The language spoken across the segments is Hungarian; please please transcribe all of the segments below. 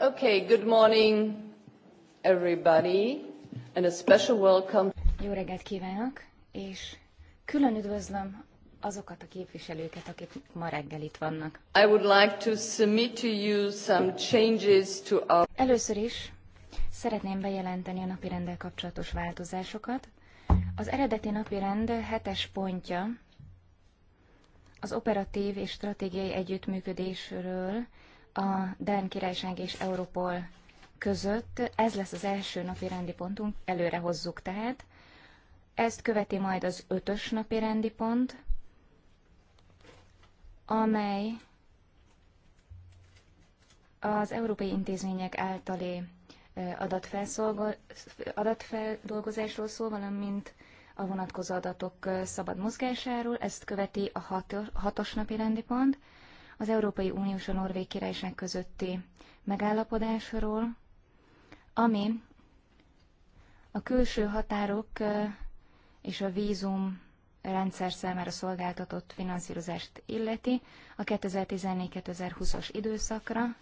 Okay, good morning everybody, and a special welcome. Jó reggelt kívánok, és külön üdvözlöm azokat a képviselőket, akik ma reggel itt vannak. I would like to submit to you some changes to our... Először is szeretném bejelenteni a napirenddel kapcsolatos változásokat. Az eredeti napirend hetes pontja az operatív és stratégiai együttműködésről a Dán Királyság és Europol között. Ez lesz az első napi rendi pontunk, előre hozzuk tehát. Ezt követi majd az ötös napi rendi pont, amely az európai intézmények általi adatfeldolgozásról szól, valamint a vonatkozó adatok szabad mozgásáról. Ezt követi a hat, hatos napi rendi pont, az Európai Uniós a Norvég Királyság közötti megállapodásról, ami a külső határok és a vízum rendszer számára szolgáltatott finanszírozást illeti a 2014-2020-as időszakra.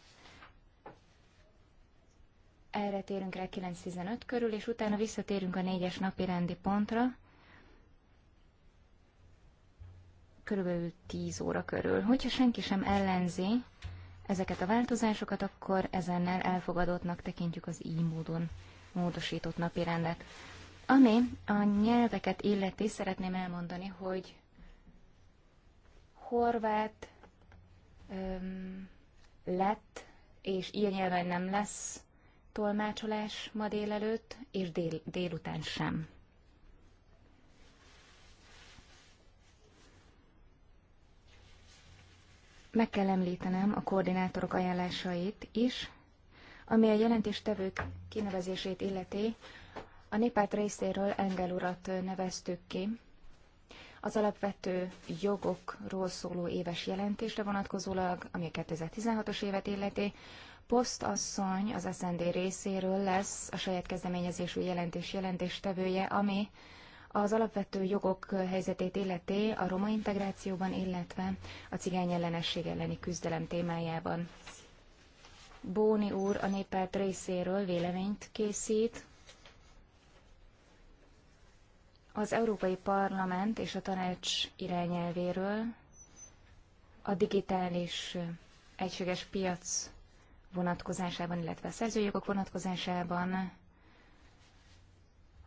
Erre térünk rá 9.15 körül, és utána visszatérünk a négyes napi rendi pontra, körülbelül 10 óra körül. Hogyha senki sem ellenzi ezeket a változásokat, akkor ezennel elfogadottnak tekintjük az így módon módosított rendet. Ami a nyelveket illeti, szeretném elmondani, hogy horvát, öm, lett és ilyen nyelven nem lesz tolmácsolás ma délelőtt, és dél, délután sem. Meg kell említenem a koordinátorok ajánlásait is, ami a jelentéstevők kinevezését illeti. A népát részéről Engel urat neveztük ki. Az alapvető jogokról szóló éves jelentésre vonatkozólag, ami a 2016-os évet illeti, Posztasszony az SND részéről lesz a saját kezdeményezésű jelentés jelentéstevője, ami az alapvető jogok helyzetét illeti a roma integrációban, illetve a cigány ellenesség elleni küzdelem témájában. Bóni úr a néppárt részéről véleményt készít. Az Európai Parlament és a Tanács irányelvéről a digitális egységes piac vonatkozásában, illetve a szerzőjogok vonatkozásában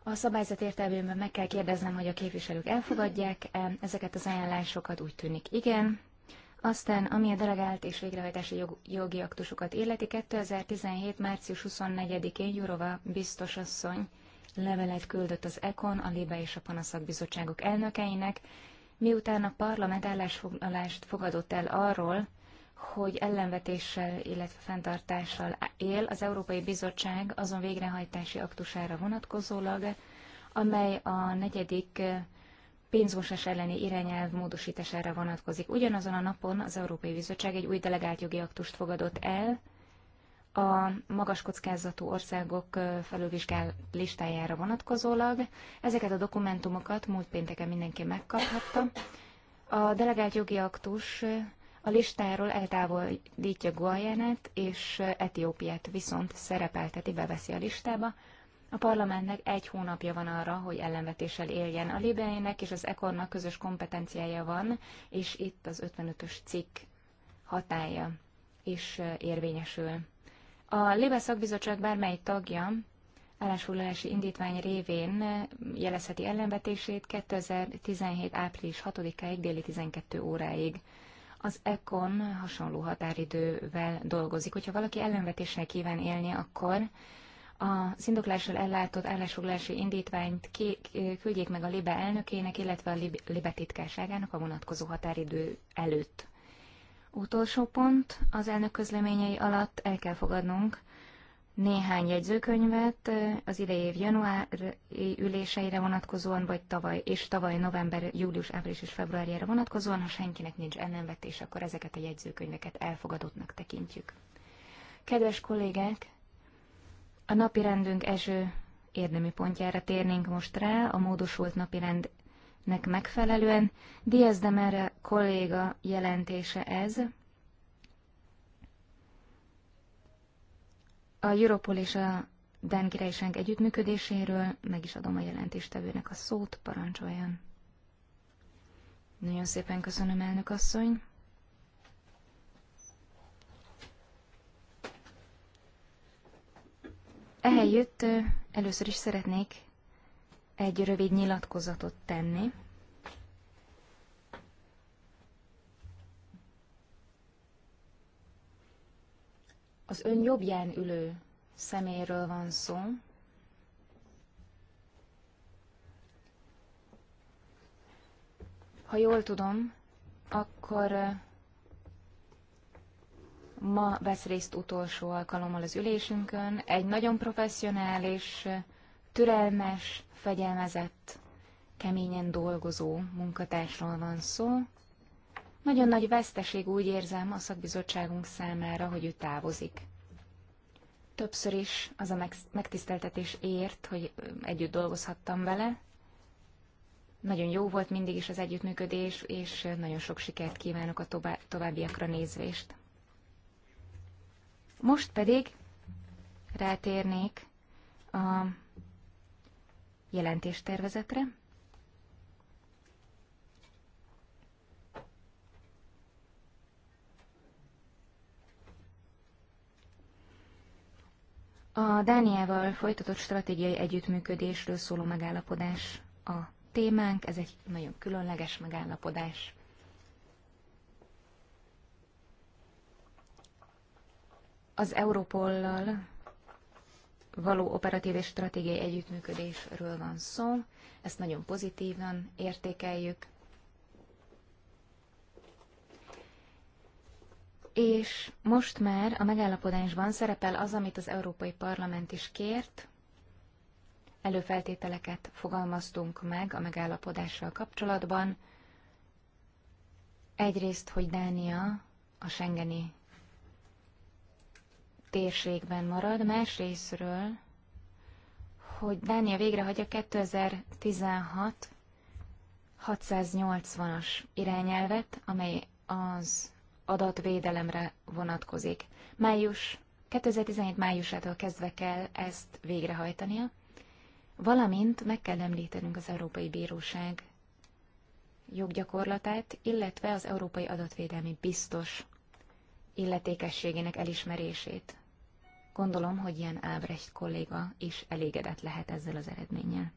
a szabályzat értelmében meg kell kérdeznem, hogy a képviselők elfogadják-e ezeket az ajánlásokat, úgy tűnik igen. Aztán, ami a delegált és végrehajtási jog, jogi aktusokat illeti, 2017. március 24-én Jurova biztosasszony levelet küldött az ECON, a LIBE és a Panaszak bizottságok elnökeinek, miután a parlament állásfoglalást fogadott el arról, hogy ellenvetéssel, illetve fenntartással él az Európai Bizottság azon végrehajtási aktusára vonatkozólag, amely a negyedik eh, pénzmosás elleni irányelv módosítására vonatkozik. Ugyanazon a napon az Európai Bizottság egy új delegált jogi aktust fogadott el, a magas kockázatú országok eh, felülvizsgál listájára vonatkozólag. Ezeket a dokumentumokat múlt pénteken mindenki megkaphatta. A delegált jogi aktus eh, a listáról eltávolítja Guajanát, és Etiópiát viszont szerepelteti, beveszi a listába. A parlamentnek egy hónapja van arra, hogy ellenvetéssel éljen. A Libének és az Ekornak közös kompetenciája van, és itt az 55-ös cikk hatája is érvényesül. A Libe szakbizottság bármely tagja állásfoglalási indítvány révén jelezheti ellenvetését 2017. április 6-áig déli 12 óráig. Az ECON hasonló határidővel dolgozik. Hogyha valaki ellenvetéssel kíván élni, akkor a szindoklással ellátott állásfoglalási indítványt ki, küldjék meg a LIBE elnökének, illetve a LIBE titkárságának a vonatkozó határidő előtt. Utolsó pont, az elnök közleményei alatt el kell fogadnunk néhány jegyzőkönyvet az idei év januári üléseire vonatkozóan, vagy tavaly, és tavaly november, július, április és februárjára vonatkozóan, ha senkinek nincs ellenvetés, akkor ezeket a jegyzőkönyveket elfogadottnak tekintjük. Kedves kollégák, a napi rendünk első érdemi pontjára térnénk most rá, a módosult napi rendnek megfelelően. Diaz Demere kolléga jelentése ez, A Europol és a Dán Királyság együttműködéséről meg is adom a jelentéstevőnek a szót, parancsoljon. Nagyon szépen köszönöm, elnök asszony. Ehelyett először is szeretnék egy rövid nyilatkozatot tenni Az ön jobbján ülő szeméről van szó. Ha jól tudom, akkor ma vesz részt utolsó alkalommal az ülésünkön. Egy nagyon professzionális, türelmes, fegyelmezett, keményen dolgozó munkatársról van szó, nagyon nagy veszteség úgy érzem a szakbizottságunk számára, hogy ő távozik. Többször is az a megtiszteltetés ért, hogy együtt dolgozhattam vele. Nagyon jó volt mindig is az együttműködés, és nagyon sok sikert kívánok a továbbiakra nézvést. Most pedig rátérnék a jelentéstervezetre. A Dániával folytatott stratégiai együttműködésről szóló megállapodás a témánk, ez egy nagyon különleges megállapodás. Az Európollal való operatív és stratégiai együttműködésről van szó, ezt nagyon pozitívan értékeljük. és most már a megállapodásban szerepel az, amit az Európai Parlament is kért, előfeltételeket fogalmaztunk meg a megállapodással kapcsolatban. Egyrészt, hogy Dánia a Schengeni térségben marad, másrésztről, hogy Dánia végrehagyja 2016 680-as irányelvet, amely az adatvédelemre vonatkozik. Május, 2017 májusától kezdve kell ezt végrehajtania, valamint meg kell említenünk az Európai Bíróság joggyakorlatát, illetve az Európai Adatvédelmi Biztos illetékességének elismerését. Gondolom, hogy ilyen Ábrecht kolléga is elégedett lehet ezzel az eredménnyel.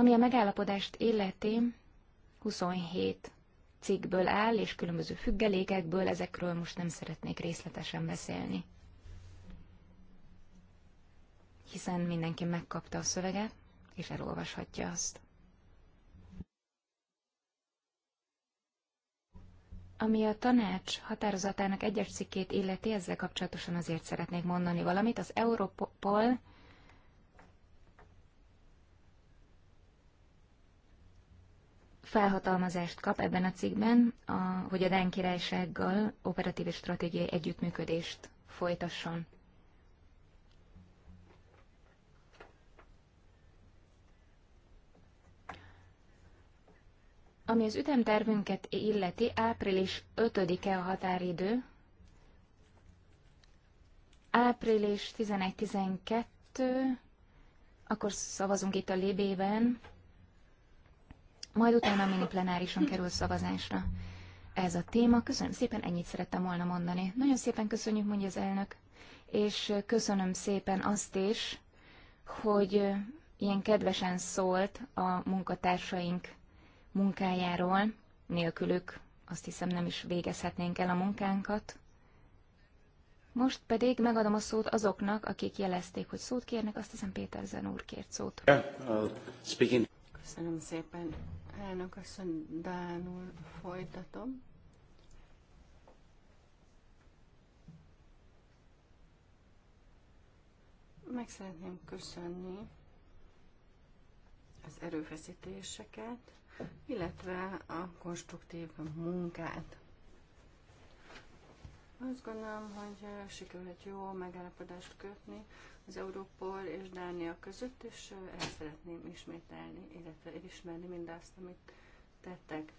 Ami a megállapodást illeti, 27 cikkből áll, és különböző függelékekből, ezekről most nem szeretnék részletesen beszélni. Hiszen mindenki megkapta a szöveget, és elolvashatja azt. Ami a tanács határozatának egyes cikkét illeti, ezzel kapcsolatosan azért szeretnék mondani valamit. Az Europol felhatalmazást kap ebben a cikkben, a, hogy a Dán királysággal operatív és stratégiai együttműködést folytasson. Ami az ütemtervünket illeti, április 5-e a határidő, április 11-12, akkor szavazunk itt a Libében, majd utána a mini plenárison kerül szavazásra. Ez a téma. Köszönöm szépen, ennyit szerettem volna mondani. Nagyon szépen köszönjük, mondja az elnök, és köszönöm szépen azt is, hogy ilyen kedvesen szólt a munkatársaink munkájáról. Nélkülük azt hiszem nem is végezhetnénk el a munkánkat. Most pedig megadom a szót azoknak, akik jelezték, hogy szót kérnek. Azt hiszem Zen úr kért szót. Köszönöm szépen, Elnök asszony, Dánul folytatom. Meg szeretném köszönni az erőfeszítéseket, illetve a konstruktív munkát. Azt gondolom, hogy sikerült jó megállapodást kötni az Európol és Dánia között, és el szeretném ismételni, illetve elismerni mindazt, amit tettek.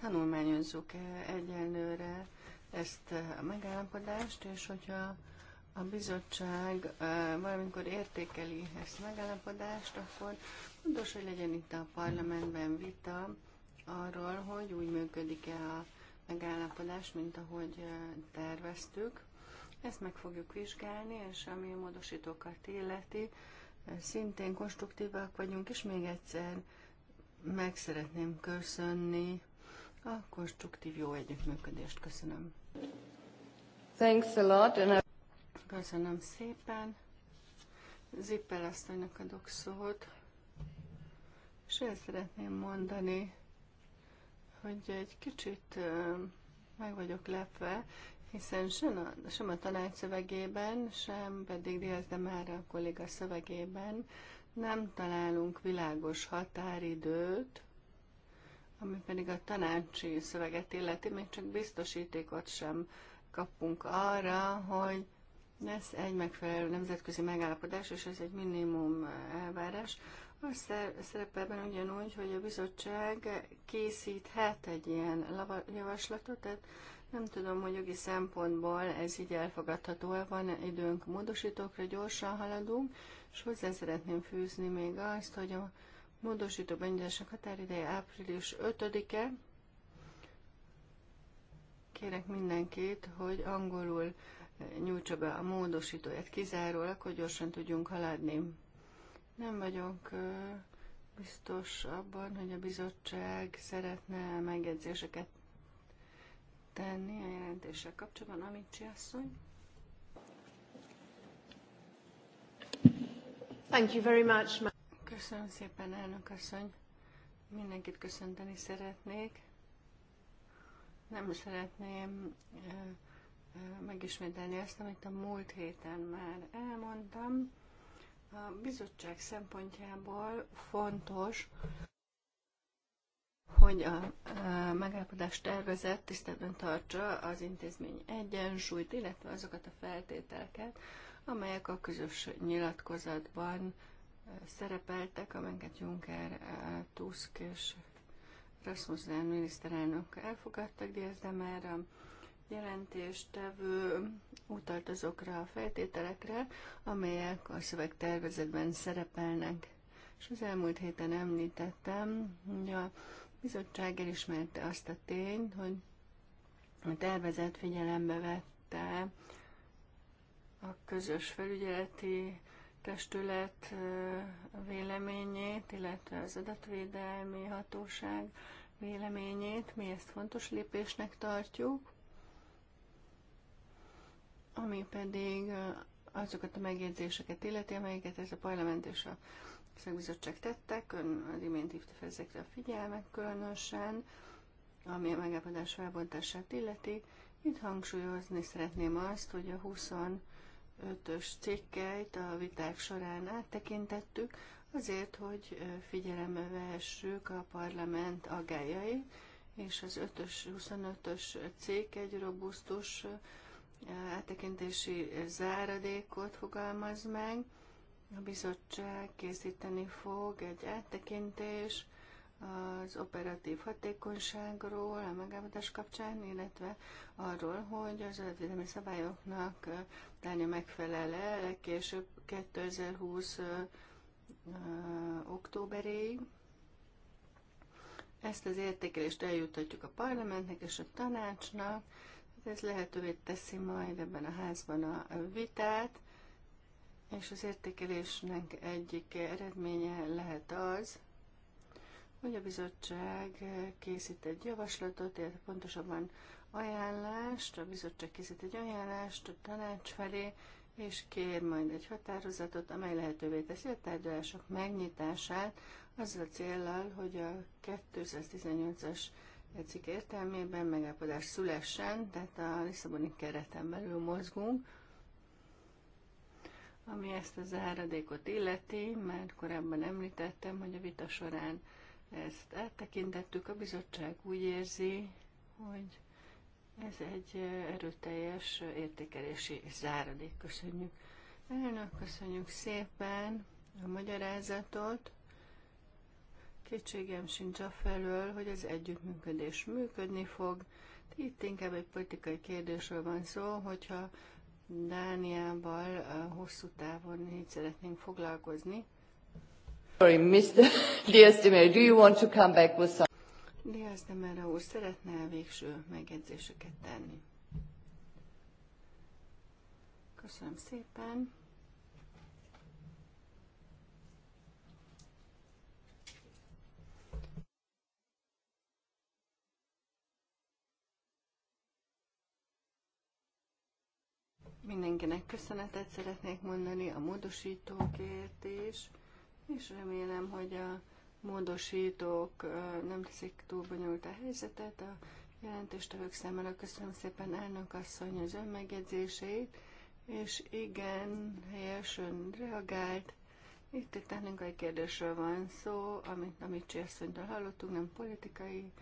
Tanulmányozzuk e, egyenlőre ezt e, a megállapodást, és hogyha a bizottság e, valamikor értékeli ezt a megállapodást, akkor fontos, hogy legyen itt a parlamentben vita arról, hogy úgy működik-e a megállapodás, mint ahogy terveztük. Ezt meg fogjuk vizsgálni, és ami a módosítókat illeti, szintén konstruktívak vagyunk, és még egyszer meg szeretném köszönni a konstruktív jó együttműködést. Köszönöm. Thanks a lot. And I... Köszönöm szépen. Zippel asszonynak adok szót. És el szeretném mondani, hogy egy kicsit meg vagyok lepve, hiszen sem a, sem a tanács szövegében, sem pedig Diaz de már a kolléga szövegében nem találunk világos határidőt, ami pedig a tanácsi szöveget illeti, még csak biztosítékot sem kapunk arra, hogy lesz egy megfelelő nemzetközi megállapodás, és ez egy minimum elvárás. Az szerepelben ugyanúgy, hogy a bizottság készíthet egy ilyen javaslatot, tehát nem tudom, hogy jogi szempontból ez így elfogadható-e, van időnk módosítókra, gyorsan haladunk, és hozzá szeretném fűzni még azt, hogy a módosító benyújtások határideje április 5-e. Kérek mindenkit, hogy angolul nyújtsa be a módosítóját kizárólag, hogy gyorsan tudjunk haladni. Nem vagyok biztos abban, hogy a bizottság szeretne megjegyzéseket tenni a jelentéssel kapcsolatban, Amicsi asszony? Thank you very much. Köszönöm szépen, elnök asszony. Mindenkit köszönteni szeretnék. Nem szeretném megismételni azt, amit a múlt héten már elmondtam. A bizottság szempontjából fontos, hogy a, a megállapodás tervezet tiszteletben tartsa az intézmény egyensúlyt, illetve azokat a feltételeket, amelyek a közös nyilatkozatban szerepeltek, amelyeket Juncker, Tusk és Rasmussen miniszterelnök elfogadtak, de már a jelentéstevő utalt azokra a feltételekre, amelyek a szövegtervezetben szerepelnek. És az elmúlt héten említettem, hogy a bizottság elismerte azt a tényt, hogy a tervezet figyelembe vette a közös felügyeleti testület véleményét, illetve az adatvédelmi hatóság véleményét. Mi ezt fontos lépésnek tartjuk, ami pedig azokat a megjegyzéseket illeti, amelyeket ez a parlament és a szakbizottság tettek, ön az imént hívta fel ezekre a figyelmet különösen, ami a megállapodás felbontását illeti. Itt hangsúlyozni szeretném azt, hogy a 25-ös cikkeit a viták során áttekintettük, azért, hogy figyelembe vehessük a parlament agályait, és az 5-ös, 25-ös cikk egy robusztus áttekintési záradékot fogalmaz meg, a bizottság készíteni fog egy áttekintés az operatív hatékonyságról a megállapodás kapcsán, illetve arról, hogy az adatvédelmi szabályoknak tárnya megfelele legkésőbb 2020 októberéig. Ezt az értékelést eljutatjuk a parlamentnek és a tanácsnak, ez lehetővé teszi majd ebben a házban a vitát, és az értékelésnek egyik eredménye lehet az, hogy a bizottság készít egy javaslatot, illetve pontosabban ajánlást, a bizottság készít egy ajánlást a tanács felé, és kér majd egy határozatot, amely lehetővé teszi a tárgyalások megnyitását, azzal a céllal, hogy a 218-as cikk értelmében megállapodás szülessen, tehát a Lisszaboni kereten belül mozgunk, ami ezt a záradékot illeti, mert korábban említettem, hogy a vita során ezt áttekintettük, a bizottság úgy érzi, hogy ez egy erőteljes értékelési záradék. Köszönjük. Önök köszönjük szépen a magyarázatot. Kétségem sincs a felől, hogy az együttműködés működni fog. Itt inkább egy politikai kérdésről van szó, hogyha Dániával eh, hosszú távon így szeretnénk foglalkozni. Sorry, Mr. Diaz de Mera, do you want to come back with some... Diaz de Mera úr szeretne -e végső megjegyzéseket tenni. Köszönöm szépen. Mindenkinek köszönetet szeretnék mondani a módosítókért is, és remélem, hogy a módosítók nem teszik túl bonyolult a helyzetet a jelentéstevők számára. Köszönöm szépen elnök asszony az önmegjegyzéseit, és igen, helyesen reagált. Itt egy technikai kérdésről van szó, amit, amit Csészonytól hallottunk, nem politikai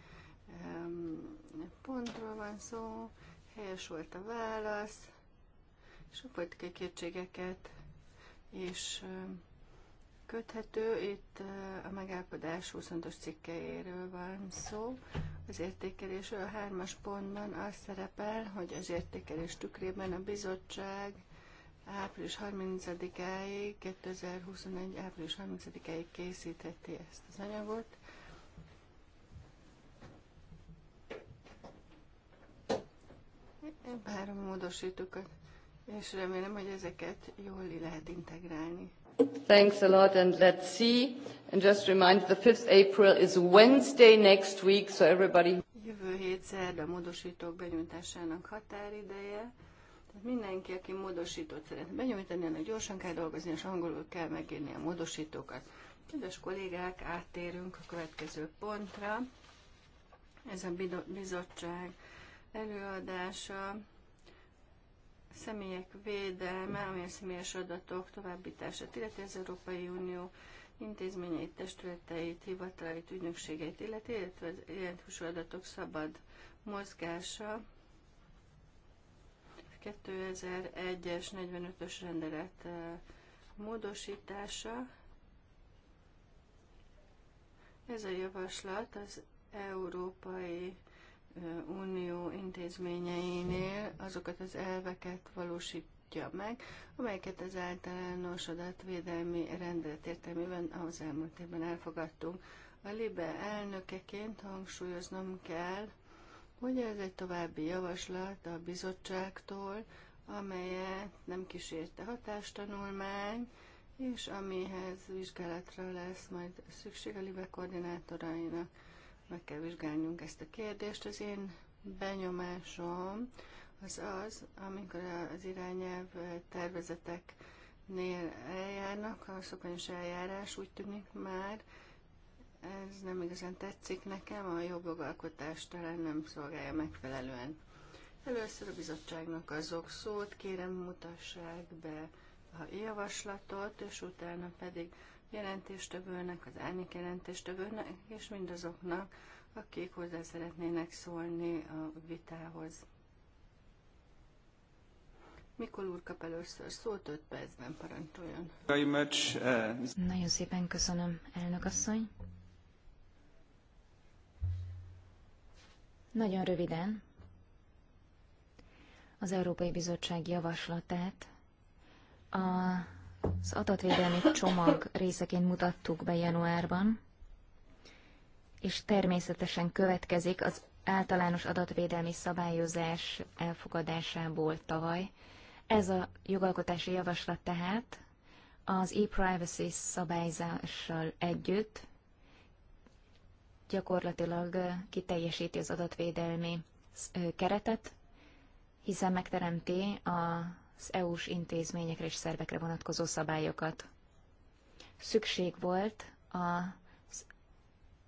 um, pontról van szó. Helyes volt a válasz és a politikai kétségeket is köthető. Itt a megállapodás 25-ös cikkeiről van szó. Az értékelésről a hármas pontban az szerepel, hogy az értékelés tükrében a bizottság április 30-áig, 2021. április 30-áig készítheti ezt az anyagot. Három módosítókat és remélem, hogy ezeket jól lehet integrálni. Thanks a lot and let's see. And just remind the 5th April is Wednesday next week, so everybody... Jövő hét a módosítók benyújtásának határideje. Tehát mindenki, aki módosítót szeretne benyújtani, annak gyorsan kell dolgozni, és angolul kell megírni a módosítókat. Kedves kollégák, áttérünk a következő pontra. Ez a bizottság előadása személyek védelme, ami a személyes adatok továbbítását illeti az Európai Unió intézményeit, testületeit, hivatalait, ügynökségeit illeti, illetve az jelentősú adatok szabad mozgása 2001-es 45-ös rendelet módosítása. Ez a javaslat az Európai Unió intézményeinél azokat az elveket valósítja meg, amelyeket az általános adatvédelmi rendelet értelmében az elmúlt évben elfogadtunk. A LIBE elnökeként hangsúlyoznom kell, hogy ez egy további javaslat a bizottságtól, amelyet nem kísérte hatástanulmány, és amihez vizsgálatra lesz majd szükség a LIBE koordinátorainak meg kell vizsgálnunk ezt a kérdést. Az én benyomásom az az, amikor az irányelv tervezeteknél eljárnak, a szokványos eljárás úgy tűnik már, ez nem igazán tetszik nekem, a jobb jogalkotás talán nem szolgálja megfelelően. Először a bizottságnak azok szót, kérem mutassák be a javaslatot, és utána pedig jelentéstövőnek, az árnyék jelentéstövőnek, és mindazoknak, akik hozzá szeretnének szólni a vitához. Mikor úr kap először szót, öt percben parancsoljon. Uh, Nagyon szépen köszönöm, elnök asszony. Nagyon röviden az Európai Bizottság javaslatát a az adatvédelmi csomag részeként mutattuk be januárban, és természetesen következik az általános adatvédelmi szabályozás elfogadásából tavaly. Ez a jogalkotási javaslat tehát az e-privacy szabályzással együtt gyakorlatilag kiteljesíti az adatvédelmi keretet, hiszen megteremti a az EU-s intézményekre és szervekre vonatkozó szabályokat. Szükség volt az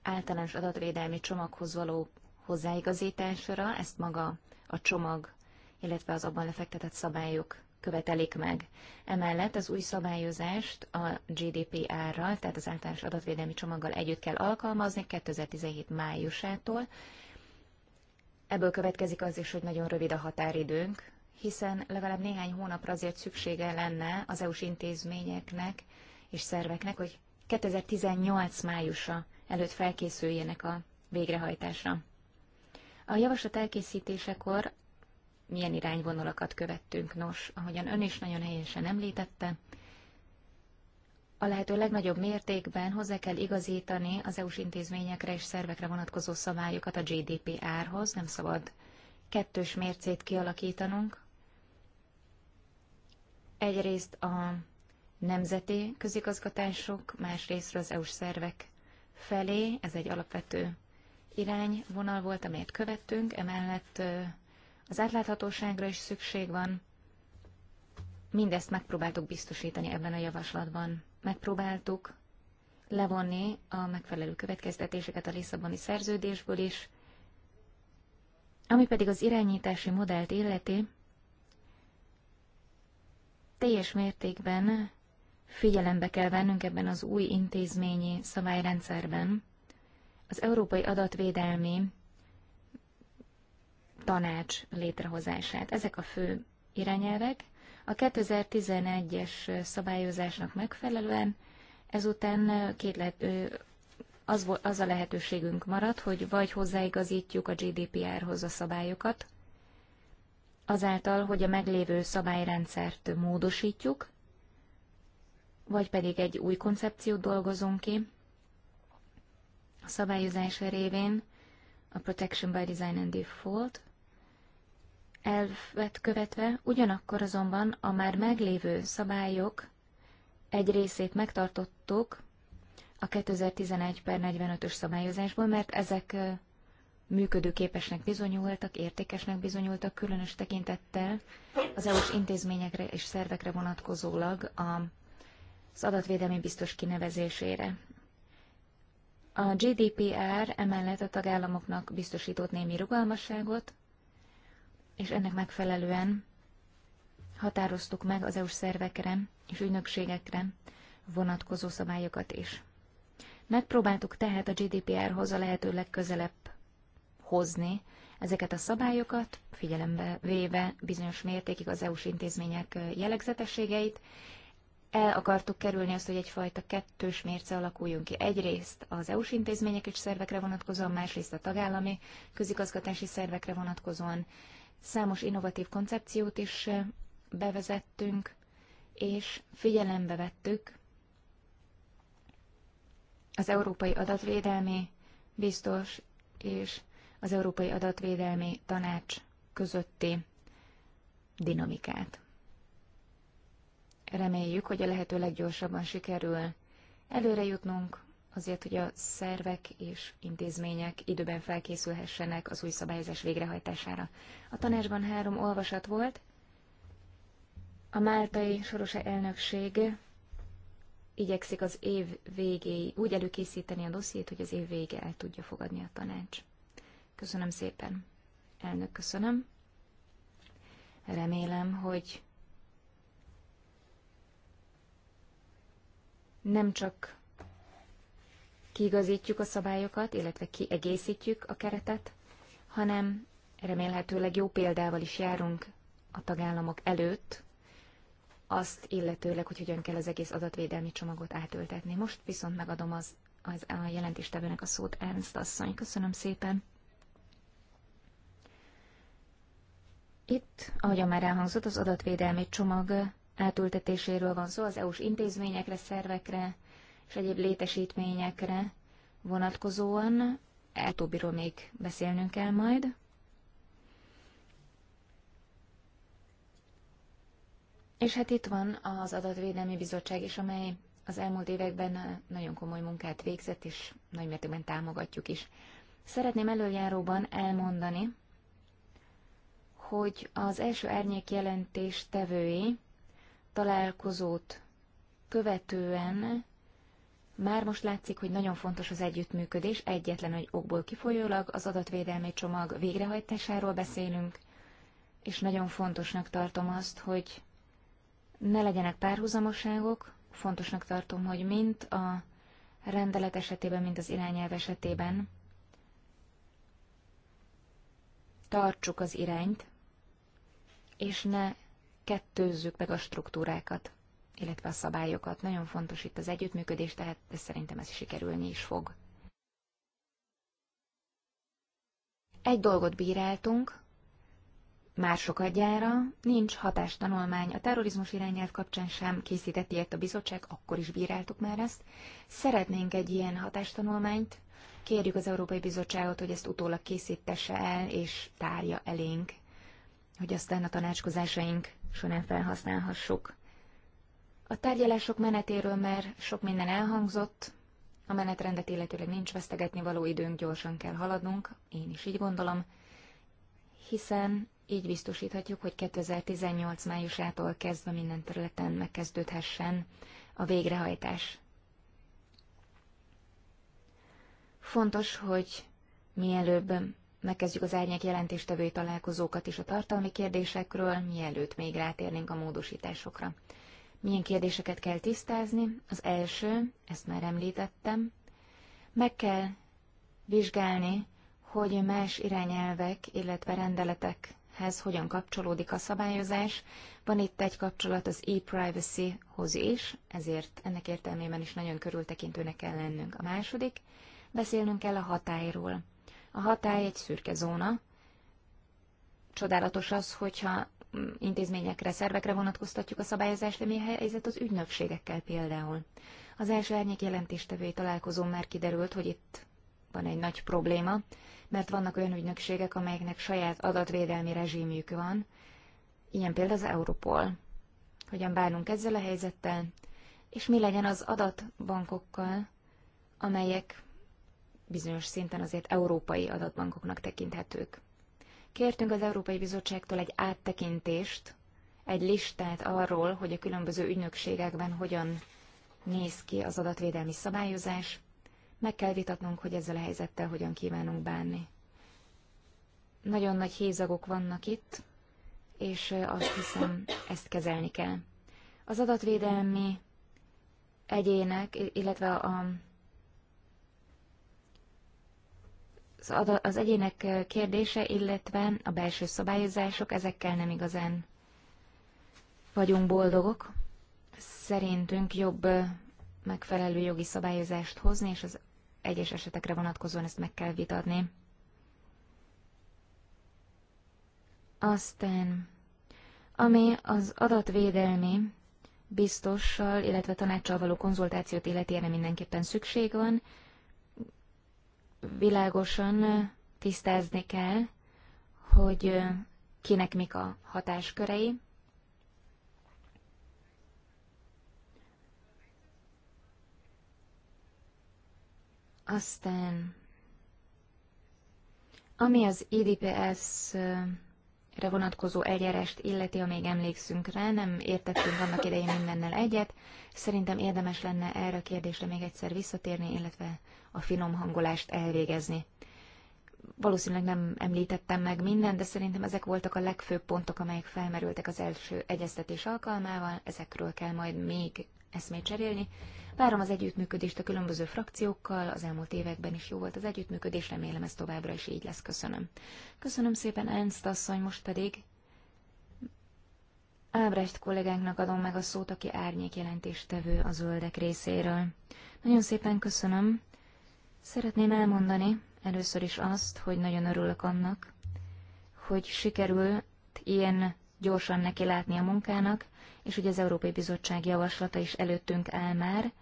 általános adatvédelmi csomaghoz való hozzáigazításra, ezt maga a csomag, illetve az abban lefektetett szabályok követelik meg. Emellett az új szabályozást a GDPR-ral, tehát az általános adatvédelmi csomaggal együtt kell alkalmazni 2017 májusától. Ebből következik az is, hogy nagyon rövid a határidőnk, hiszen legalább néhány hónapra azért szüksége lenne az EU-s intézményeknek és szerveknek, hogy 2018 májusa előtt felkészüljenek a végrehajtásra. A javaslat elkészítésekor milyen irányvonalakat követtünk? Nos, ahogyan ön is nagyon helyesen említette, a lehető legnagyobb mértékben hozzá kell igazítani az EU-s intézményekre és szervekre vonatkozó szabályokat a GDPR-hoz, nem szabad kettős mércét kialakítanunk, Egyrészt a nemzeti közigazgatások, másrésztről az EU-s szervek felé, ez egy alapvető irányvonal volt, amelyet követtünk, emellett az átláthatóságra is szükség van. Mindezt megpróbáltuk biztosítani ebben a javaslatban. Megpróbáltuk levonni a megfelelő következtetéseket a Lisszaboni szerződésből is, ami pedig az irányítási modellt illeti, teljes mértékben figyelembe kell vennünk ebben az új intézményi szabályrendszerben az Európai Adatvédelmi Tanács létrehozását. Ezek a fő irányelvek. A 2011-es szabályozásnak megfelelően ezután két lehet, az, az a lehetőségünk maradt, hogy vagy hozzáigazítjuk a GDPR-hoz a szabályokat, azáltal, hogy a meglévő szabályrendszert módosítjuk, vagy pedig egy új koncepciót dolgozunk ki a szabályozás révén, a Protection by Design and Default elvet követve, ugyanakkor azonban a már meglévő szabályok egy részét megtartottuk a 2011 per 45-ös szabályozásból, mert ezek működőképesnek bizonyultak, értékesnek bizonyultak, különös tekintettel az EU-s intézményekre és szervekre vonatkozólag a, az adatvédelmi biztos kinevezésére. A GDPR emellett a tagállamoknak biztosított némi rugalmasságot, és ennek megfelelően határoztuk meg az EU-s szervekre és ügynökségekre vonatkozó szabályokat is. Megpróbáltuk tehát a GDPR-hoz a lehető legközelebb hozni ezeket a szabályokat, figyelembe véve bizonyos mértékig az EU-s intézmények jellegzetességeit. El akartuk kerülni azt, hogy egyfajta kettős mérce alakuljon ki. Egyrészt az EU-s intézmények és szervekre vonatkozóan, másrészt a tagállami közigazgatási szervekre vonatkozóan. Számos innovatív koncepciót is bevezettünk, és figyelembe vettük az Európai Adatvédelmi Biztos és az Európai Adatvédelmi Tanács közötti dinamikát. Reméljük, hogy a lehető leggyorsabban sikerül előre jutnunk, azért, hogy a szervek és intézmények időben felkészülhessenek az új szabályozás végrehajtására. A tanácsban három olvasat volt, a máltai soros elnökség igyekszik az év végéig úgy előkészíteni a dossziét, hogy az év vége el tudja fogadni a tanács. Köszönöm szépen. Elnök, köszönöm. Remélem, hogy nem csak kiigazítjuk a szabályokat, illetve kiegészítjük a keretet, hanem remélhetőleg jó példával is járunk a tagállamok előtt, azt illetőleg, hogy hogyan kell az egész adatvédelmi csomagot átültetni. Most viszont megadom az, az a jelentéstevőnek a szót, Ernst asszony. Köszönöm szépen. Itt, a már elhangzott, az adatvédelmi csomag átültetéséről van szó, az EU-s intézményekre, szervekre és egyéb létesítményekre vonatkozóan. Eltóbbiról még beszélnünk kell majd. És hát itt van az Adatvédelmi Bizottság is, amely az elmúlt években nagyon komoly munkát végzett, és nagymértékben támogatjuk is. Szeretném előjáróban elmondani, hogy az első árnyék jelentés tevői találkozót követően már most látszik, hogy nagyon fontos az együttműködés, egyetlen egy okból kifolyólag az adatvédelmi csomag végrehajtásáról beszélünk, és nagyon fontosnak tartom azt, hogy ne legyenek párhuzamoságok, fontosnak tartom, hogy mint a rendelet esetében, mint az irányelv esetében tartsuk az irányt, és ne kettőzzük meg a struktúrákat, illetve a szabályokat. Nagyon fontos itt az együttműködés, tehát ez szerintem ez sikerülni is fog. Egy dolgot bíráltunk, már sokadjára nincs hatástanulmány. A terrorizmus irányelv kapcsán sem készített ilyet a bizottság, akkor is bíráltuk már ezt. Szeretnénk egy ilyen hatástanulmányt. Kérjük az Európai Bizottságot, hogy ezt utólag készítesse el és tárja elénk hogy aztán a tanácskozásaink során felhasználhassuk. A tárgyalások menetéről már sok minden elhangzott, a menetrendet illetőleg nincs vesztegetni való időnk, gyorsan kell haladnunk, én is így gondolom, hiszen így biztosíthatjuk, hogy 2018 májusától kezdve minden területen megkezdődhessen a végrehajtás. Fontos, hogy mielőbb megkezdjük az árnyék jelentéstevői találkozókat is a tartalmi kérdésekről, mielőtt még rátérnénk a módosításokra. Milyen kérdéseket kell tisztázni? Az első, ezt már említettem, meg kell vizsgálni, hogy más irányelvek, illetve rendeletekhez hogyan kapcsolódik a szabályozás. Van itt egy kapcsolat az e-privacy-hoz is, ezért ennek értelmében is nagyon körültekintőnek kell lennünk. A második, beszélnünk kell a hatályról. A hatály egy szürke zóna. Csodálatos az, hogyha mm, intézményekre, szervekre vonatkoztatjuk a szabályozást, de mi helyzet az ügynökségekkel például. Az első árnyék jelentéstevői találkozón már kiderült, hogy itt van egy nagy probléma, mert vannak olyan ügynökségek, amelyeknek saját adatvédelmi rezsímjük van, ilyen például az Europol. Hogyan bánunk ezzel a helyzettel, és mi legyen az adatbankokkal, amelyek bizonyos szinten azért európai adatbankoknak tekinthetők. Kértünk az Európai Bizottságtól egy áttekintést, egy listát arról, hogy a különböző ügynökségekben hogyan néz ki az adatvédelmi szabályozás. Meg kell vitatnunk, hogy ezzel a helyzettel hogyan kívánunk bánni. Nagyon nagy hézagok vannak itt, és azt hiszem, ezt kezelni kell. Az adatvédelmi egyének, illetve a az egyének kérdése, illetve a belső szabályozások, ezekkel nem igazán vagyunk boldogok. Szerintünk jobb megfelelő jogi szabályozást hozni, és az egyes esetekre vonatkozóan ezt meg kell vitatni. Aztán, ami az adatvédelmi biztossal, illetve tanácssal való konzultációt illeti, erre mindenképpen szükség van, világosan tisztázni kell, hogy kinek mik a hatáskörei. Aztán, ami az IDPS-re vonatkozó eljárást illeti, amíg emlékszünk rá, nem értettünk annak idején mindennel egyet, szerintem érdemes lenne erre a kérdésre még egyszer visszatérni, illetve a finom hangolást elvégezni. Valószínűleg nem említettem meg mindent, de szerintem ezek voltak a legfőbb pontok, amelyek felmerültek az első egyeztetés alkalmával, ezekről kell majd még eszmét cserélni. Várom az együttműködést a különböző frakciókkal, az elmúlt években is jó volt az együttműködés, remélem ez továbbra is így lesz, köszönöm. Köszönöm szépen, Ernst asszony, most pedig Ábrecht kollégánknak adom meg a szót, aki árnyék jelentéstevő a zöldek részéről. Nagyon szépen köszönöm. Szeretném elmondani először is azt, hogy nagyon örülök annak, hogy sikerült ilyen gyorsan neki látni a munkának, és hogy az Európai Bizottság javaslata is előttünk áll már,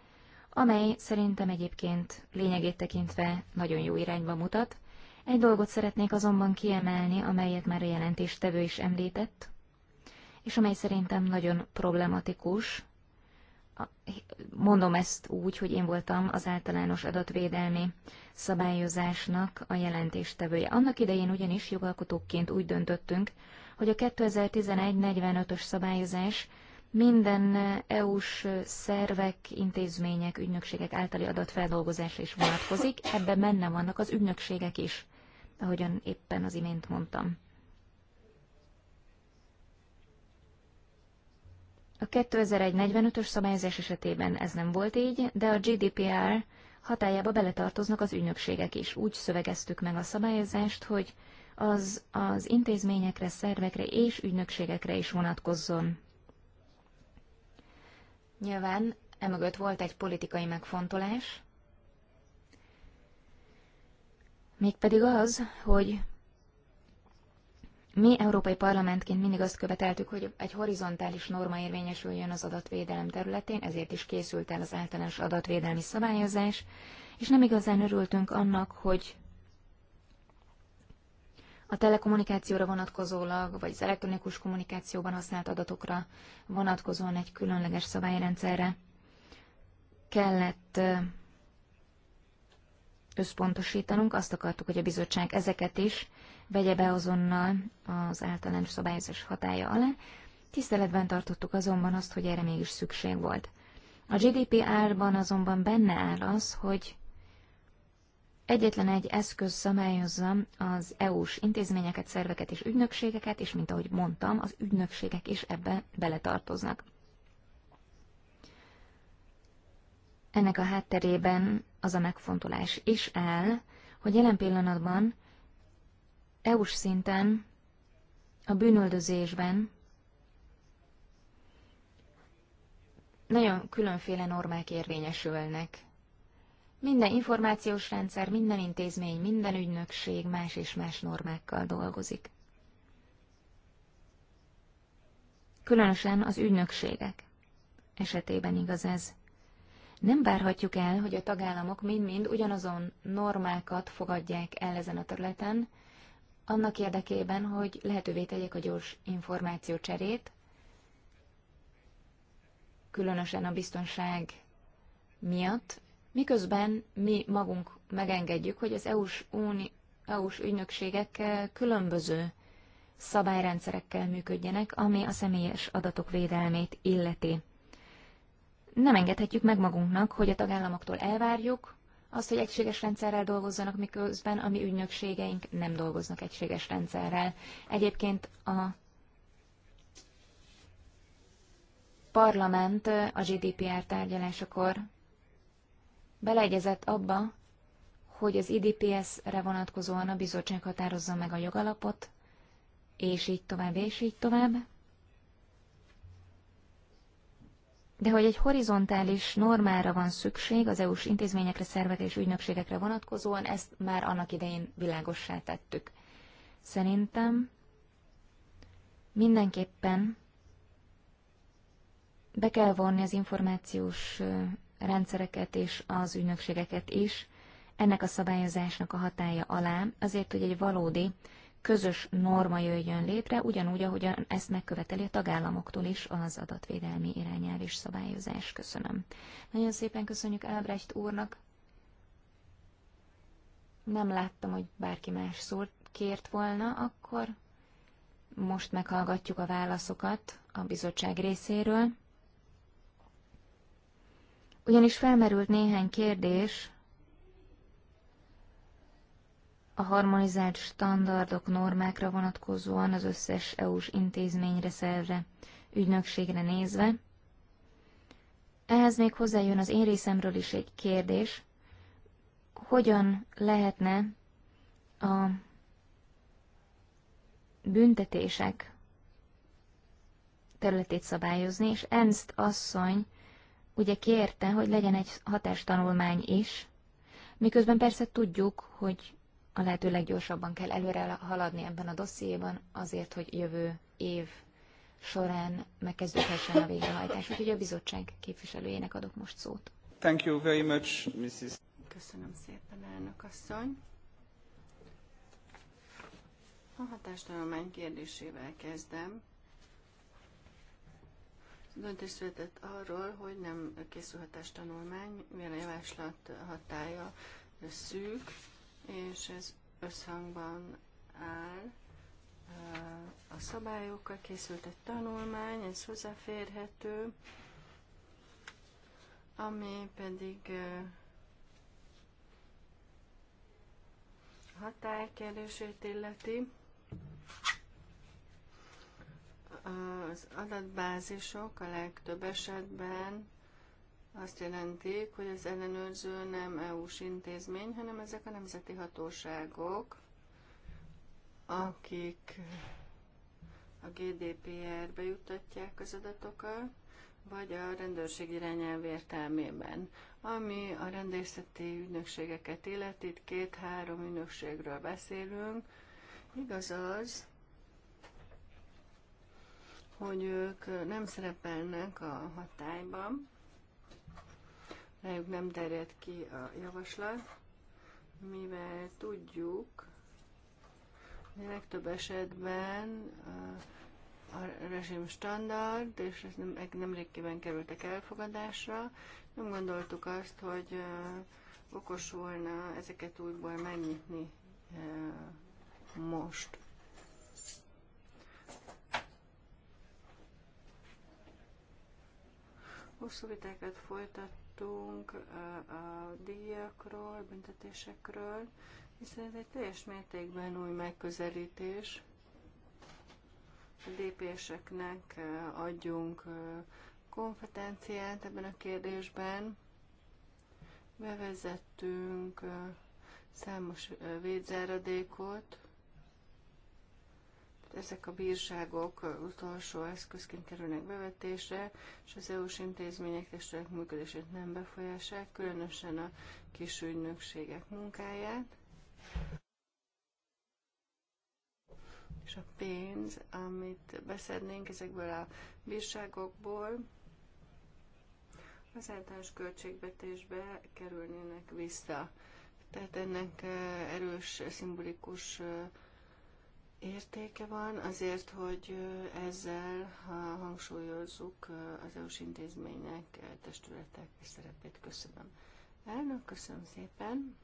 amely szerintem egyébként lényegét tekintve nagyon jó irányba mutat. Egy dolgot szeretnék azonban kiemelni, amelyet már a jelentéstevő is említett, és amely szerintem nagyon problematikus, mondom ezt úgy, hogy én voltam az általános adatvédelmi szabályozásnak a jelentéstevője. Annak idején ugyanis jogalkotóként úgy döntöttünk, hogy a 2011-45-ös szabályozás minden EU-s szervek, intézmények, ügynökségek általi adatfeldolgozásra is vonatkozik, ebben benne vannak az ügynökségek is, ahogyan éppen az imént mondtam. A 2001-45-ös szabályozás esetében ez nem volt így, de a GDPR hatájába beletartoznak az ügynökségek is. Úgy szövegeztük meg a szabályozást, hogy az az intézményekre, szervekre és ügynökségekre is vonatkozzon. Nyilván emögött volt egy politikai megfontolás, mégpedig az, hogy mi Európai Parlamentként mindig azt követeltük, hogy egy horizontális norma érvényesüljön az adatvédelem területén, ezért is készült el az általános adatvédelmi szabályozás, és nem igazán örültünk annak, hogy a telekommunikációra vonatkozólag, vagy az elektronikus kommunikációban használt adatokra vonatkozóan egy különleges szabályrendszerre kellett összpontosítanunk. Azt akartuk, hogy a bizottság ezeket is vegye be azonnal az általános szabályozás hatája alá, tiszteletben tartottuk azonban azt, hogy erre mégis szükség volt. A GDPR-ban azonban benne áll az, hogy egyetlen egy eszköz szabályozza az EU-s intézményeket, szerveket és ügynökségeket, és mint ahogy mondtam, az ügynökségek is ebbe beletartoznak. Ennek a hátterében az a megfontolás is áll, hogy jelen pillanatban EU-s szinten a bűnöldözésben nagyon különféle normák érvényesülnek. Minden információs rendszer, minden intézmény, minden ügynökség más és más normákkal dolgozik. Különösen az ügynökségek esetében igaz ez. Nem várhatjuk el, hogy a tagállamok mind-mind ugyanazon normákat fogadják el ezen a területen, annak érdekében, hogy lehetővé tegyek a gyors információcserét, különösen a biztonság miatt, miközben mi magunk megengedjük, hogy az EU-s, uni EU-s ügynökségek eh, különböző szabályrendszerekkel működjenek, ami a személyes adatok védelmét illeti. Nem engedhetjük meg magunknak, hogy a tagállamoktól elvárjuk, azt, hogy egységes rendszerrel dolgozzanak, miközben a mi ügynökségeink nem dolgoznak egységes rendszerrel. Egyébként a parlament a GDPR tárgyalásakor beleegyezett abba, hogy az IDPS-re vonatkozóan a bizottság határozza meg a jogalapot, és így tovább, és így tovább. de hogy egy horizontális normára van szükség az EU-s intézményekre, szervekre és ügynökségekre vonatkozóan, ezt már annak idején világossá tettük. Szerintem mindenképpen be kell vonni az információs rendszereket és az ügynökségeket is ennek a szabályozásnak a hatája alá, azért, hogy egy valódi közös norma jöjjön létre, ugyanúgy, ahogy ezt megköveteli a tagállamoktól is az adatvédelmi irányelv és szabályozás. Köszönöm. Nagyon szépen köszönjük Ábrecht úrnak. Nem láttam, hogy bárki más szót kért volna, akkor most meghallgatjuk a válaszokat a bizottság részéről. Ugyanis felmerült néhány kérdés a harmonizált standardok, normákra vonatkozóan az összes EU-s intézményre, szerve, ügynökségre nézve. Ehhez még hozzájön az én részemről is egy kérdés, hogyan lehetne a büntetések területét szabályozni, és Ernst asszony ugye kérte, hogy legyen egy hatástanulmány is, miközben persze tudjuk, hogy a lehető leggyorsabban kell előre haladni ebben a dossziéban, azért, hogy jövő év során megkezdődhessen a végrehajtás. Úgyhogy a bizottság képviselőjének adok most szót. Thank you very much, Mrs. Köszönöm szépen, elnök asszony. A hatástanulmány kérdésével kezdem. Döntés született arról, hogy nem készül hatástanulmány, mivel a javaslat hatája szűk, és ez összhangban áll a szabályokkal készült egy tanulmány, ez hozzáférhető, ami pedig hatálykérdését illeti. Az adatbázisok a legtöbb esetben azt jelentik, hogy az ellenőrző nem EU-s intézmény, hanem ezek a nemzeti hatóságok, akik a GDPR-be juttatják az adatokat, vagy a rendőrség irányelv értelmében. Ami a rendészeti ügynökségeket illeti, itt két-három ügynökségről beszélünk. Igaz az, hogy ők nem szerepelnek a hatályban, rájuk nem terjed ki a javaslat, mivel tudjuk, hogy a legtöbb esetben a, uh, a rezsim standard, és ez nem, nemrégiben kerültek elfogadásra, nem gondoltuk azt, hogy uh, okos volna ezeket újból megnyitni uh, most. Hosszú vitákat folytat hallottunk a díjakról, büntetésekről, hiszen ez egy teljes mértékben új megközelítés. A DPS-eknek adjunk kompetenciát ebben a kérdésben. Bevezettünk számos védzáradékot, ezek a bírságok utolsó eszközként kerülnek bevetésre, és az EU-s intézmények testület működését nem befolyásolják, különösen a kis ügynökségek munkáját. És a pénz, amit beszednénk ezekből a bírságokból, az általános költségvetésbe kerülnének vissza. Tehát ennek eh, erős szimbolikus eh, értéke van, azért, hogy ezzel ha hangsúlyozzuk az EU-s intézmények, testületek és szerepét. Köszönöm. Elnök, köszönöm szépen.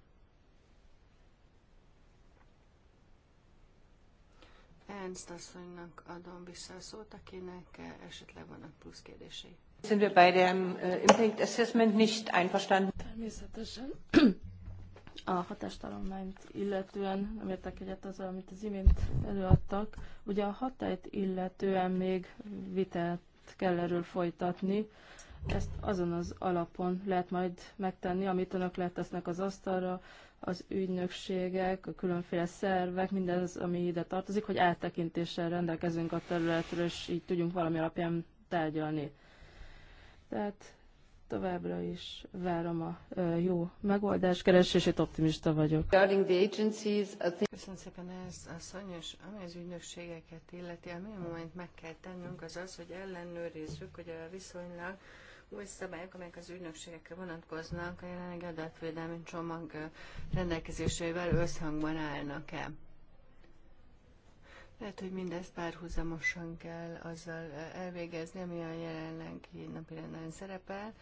Ernst asszonynak adom vissza a szót, akinek esetleg vannak plusz kérdései. Sind wir bei dem äh, Impact Assessment nicht einverstanden? Természetesen a hatástalományt illetően nem értek egyet azzal, amit az imént előadtak. Ugye a hatályt illetően még vitelt kell erről folytatni. Ezt azon az alapon lehet majd megtenni, amit önök letesznek az asztalra, az ügynökségek, a különféle szervek, mindez, ami ide tartozik, hogy áttekintéssel rendelkezünk a területről, és így tudjunk valami alapján tárgyalni. Tehát Továbbra is várom a jó megoldás keresését, optimista vagyok. Köszönöm szépen ez a szanyos, ami az ügynökségeket illeti, ami a moment meg kell tennünk, az az, hogy ellenőrizzük, hogy a viszonylag új szabályok, amelyek az ügynökségekre vonatkoznak, a jelenlegi adatvédelmi csomag rendelkezésével összhangban állnak-e. Lehet, hogy mindezt párhuzamosan kell azzal elvégezni, ami a jelenlegi napirenden szerepel.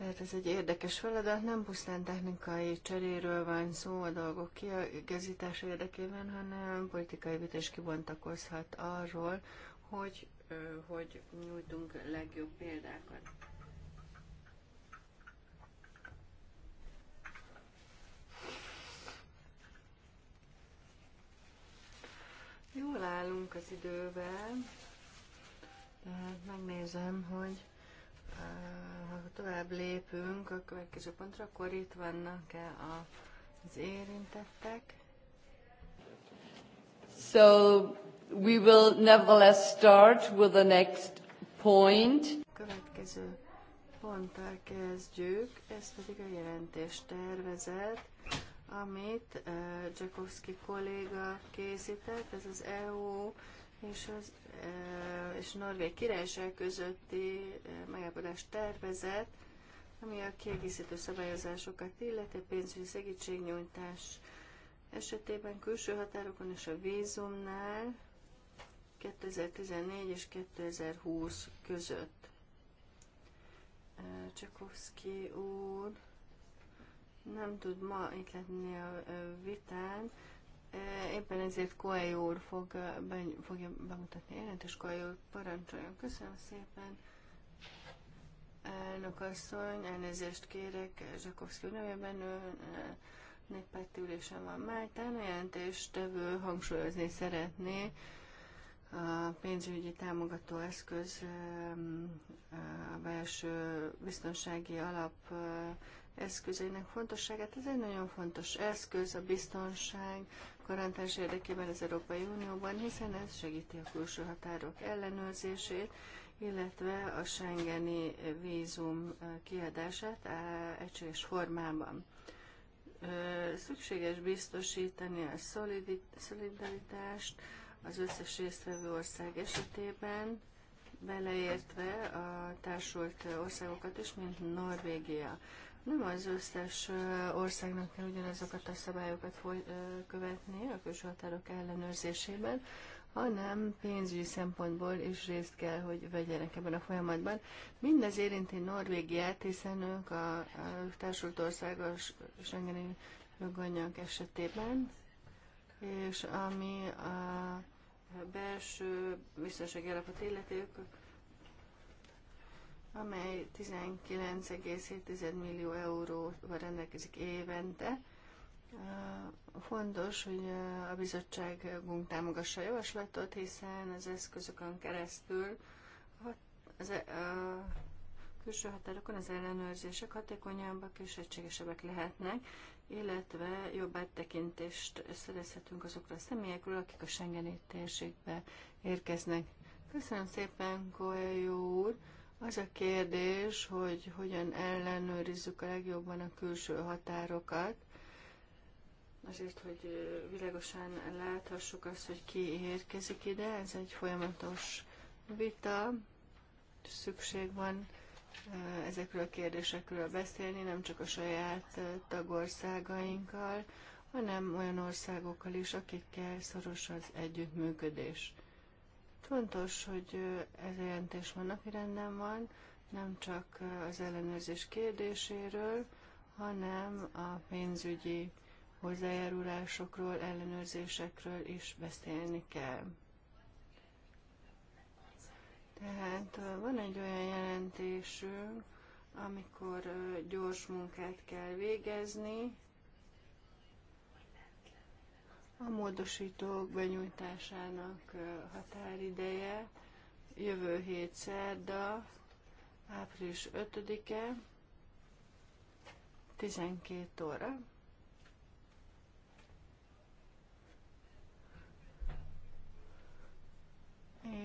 Tehát ez egy érdekes feladat, nem pusztán technikai cseréről van szó a dolgok kiegazítása érdekében, hanem politikai vita is kibontakozhat arról, hogy, hogy nyújtunk legjobb példákat. Jól állunk az idővel, tehát megnézem, hogy ha tovább lépünk a következő pontra, akkor itt vannak-e az érintettek? So we will nevertheless start with the next point. Következő ponttal kezdjük, ez pedig a jelentés tervezet, amit uh, eh, Jakowski kolléga készített, ez az EU és, az, és Norvég királyság közötti megállapodás tervezet, ami a kiegészítő szabályozásokat illeti, pénzügyi segítségnyújtás esetében külső határokon és a vízumnál 2014 és 2020 között. Csakovszki úr nem tud ma itt lenni a vitán, Eh, éppen ezért Koei úr fog, eh, be, fogja bemutatni a jelentést. Koei úr, parancsoljon. Köszönöm szépen. Elnök asszony, elnézést kérek eh, Zsakovszki úr nevében. Ő néppárti ülésen van Máltán. A tevő hangsúlyozni szeretné a pénzügyi támogató eszköz a belső biztonsági alap eszközeinek fontosságát. Ez egy nagyon fontos eszköz, a biztonság garantálás érdekében az Európai Unióban, hiszen ez segíti a külső határok ellenőrzését, illetve a Schengeni vízum kiadását e, egységes formában. Szükséges biztosítani a szolidaritást az összes résztvevő ország esetében, beleértve a társult országokat is, mint Norvégia. Nem az összes országnak kell ugyanazokat a szabályokat követni a külső határok ellenőrzésében, hanem pénzügyi szempontból is részt kell, hogy vegyenek ebben a folyamatban. Mindez érinti Norvégiát, hiszen ők a, a társult országos Schengeni joganyag esetében, és ami a belső biztonsági alapot illeti, ők amely 19,7 millió euróval rendelkezik évente. Uh, fontos, hogy uh, a bizottságunk támogassa a javaslatot, hiszen az eszközökön keresztül az, a uh, külső határokon az ellenőrzések hatékonyabbak és egységesebbek lehetnek, illetve jobb áttekintést szerezhetünk azokra a személyekről, akik a Schengeni térségbe érkeznek. Köszönöm szépen, Koelyó úr! Az a kérdés, hogy hogyan ellenőrizzük a legjobban a külső határokat, azért, hogy világosan láthassuk azt, hogy ki érkezik ide. Ez egy folyamatos vita, szükség van ezekről a kérdésekről beszélni, nem csak a saját tagországainkkal, hanem olyan országokkal is, akikkel szoros az együttműködés. Fontos, hogy ez a jelentés napi rendben van, nem csak az ellenőrzés kérdéséről, hanem a pénzügyi hozzájárulásokról, ellenőrzésekről is beszélni kell. Tehát van egy olyan jelentésünk, amikor gyors munkát kell végezni, a módosítók benyújtásának határideje jövő hét szerda, április 5-e, 12 óra.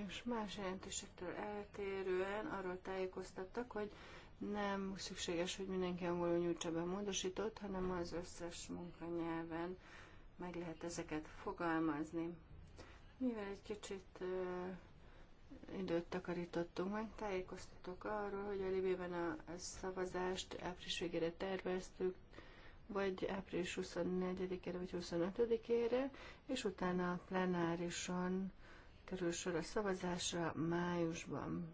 És más jelentésektől eltérően arról tájékoztattak, hogy nem szükséges, hogy mindenki angolul nyújtsa be módosított, hanem az összes munkanyelven meg lehet ezeket fogalmazni. Mivel egy kicsit időt takarítottunk meg, tájékoztatok arról, hogy a Libében a szavazást április végére terveztük, vagy április 24-ére vagy 25-ére, és utána a plenárison kerül sor a szavazásra májusban.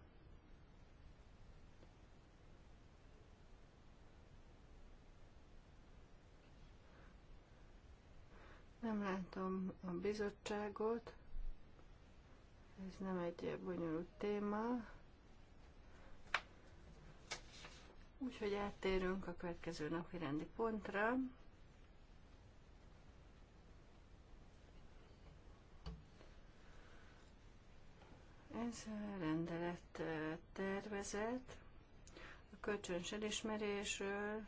Nem látom a bizottságot. Ez nem egy bonyolult téma. Úgyhogy áttérünk a következő napi rendi pontra. Ez a rendelet eh, tervezet a kölcsönös elismerésről,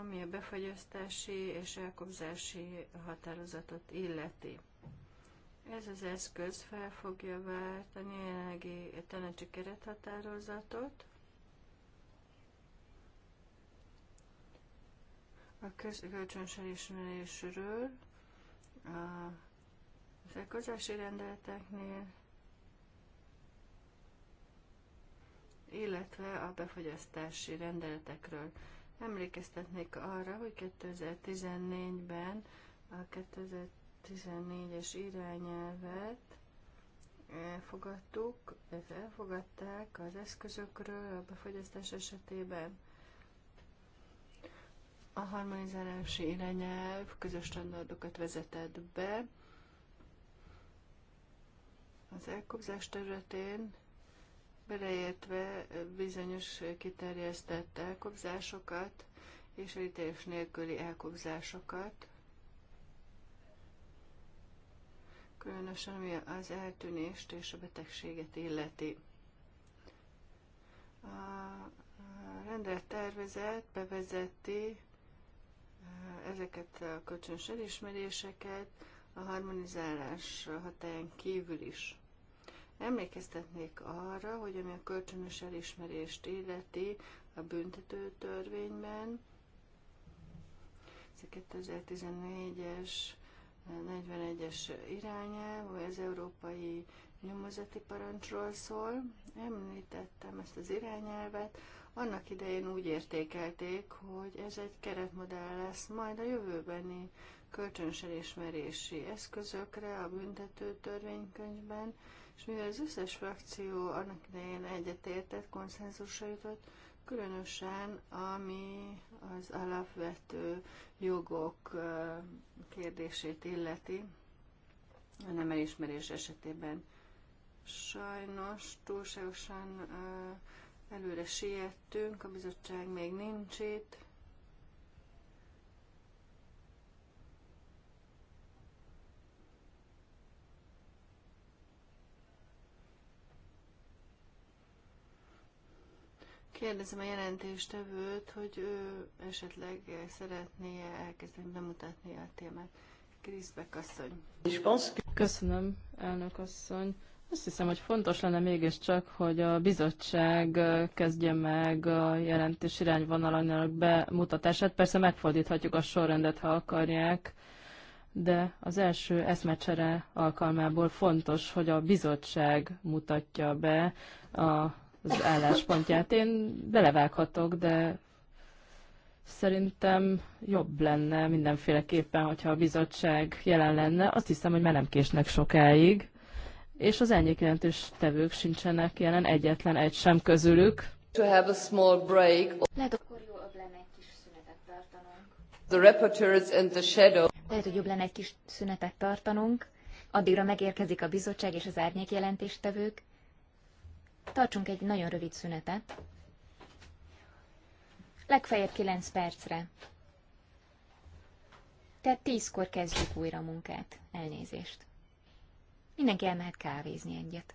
ami a befagyasztási és elkobzási határozatot illeti. Ez az eszköz fel fogja váltani a jelenlegi tanácsi kerethatározatot, a kölcsönös elismerésről, az elkozási rendeleteknél, illetve a befogyasztási rendeletekről. Emlékeztetnék arra, hogy 2014-ben a 2014-es irányelvet elfogadtuk, illetve elfogadták az eszközökről a befogyasztás esetében. A harmonizálási irányelv közös standardokat vezetett be az elkobzás területén, beleértve bizonyos kiterjesztett elkobzásokat és elítélés nélküli elkobzásokat, különösen ami az eltűnést és a betegséget illeti. A rendelt tervezet bevezeti eh, ezeket a kölcsönös elismeréseket a harmonizálás hatáján kívül is. Emlékeztetnék arra, hogy ami a kölcsönös elismerést illeti a büntető törvényben, ez a 2014-es 41-es irányelv, ez európai nyomozati parancsról szól. Említettem ezt az irányelvet. Annak idején úgy értékelték, hogy ez egy keretmodell lesz majd a jövőbeni kölcsönös elismerési eszközökre a büntető törvénykönyvben, és mivel az összes frakció annak idején egyetértett, konszenzusra jutott, különösen ami az alapvető jogok kérdését illeti, a nem elismerés esetében sajnos túlságosan előre siettünk, a bizottság még nincs itt, Kérdezem a jelentéstevőt, hogy ő esetleg szeretné elkezdeni bemutatni a témát. Kriszbek asszony. Köszönöm, elnök asszony. Azt hiszem, hogy fontos lenne mégiscsak, hogy a bizottság kezdje meg a jelentés irányvonalának bemutatását. Persze megfordíthatjuk a sorrendet, ha akarják, de az első eszmecsere alkalmából fontos, hogy a bizottság mutatja be a az álláspontját. Én belevághatok, de szerintem jobb lenne mindenféleképpen, hogyha a bizottság jelen lenne. Azt hiszem, hogy már nem késnek sokáig, és az ennyi jelentős tevők sincsenek jelen, egyetlen egy sem közülük. To have a small break. Lehet, akkor jobb lenne egy kis szünetet tartanunk. The rapporteurs and the shadow. Lehet, hogy jobb lenne egy kis szünetet tartanunk. Addigra megérkezik a bizottság és az árnyék jelentéstevők. Tartsunk egy nagyon rövid szünetet. Legfeljebb 9 percre. Tehát tízkor kezdjük újra a munkát. Elnézést. Mindenki elmehet kávézni egyet.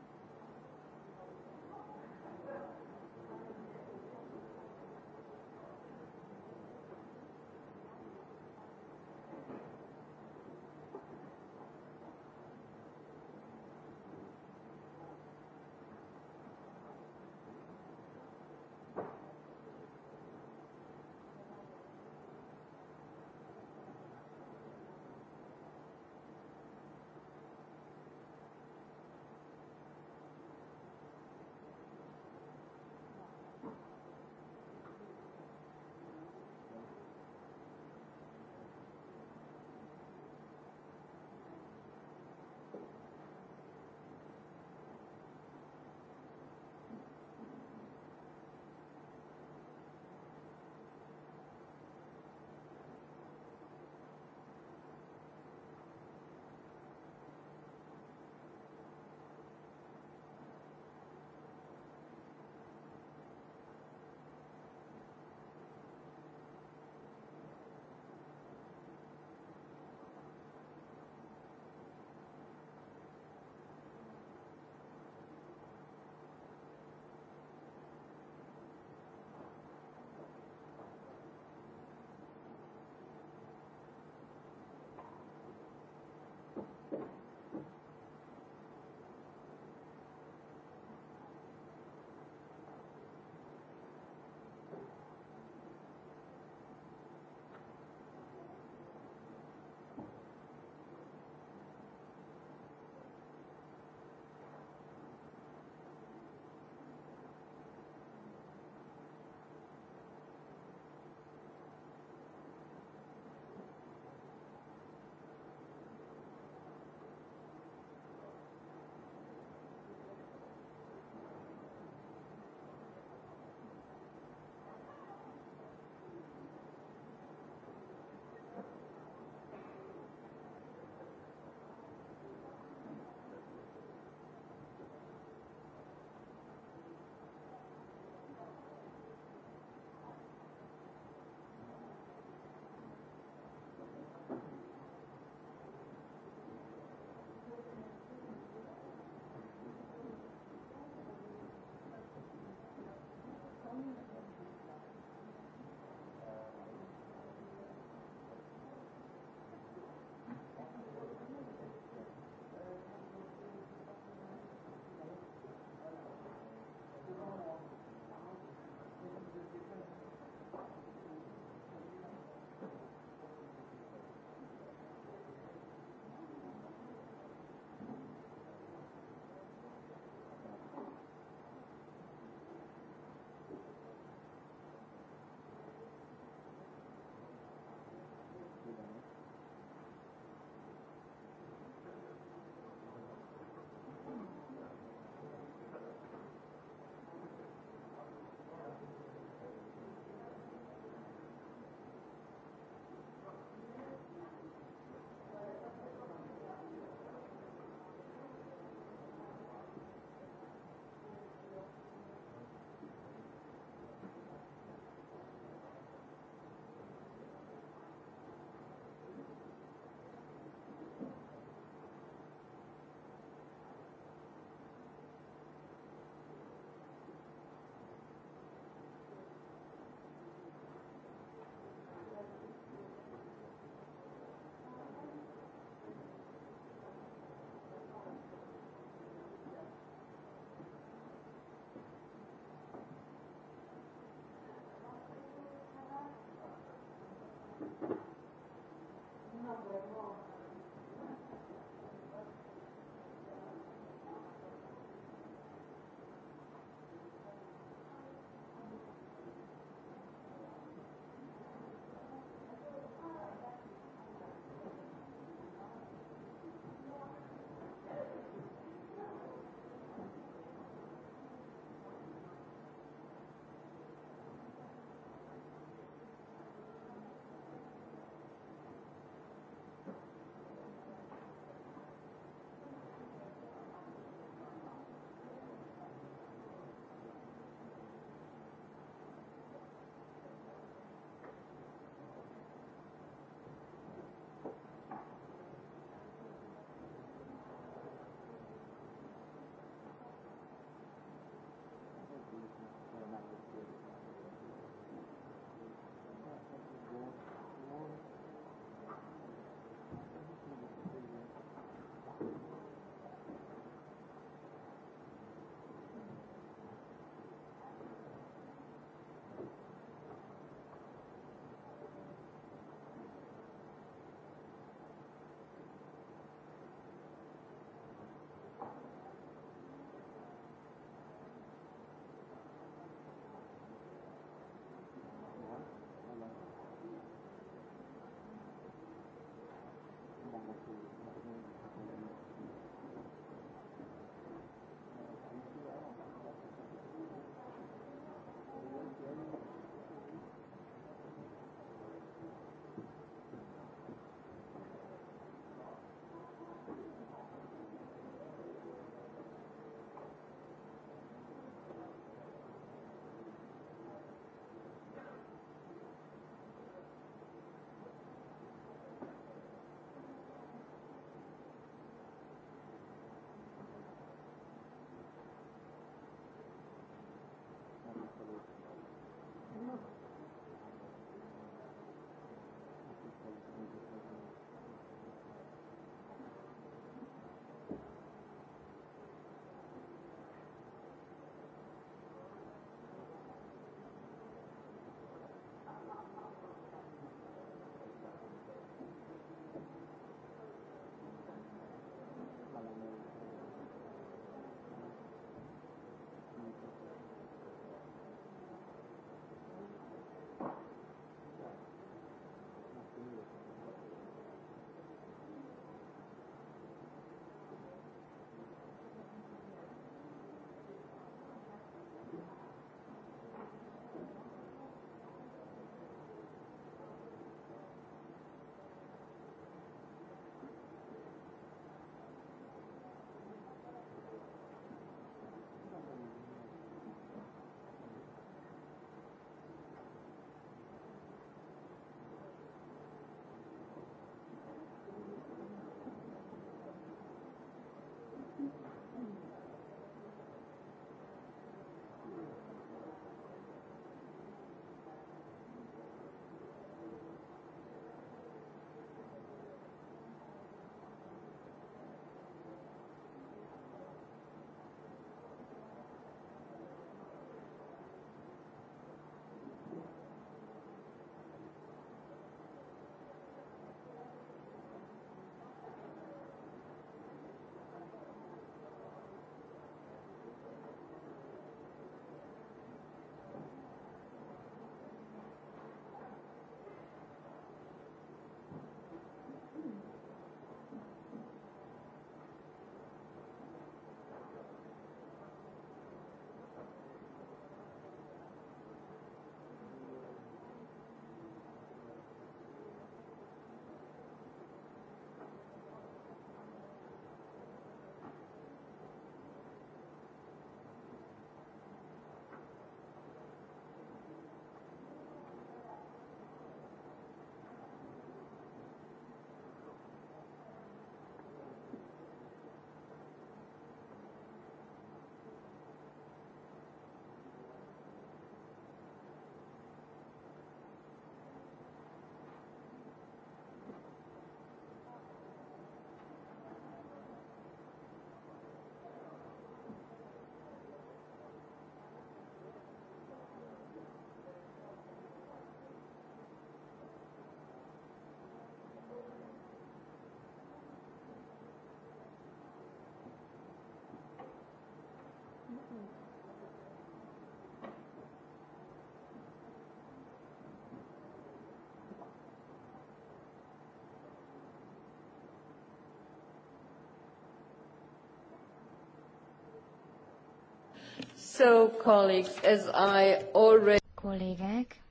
So, colleagues, as I already... Kollégák,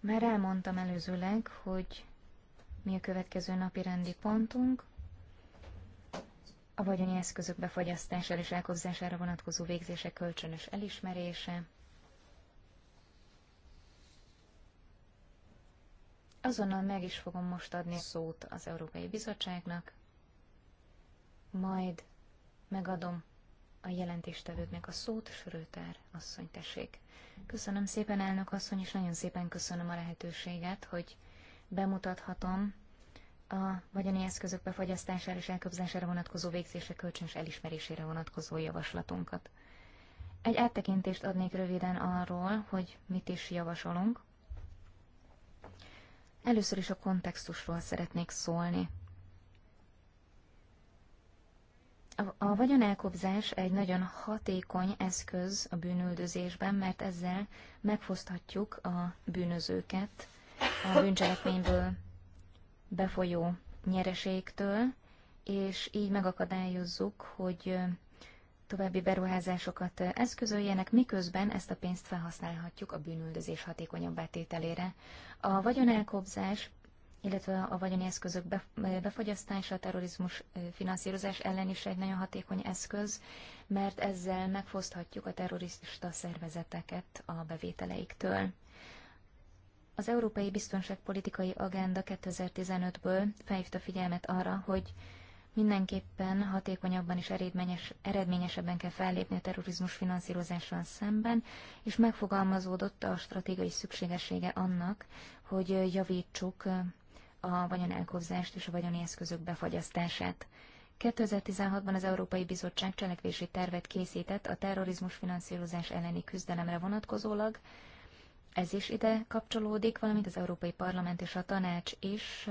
már elmondtam előzőleg, hogy mi a következő napi rendi pontunk, a vagyoni eszközök befagyasztására és elkobzására vonatkozó végzése kölcsönös elismerése, Azonnal meg is fogom most adni szót az Európai Bizottságnak, majd megadom a jelentéstevőknek a szót, Sröter asszony, tessék. Köszönöm szépen, elnök asszony, és nagyon szépen köszönöm a lehetőséget, hogy bemutathatom a vagyoni eszközök befagyasztására és elkobzására vonatkozó végzése kölcsönös elismerésére vonatkozó javaslatunkat. Egy áttekintést adnék röviden arról, hogy mit is javasolunk. Először is a kontextusról szeretnék szólni. A vagyonelkobzás egy nagyon hatékony eszköz a bűnüldözésben, mert ezzel megfoszthatjuk a bűnözőket a bűncselekményből befolyó nyereségtől, és így megakadályozzuk, hogy további beruházásokat eszközöljenek, miközben ezt a pénzt felhasználhatjuk a bűnüldözés hatékonyabb tételére. A vagyonelkobzás illetve a vagyoni eszközök befogyasztása, a terrorizmus finanszírozás ellen is egy nagyon hatékony eszköz, mert ezzel megfoszthatjuk a terrorista szervezeteket a bevételeiktől. Az Európai Biztonságpolitikai Agenda 2015-ből felhívta figyelmet arra, hogy mindenképpen hatékonyabban és eredményes, eredményesebben kell fellépni a terrorizmus finanszírozással szemben, és megfogalmazódott a stratégiai szükségessége annak, hogy javítsuk a vagyonelkobzást és a vagyoni eszközök befagyasztását. 2016-ban az Európai Bizottság cselekvési tervet készített a terrorizmus finanszírozás elleni küzdelemre vonatkozólag. Ez is ide kapcsolódik, valamint az Európai Parlament és a Tanács is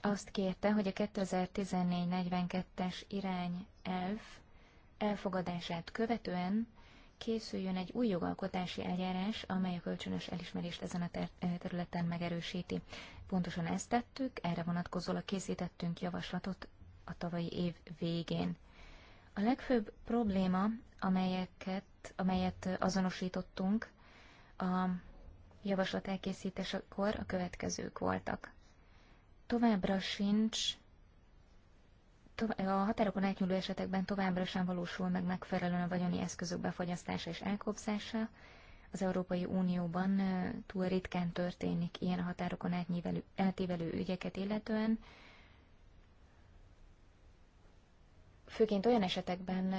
azt kérte, hogy a 2014-42-es irányelv elfogadását követően készüljön egy új jogalkotási eljárás, amely a kölcsönös elismerést ezen a e, területen megerősíti. Pontosan ezt tettük, erre vonatkozólag készítettünk javaslatot a tavalyi év végén. A legfőbb probléma, amelyeket, amelyet azonosítottunk a javaslat elkészítésekor, a következők voltak. Továbbra sincs a határokon átnyúló esetekben továbbra sem valósul meg megfelelően a vagyoni eszközök befogyasztása és elkobzása. Az Európai Unióban túl ritkán történik ilyen a határokon átnyívelő, eltévelő ügyeket illetően. Főként olyan esetekben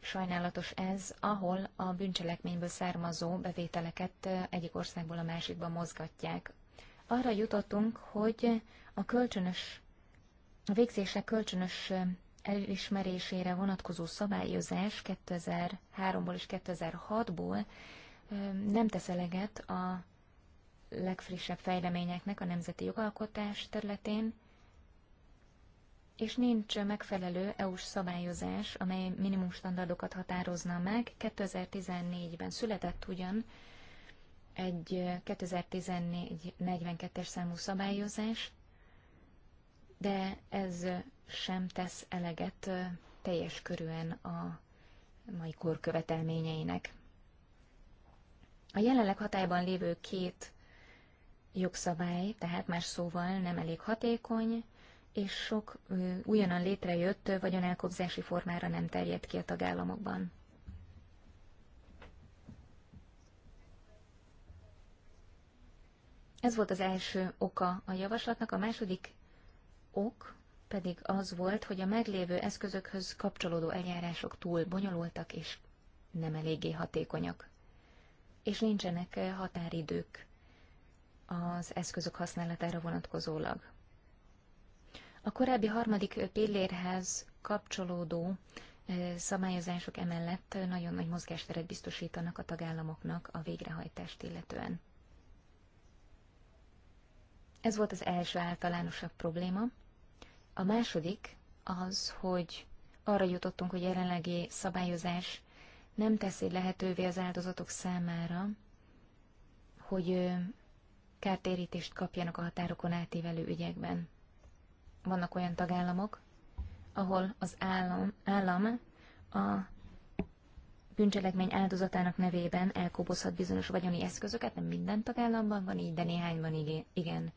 sajnálatos ez, ahol a bűncselekményből származó bevételeket egyik országból a másikba mozgatják. Arra jutottunk, hogy a kölcsönös a végzések kölcsönös elismerésére vonatkozó szabályozás 2003-ból és 2006-ból nem tesz eleget a legfrissebb fejleményeknek a nemzeti jogalkotás területén, és nincs megfelelő EU-s szabályozás, amely minimum standardokat határozna meg. 2014-ben született ugyan egy 2014-42-es számú szabályozás, de ez sem tesz eleget teljes körűen a mai kor követelményeinek. A jelenleg hatályban lévő két jogszabály, tehát más szóval nem elég hatékony, és sok újonnan létrejött vagyonelkobzási formára nem terjed ki a tagállamokban. Ez volt az első oka a javaslatnak, a második ok pedig az volt, hogy a meglévő eszközökhöz kapcsolódó eljárások túl bonyolultak és nem eléggé hatékonyak. És nincsenek eh, határidők az eszközök használatára vonatkozólag. A korábbi harmadik eh, pillérhez kapcsolódó eh, szabályozások emellett nagyon nagy mozgásteret biztosítanak a tagállamoknak a végrehajtást illetően. Ez volt az első általánosabb probléma, a második az, hogy arra jutottunk, hogy jelenlegi szabályozás nem teszi lehetővé az áldozatok számára, hogy kártérítést kapjanak a határokon átívelő ügyekben. Vannak olyan tagállamok, ahol az állam, állam a bűncselekmény áldozatának nevében elkobozhat bizonyos vagyoni eszközöket, nem minden tagállamban van így, de néhányban igen.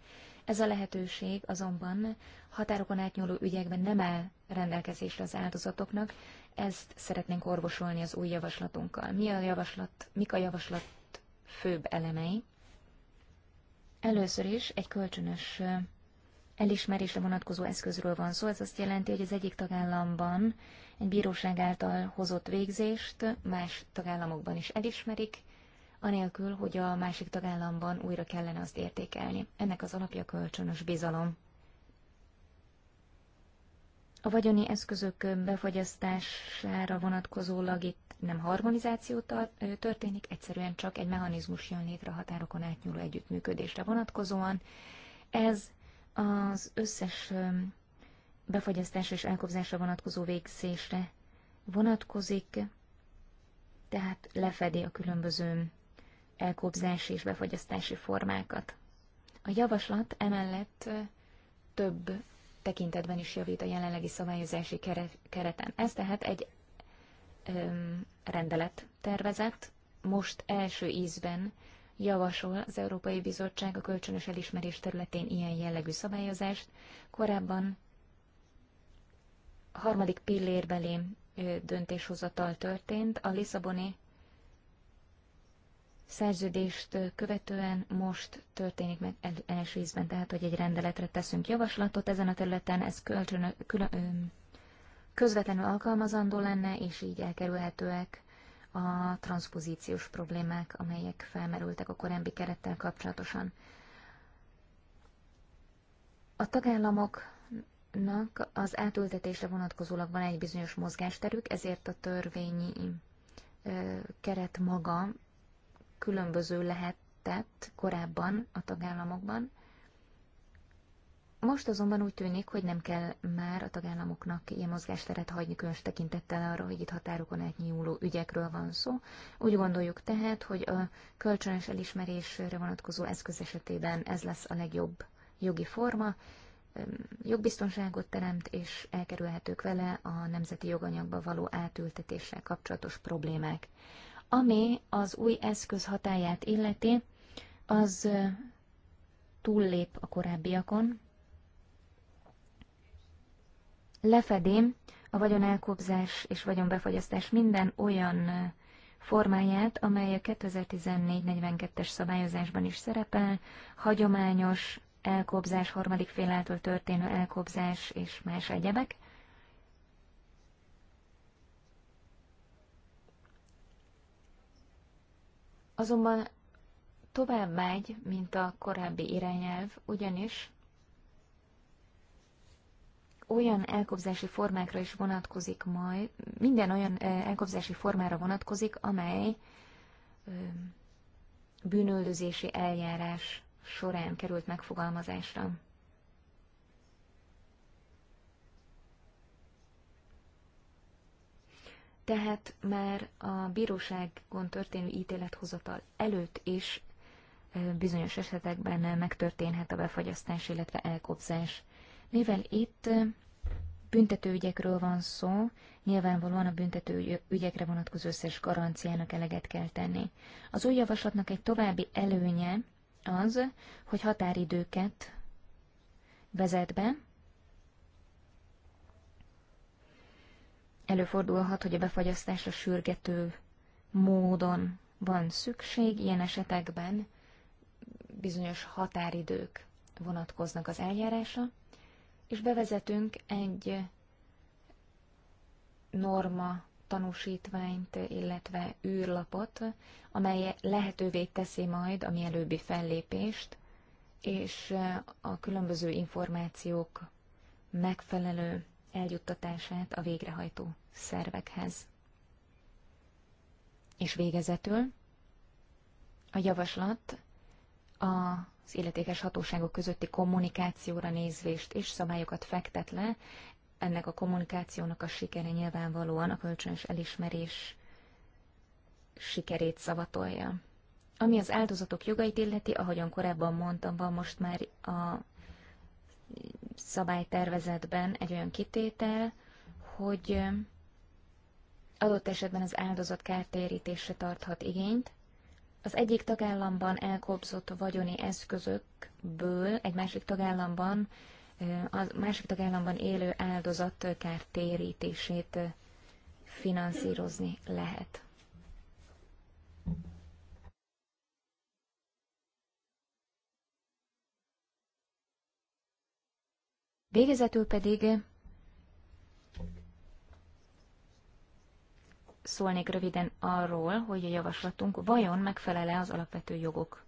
Ez a lehetőség azonban határokon átnyúló ügyekben nem áll rendelkezésre az áldozatoknak, ezt szeretnénk orvosolni az új javaslatunkkal. Mi a javaslat, mik a javaslat főbb elemei? Először is egy kölcsönös elismerésre vonatkozó eszközről van szó. Ez azt jelenti, hogy az egyik tagállamban egy bíróság által hozott végzést más tagállamokban is elismerik, anélkül, hogy a másik tagállamban újra kellene azt értékelni. Ennek az alapja kölcsönös bizalom. A vagyoni eszközök befogyasztására vonatkozólag itt nem harmonizáció történik, egyszerűen csak egy mechanizmus jön létre a határokon átnyúló együttműködésre vonatkozóan. Ez az összes befogyasztásra és elkobzásra vonatkozó végzésre vonatkozik, tehát lefedi a különböző elkobzási és befogyasztási formákat. A javaslat emellett több tekintetben is javít a jelenlegi szabályozási kereten. Ez tehát egy öm, rendelet tervezett, most első ízben javasol az Európai Bizottság a kölcsönös elismerés területén ilyen jellegű szabályozást, korábban harmadik pillérbeli döntéshozatal történt, a Lisszaboni szerződést követően most történik meg első ízben, tehát hogy egy rendeletre teszünk javaslatot ezen a területen, ez kölcsön, külön, ö, közvetlenül alkalmazandó lenne, és így elkerülhetőek a transzpozíciós problémák, amelyek felmerültek a korábbi kerettel kapcsolatosan. A tagállamoknak az átültetésre vonatkozólag van egy bizonyos mozgásterük, ezért a törvényi keret maga különböző lehetett korábban a tagállamokban. Most azonban úgy tűnik, hogy nem kell már a tagállamoknak ilyen mozgásteret hagyni, különös tekintettel arra, hogy itt határokon átnyúló ügyekről van szó. Úgy gondoljuk tehát, hogy a kölcsönös elismerésre vonatkozó eszköz esetében ez lesz a legjobb jogi forma, jogbiztonságot teremt, és elkerülhetők vele a nemzeti joganyagba való átültetéssel kapcsolatos problémák. Ami az új eszköz hatáját illeti, az túllép a korábbiakon, lefedi a vagyonelkobzás és vagyonbefagyasztás minden olyan formáját, amely a 2014-42-es szabályozásban is szerepel, hagyományos elkobzás, harmadik fél által történő elkobzás és más egyebek. azonban tovább megy, mint a korábbi irányelv, ugyanis olyan elkobzási formákra is vonatkozik majd, minden olyan elkobzási formára vonatkozik, amely bűnöldözési eljárás során került megfogalmazásra. tehát már a bíróságon történő ítélethozatal előtt is bizonyos esetekben megtörténhet a befagyasztás, illetve elkobzás. Mivel itt büntetőügyekről van szó, nyilvánvalóan a büntetőügyekre vonatkozó összes garanciának eleget kell tenni. Az új javaslatnak egy további előnye az, hogy határidőket vezet be, Előfordulhat, hogy a befagyasztásra sürgető módon van szükség, ilyen esetekben bizonyos határidők vonatkoznak az eljárása, és bevezetünk egy norma tanúsítványt, illetve űrlapot, amely lehetővé teszi majd a mielőbbi fellépést, és a különböző információk megfelelő eljuttatását a végrehajtó szervekhez. És végezetül a javaslat az illetékes hatóságok közötti kommunikációra nézvést és szabályokat fektet le, ennek a kommunikációnak a sikere nyilvánvalóan a kölcsönös elismerés sikerét szavatolja. Ami az áldozatok jogait illeti, ahogyan korábban mondtam, van most már a szabálytervezetben egy olyan kitétel, hogy adott esetben az áldozat kártérítésre tarthat igényt. Az egyik tagállamban elkobzott vagyoni eszközökből egy másik tagállamban a másik tagállamban élő áldozat kártérítését finanszírozni lehet. Végezetül pedig szólnék röviden arról, hogy a javaslatunk vajon megfelele az alapvető jogok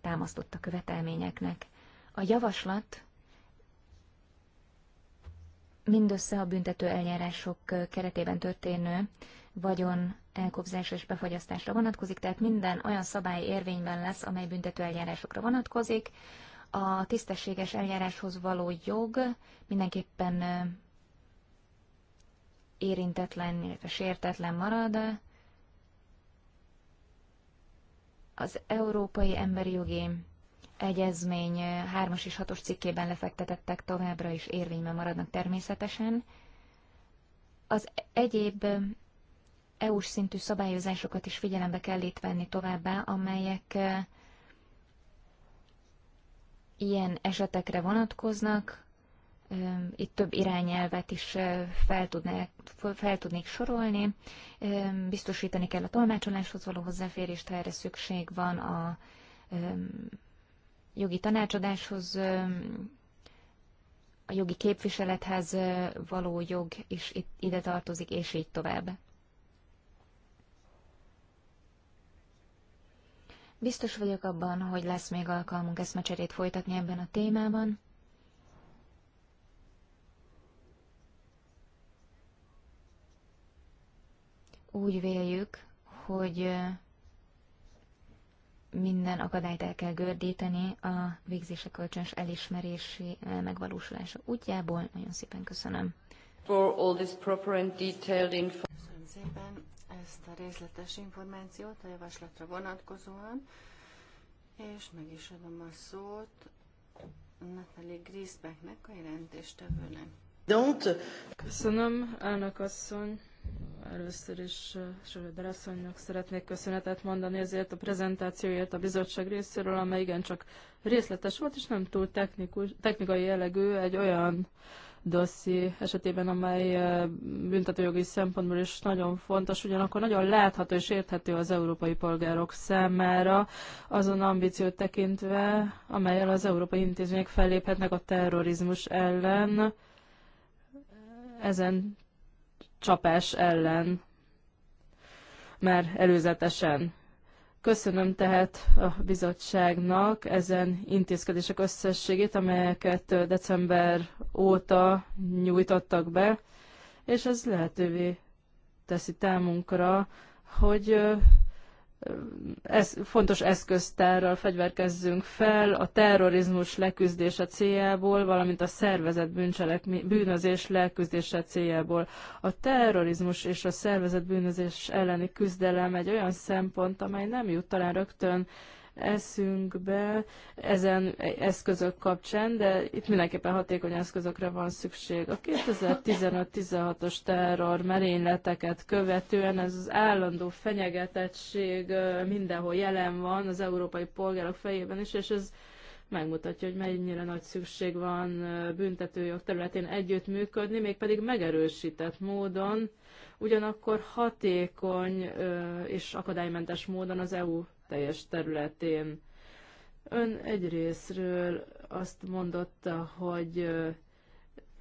támasztotta követelményeknek. A javaslat mindössze a büntető eljárások keretében történő vagyon elkobzásra és befagyasztásra vonatkozik, tehát minden olyan szabály érvényben lesz, amely büntető eljárásokra vonatkozik. A tisztességes eljáráshoz való jog mindenképpen érintetlen, illetve sértetlen marad. Az Európai Emberi Jogi Egyezmény 3-as és 6-os cikkében lefektetettek továbbra is érvényben maradnak természetesen. Az egyéb EU-s szintű szabályozásokat is figyelembe kell itt venni továbbá, amelyek ilyen esetekre vonatkoznak, itt több irányelvet is fel, tudnék, fel tudnék sorolni. Biztosítani kell a tolmácsoláshoz való hozzáférést, ha erre szükség van, a jogi tanácsadáshoz, a jogi képviselethez való jog is ide tartozik, és így tovább. Biztos vagyok abban, hogy lesz még alkalmunk eszmecserét folytatni ebben a témában. Úgy véljük, hogy minden akadályt el kell gördíteni a végzése kölcsönös elismerési megvalósulása útjából. Nagyon szépen köszönöm. For all this proper and detailed info. Köszönöm szépen ezt a részletes információt a javaslatra vonatkozóan, és meg is adom a szót Natalie Grisbecknek, a jelentéstevőnek. Köszönöm, elnök asszony. Először is uh, Söröder asszonynak szeretnék köszönetet mondani ezért a prezentációért a bizottság részéről, amely igencsak részletes volt, és nem túl technikus, technikai jellegű egy olyan dosszi esetében, amely büntetőjogi szempontból is nagyon fontos, ugyanakkor nagyon látható és érthető az európai polgárok számára azon ambíciót tekintve, amelyel az európai intézmények felléphetnek a terrorizmus ellen, ezen csapás ellen már előzetesen. Köszönöm tehát a bizottságnak ezen intézkedések összességét, amelyeket december óta nyújtottak be, és ez lehetővé teszi támunkra, hogy ez, fontos eszköztárral fegyverkezzünk fel a terrorizmus leküzdése céljából, valamint a szervezett bűnözés leküzdése céljából. A terrorizmus és a szervezett bűnözés elleni küzdelem egy olyan szempont, amely nem jut talán rögtön eszünkbe ezen eszközök kapcsán, de itt mindenképpen hatékony eszközökre van szükség. A 2015-16-os terror merényleteket követően ez az állandó fenyegetettség mindenhol jelen van az európai polgárok fejében is, és ez megmutatja, hogy mennyire nagy szükség van büntetőjog területén együttműködni, mégpedig megerősített módon, ugyanakkor hatékony és akadálymentes módon az EU teljes területén. Ön egyrésztről azt mondotta, hogy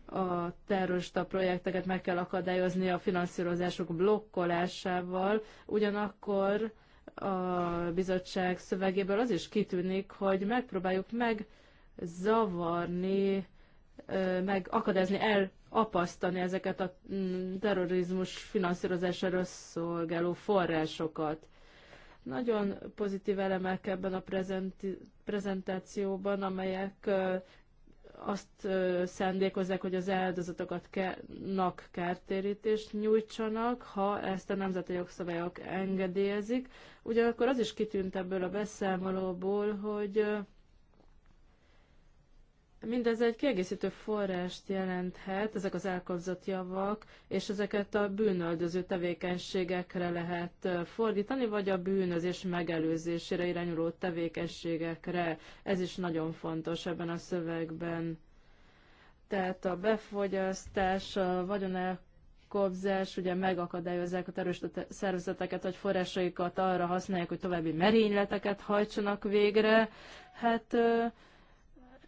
a terrorista projekteket meg kell akadályozni a finanszírozások blokkolásával, ugyanakkor a bizottság szövegéből az is kitűnik, hogy megpróbáljuk megzavarni, meg akadályozni, elapasztani ezeket a mm, terrorizmus finanszírozására szolgáló forrásokat. Nagyon pozitív elemek ebben a prezentációban, amelyek azt szándékozzák, hogy az áldozatokat nak kártérítést nyújtsanak, ha ezt a nemzeti jogszabályok engedélyezik. Ugyanakkor az is kitűnt ebből a beszámolóból, hogy Mindez egy kiegészítő forrást jelenthet, ezek az elkobzott javak, és ezeket a bűnöldöző tevékenységekre lehet fordítani, vagy a bűnözés megelőzésére irányuló tevékenységekre. Ez is nagyon fontos ebben a szövegben. Tehát a befogyasztás, a vagyonel kobzás, ugye megakadályozzák a terrorista szervezeteket, hogy forrásaikat arra használják, hogy további merényleteket hajtsanak végre. Hát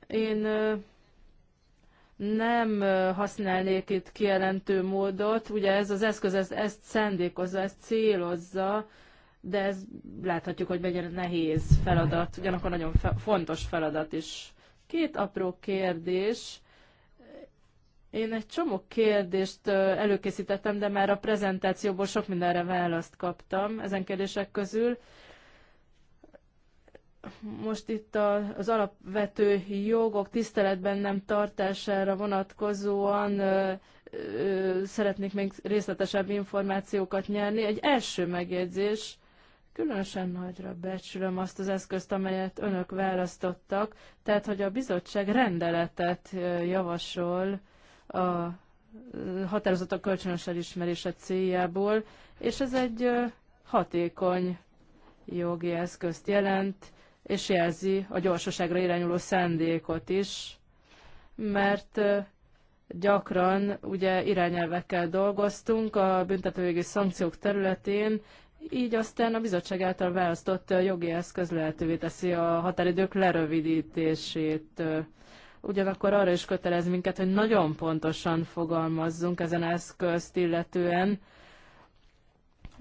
én nem használnék itt kijelentő módot, ugye ez az eszköz ez, ezt szándékozza, ezt célozza, de ez láthatjuk, hogy mennyire nehéz feladat, ugyanakkor nagyon fe, fontos feladat is. Két apró kérdés. Én egy csomó kérdést előkészítettem, de már a prezentációból sok mindenre választ kaptam ezen kérdések közül most itt a, az alapvető jogok tiszteletben nem tartására vonatkozóan ö, ö, szeretnék még részletesebb információkat nyerni. Egy első megjegyzés, különösen nagyra becsülöm azt az eszközt, amelyet önök választottak, tehát hogy a bizottság rendeletet javasol a határozatok kölcsönös elismerése céljából, és ez egy hatékony jogi eszközt jelent, és jelzi a gyorsaságra irányuló szándékot is, mert gyakran ugye irányelvekkel dolgoztunk a büntetőjogi szankciók területén, így aztán a bizottság által választott jogi eszköz lehetővé teszi a határidők lerövidítését. Ugyanakkor arra is kötelez minket, hogy nagyon pontosan fogalmazzunk ezen eszközt illetően,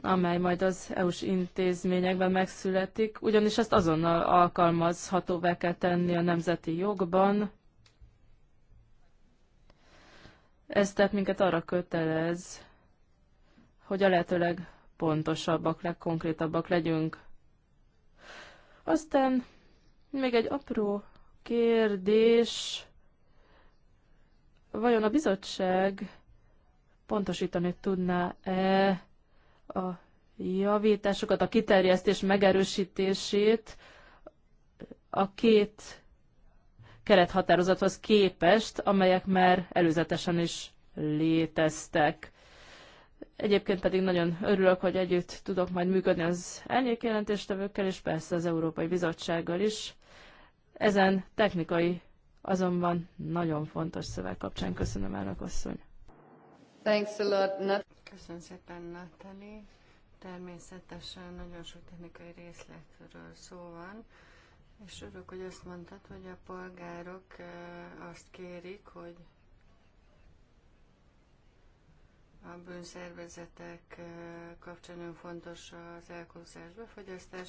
amely majd az EU-s intézményekben megszületik, ugyanis ezt azonnal alkalmazhatóvá kell tenni a nemzeti jogban. Ez tehát minket arra kötelez, hogy a lehetőleg pontosabbak, legkonkrétabbak legyünk. Aztán még egy apró kérdés. Vajon a bizottság pontosítani tudná-e a javításokat, a kiterjesztés megerősítését a két kerethatározathoz képest, amelyek már előzetesen is léteztek. Egyébként pedig nagyon örülök, hogy együtt tudok majd működni az elnyékjelentéstevőkkel, és persze az Európai Bizottsággal is. Ezen technikai, azonban nagyon fontos szöveg kapcsán köszönöm, elnök asszony. Thanks a lot, Nat- Köszönöm szépen, Natali. Természetesen nagyon sok technikai részletről szó van, és örülök, hogy azt mondtad, hogy a polgárok azt kérik, hogy a bűnszervezetek kapcsán fontos az elkobzás befogyasztás,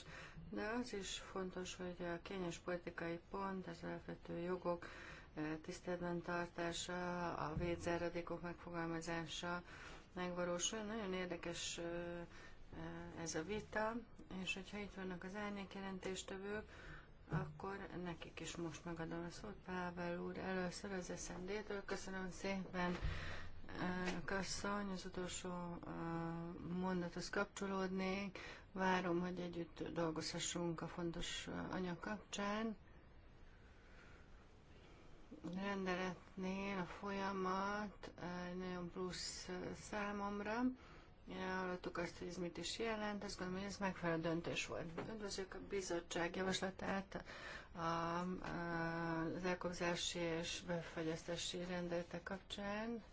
de az is fontos, hogy a kényes politikai pont, az alapvető jogok, tiszteletben tartása, a védzáradékok megfogalmazása megvalósul. Nagyon érdekes ez a vita, és hogyha itt vannak az árnyék jelentéstevők, akkor nekik is most megadom a szót. Pável úr, először az SZND-től. Köszönöm szépen, Kasszony, az utolsó mondathoz kapcsolódnék. Várom, hogy együtt dolgozhassunk a fontos anyag kapcsán rendeletnél a folyamat nagyon plusz számomra. Hallottuk azt, hogy ez mit is jelent, azt gondolom, hogy ez megfelelő döntés volt. Üdvözlök a bizottság javaslatát, a, a, az elkobzási és befagyasztási rendelete kapcsán.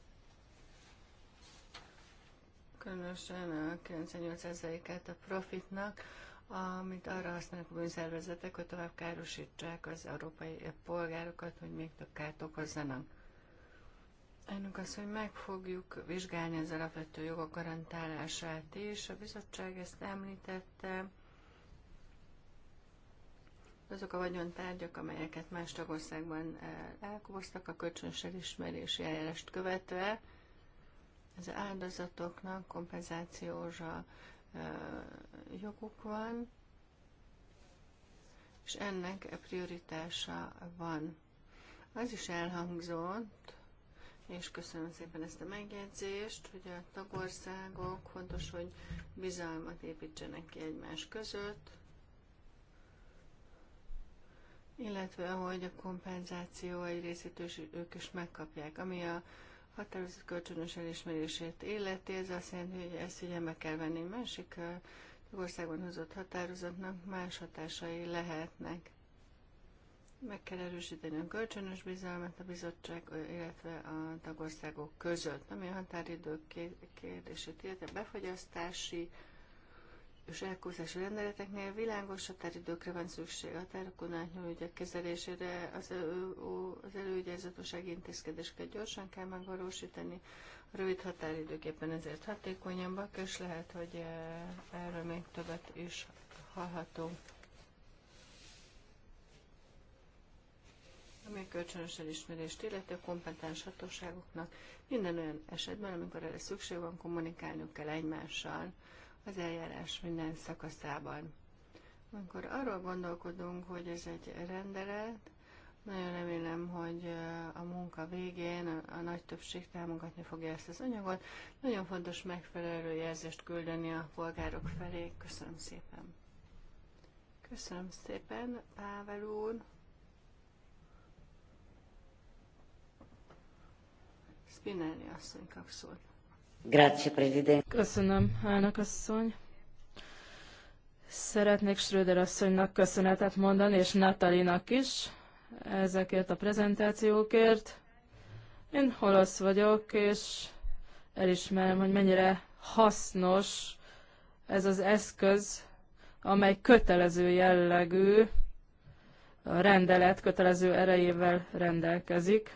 Különösen a 98%-át a profitnak amit arra használnak a bűnszervezetek, hogy tovább károsítsák az európai polgárokat, hogy még több kárt okozzanak. Ennek az, hogy meg fogjuk vizsgálni az alapvető jogok garantálását is. A bizottság ezt említette. Azok a vagyontárgyak, amelyeket más tagországban eh, elkoboztak a kölcsönös elismerési eljárást követve, az áldozatoknak kompenzációra joguk van, és ennek a prioritása van. Az is elhangzott, és köszönöm szépen ezt a megjegyzést, hogy a tagországok fontos, hogy bizalmat építsenek ki egymás között, illetve hogy a kompenzáció egy részét ők is megkapják, ami a Határozott kölcsönös elismerését életi. Ez azt jelenti, hogy ezt figyelme kell venni. Másik országban hozott határozatnak más hatásai lehetnek. Meg kell erősíteni a kölcsönös bizalmat a bizottság, illetve a tagországok között, ami a határidők kérdését illetve a befogyasztási és elkúszási rendeleteknél világos határidőkre van szükség a tárokon átnyúló ügyek kezelésére, az, elő, az előügyelzetőség intézkedéseket gyorsan kell megvalósítani, a rövid határidők éppen ezért hatékonyabbak, és lehet, hogy eh, erről még többet is hallhatunk. ami a kölcsönös elismerést illeti a kompetens hatóságoknak minden olyan esetben, amikor erre szükség van, kommunikálnunk kell egymással az eljárás minden szakaszában. Amikor arról gondolkodunk, hogy ez egy rendelet, nagyon remélem, hogy eh, a munka végén a nagy többség támogatni fogja ezt az anyagot. Nagyon fontos megfelelő jelzést küldeni a polgárok felé. Köszönöm szépen. Köszönöm szépen, Pável úr. Spinelli asszony kapszolt. Köszönöm, elnök asszony. Szeretnék Schröder asszonynak köszönetet mondani, és Natalinak is ezekért a prezentációkért. Én olasz vagyok, és elismerem, hogy mennyire hasznos ez az eszköz, amely kötelező jellegű, a rendelet kötelező erejével rendelkezik.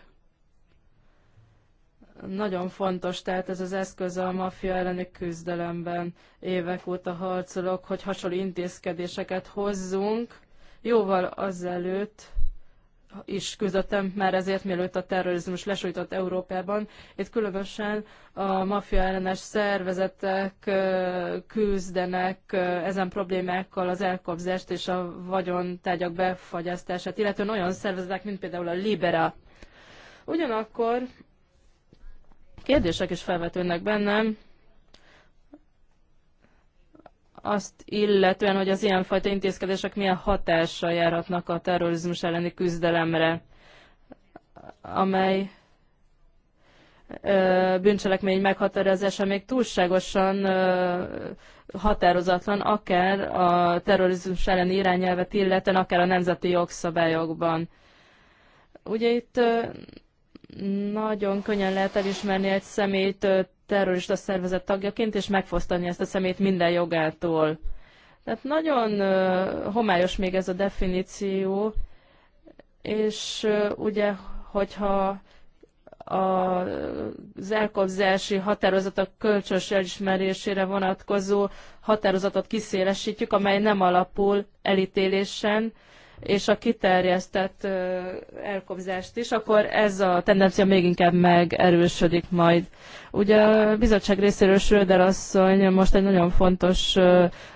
Nagyon fontos tehát ez az eszköz a maffia elleni küzdelemben. Évek óta harcolok, hogy hasonló intézkedéseket hozzunk. Jóval azelőtt is küzdöttem már ezért, mielőtt a terrorizmus lesújtott Európában. Itt különösen a maffia ellenes szervezetek küzdenek ezen problémákkal az elkobzást és a vagyontárgyak befagyasztását, illetve olyan szervezetek, mint például a Libera. Ugyanakkor Kérdések is felvetődnek bennem, azt illetően, hogy az ilyenfajta intézkedések milyen hatással járhatnak a terrorizmus elleni küzdelemre, amely bűncselekmény meghatározása még túlságosan határozatlan, akár a terrorizmus elleni irányelvet illetően, akár a nemzeti jogszabályokban. Ugye itt nagyon könnyen lehet elismerni egy szemét terrorista szervezet tagjaként, és megfosztani ezt a szemét minden jogától. Tehát nagyon homályos még ez a definíció, és ugye, hogyha az elkobzási határozatok kölcsös elismerésére vonatkozó határozatot kiszélesítjük, amely nem alapul elítélésen, és a kiterjesztett elkobzást is, akkor ez a tendencia még inkább megerősödik majd. Ugye a bizottság részéről Schröder asszony most egy nagyon fontos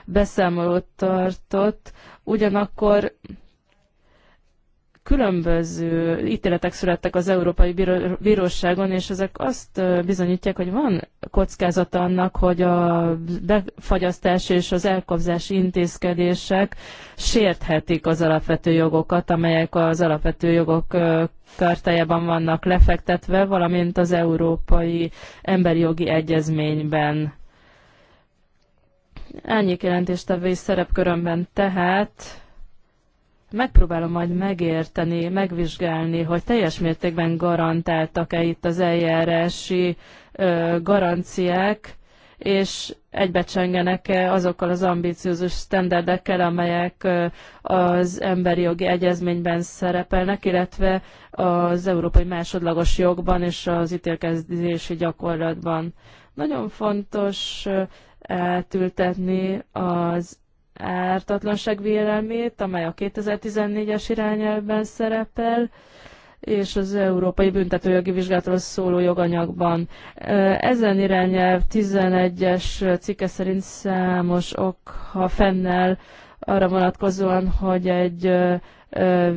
beszámolót tartott, ugyanakkor Különböző ítéletek születtek az Európai Bíróságon, és ezek azt bizonyítják, hogy van kockázata annak, hogy a befagyasztás és az elkobzási intézkedések sérthetik az alapvető jogokat, amelyek az alapvető jogok kartájában vannak lefektetve, valamint az Európai Emberi Jogi Egyezményben. Ennyi jelentéstevői szerepkörömben tehát Megpróbálom majd megérteni, megvizsgálni, hogy teljes mértékben garantáltak-e itt az eljárási ö, garanciák, és egybecsengenek-e azokkal az ambiciózus standardekkel, amelyek az emberi jogi egyezményben szerepelnek, illetve az európai másodlagos jogban és az ítélkezési gyakorlatban. Nagyon fontos átültetni az ártatlanság vélelmét, amely a 2014-es irányelvben szerepel, és az Európai Büntetőjogi Vizsgálatról szóló joganyagban. Ezen irányelv 11-es cikke szerint számos ok, ha fennel arra vonatkozóan, hogy egy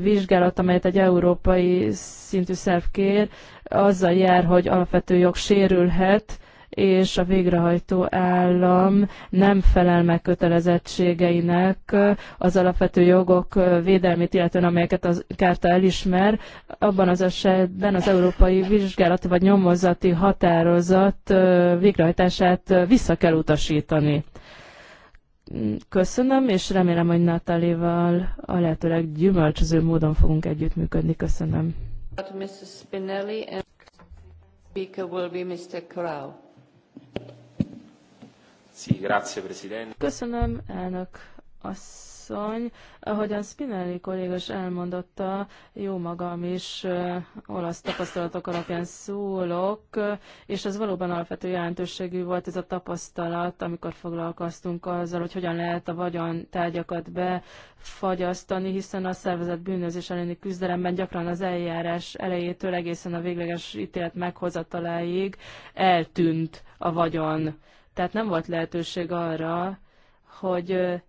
vizsgálat, amelyet egy európai szintű szerv kér, azzal jár, hogy alapvető jog sérülhet, és a végrehajtó állam nem felel meg kötelezettségeinek az alapvető jogok védelmét, illetően amelyeket a kárta elismer, abban az esetben az európai vizsgálati vagy nyomozati határozat végrehajtását vissza kell utasítani. Köszönöm, és remélem, hogy Natálival a lehetőleg gyümölcsöző módon fogunk együttműködni. Köszönöm. Mrs. Spinelli and speaker will be Mr. Köszönöm, elnök asszony. Ahogyan Spinelli kollégás elmondotta, jó magam is olasz tapasztalatok alapján szólok, és ez valóban alapvető jelentőségű volt ez a tapasztalat, amikor foglalkoztunk azzal, hogy hogyan lehet a vagyon tárgyakat befagyasztani, hiszen a szervezet bűnözés elleni küzdelemben gyakran az eljárás elejétől egészen a végleges ítélet meghozataláig eltűnt a vagyon tehát nem volt lehetőség arra, hogy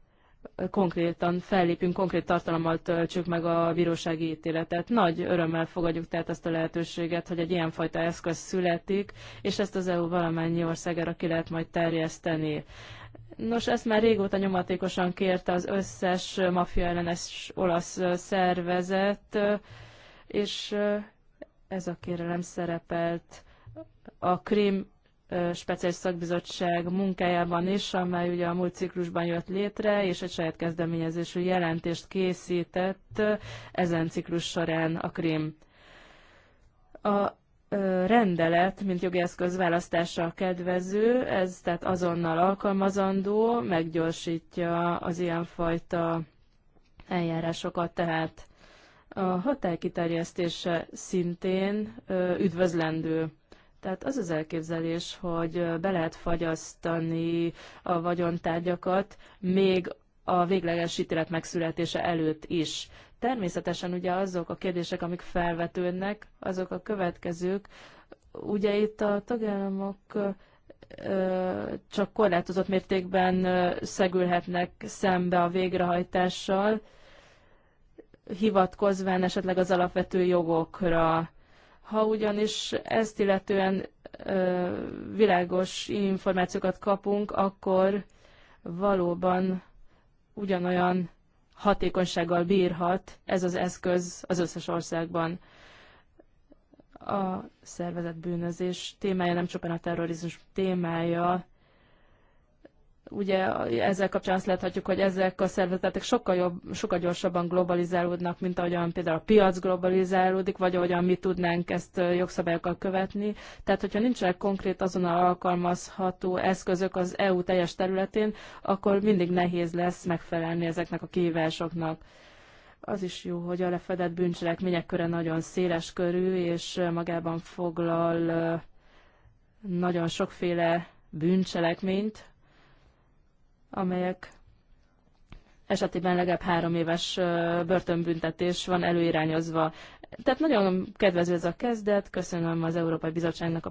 konkrétan fellépünk, konkrét tartalommal töltsük meg a bírósági ítéletet. Nagy örömmel fogadjuk tehát ezt a lehetőséget, hogy egy ilyenfajta eszköz születik, és ezt az EU valamennyi országára ki lehet majd terjeszteni. Nos, ezt már régóta nyomatékosan kérte az összes mafia ellenes olasz szervezet, és ez a kérelem szerepelt a Krím speciális szakbizottság munkájában is, amely ugye a múlt ciklusban jött létre, és egy saját kezdeményezésű jelentést készített ezen ciklus során a Krim. A rendelet, mint jogi eszköz választása kedvező, ez tehát azonnal alkalmazandó, meggyorsítja az ilyenfajta eljárásokat, tehát a hatály kiterjesztése szintén üdvözlendő tehát az az elképzelés, hogy be lehet fagyasztani a vagyontárgyakat még a végleges ítélet megszületése előtt is. Természetesen ugye azok a kérdések, amik felvetődnek, azok a következők. Ugye itt a tagállamok csak korlátozott mértékben szegülhetnek szembe a végrehajtással, hivatkozván esetleg az alapvető jogokra ha ugyanis ezt illetően ö, világos információkat kapunk, akkor valóban ugyanolyan hatékonysággal bírhat ez az eszköz az összes országban. A szervezett bűnözés témája nem csupán a terrorizmus témája, ugye ezzel kapcsán azt láthatjuk, hogy ezek a szervezetek sokkal, jobb, sokkal gyorsabban globalizálódnak, mint ahogyan például a piac globalizálódik, vagy ahogyan mi tudnánk ezt jogszabályokkal követni. Tehát, hogyha nincsenek konkrét azonnal alkalmazható eszközök az EU teljes területén, akkor mindig nehéz lesz megfelelni ezeknek a kihívásoknak. Az is jó, hogy a lefedett bűncselekmények köre nagyon széles körű, és magában foglal nagyon sokféle bűncselekményt, amelyek esetében legalább három éves börtönbüntetés van előirányozva. Tehát nagyon kedvező ez a kezdet, köszönöm az Európai Bizottságnak a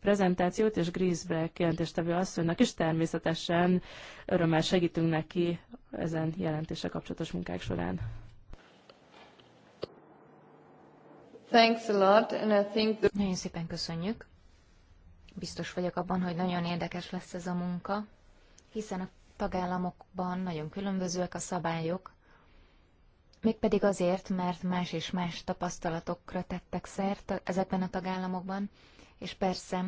prezentációt, és Griesbreck jelentéstevő asszonynak is természetesen örömmel segítünk neki ezen jelentése kapcsolatos munkák során. Thanks a lot, and I think that... Nagyon szépen köszönjük. Biztos vagyok abban, hogy nagyon érdekes lesz ez a munka hiszen a tagállamokban nagyon különbözőek a szabályok, mégpedig azért, mert más és más tapasztalatokra tettek szert ezekben a tagállamokban, és persze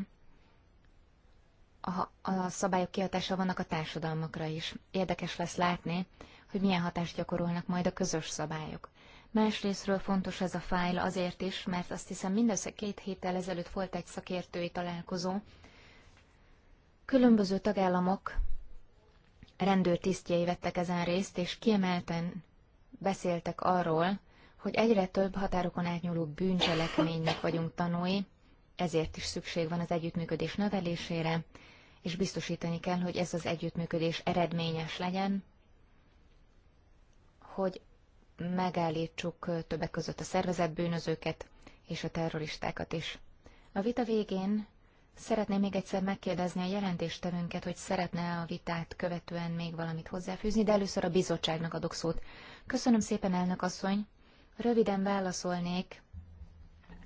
a, a szabályok kihatása vannak a társadalmakra is. Érdekes lesz látni, hogy milyen hatást gyakorolnak majd a közös szabályok. Másrésztről fontos ez a fájl azért is, mert azt hiszem mindössze két héttel ezelőtt volt egy szakértői találkozó. Különböző tagállamok rendőrtisztjei vettek ezen részt, és kiemelten beszéltek arról, hogy egyre több határokon átnyúló bűncselekménynek vagyunk tanúi, ezért is szükség van az együttműködés növelésére, és biztosítani kell, hogy ez az együttműködés eredményes legyen, hogy megállítsuk többek között a szervezett bűnözőket és a terroristákat is. A vita végén Szeretném még egyszer megkérdezni a jelentéstevőnket, hogy szeretne a vitát követően még valamit hozzáfűzni, de először a bizottságnak adok szót. Köszönöm szépen, elnök asszony. Röviden válaszolnék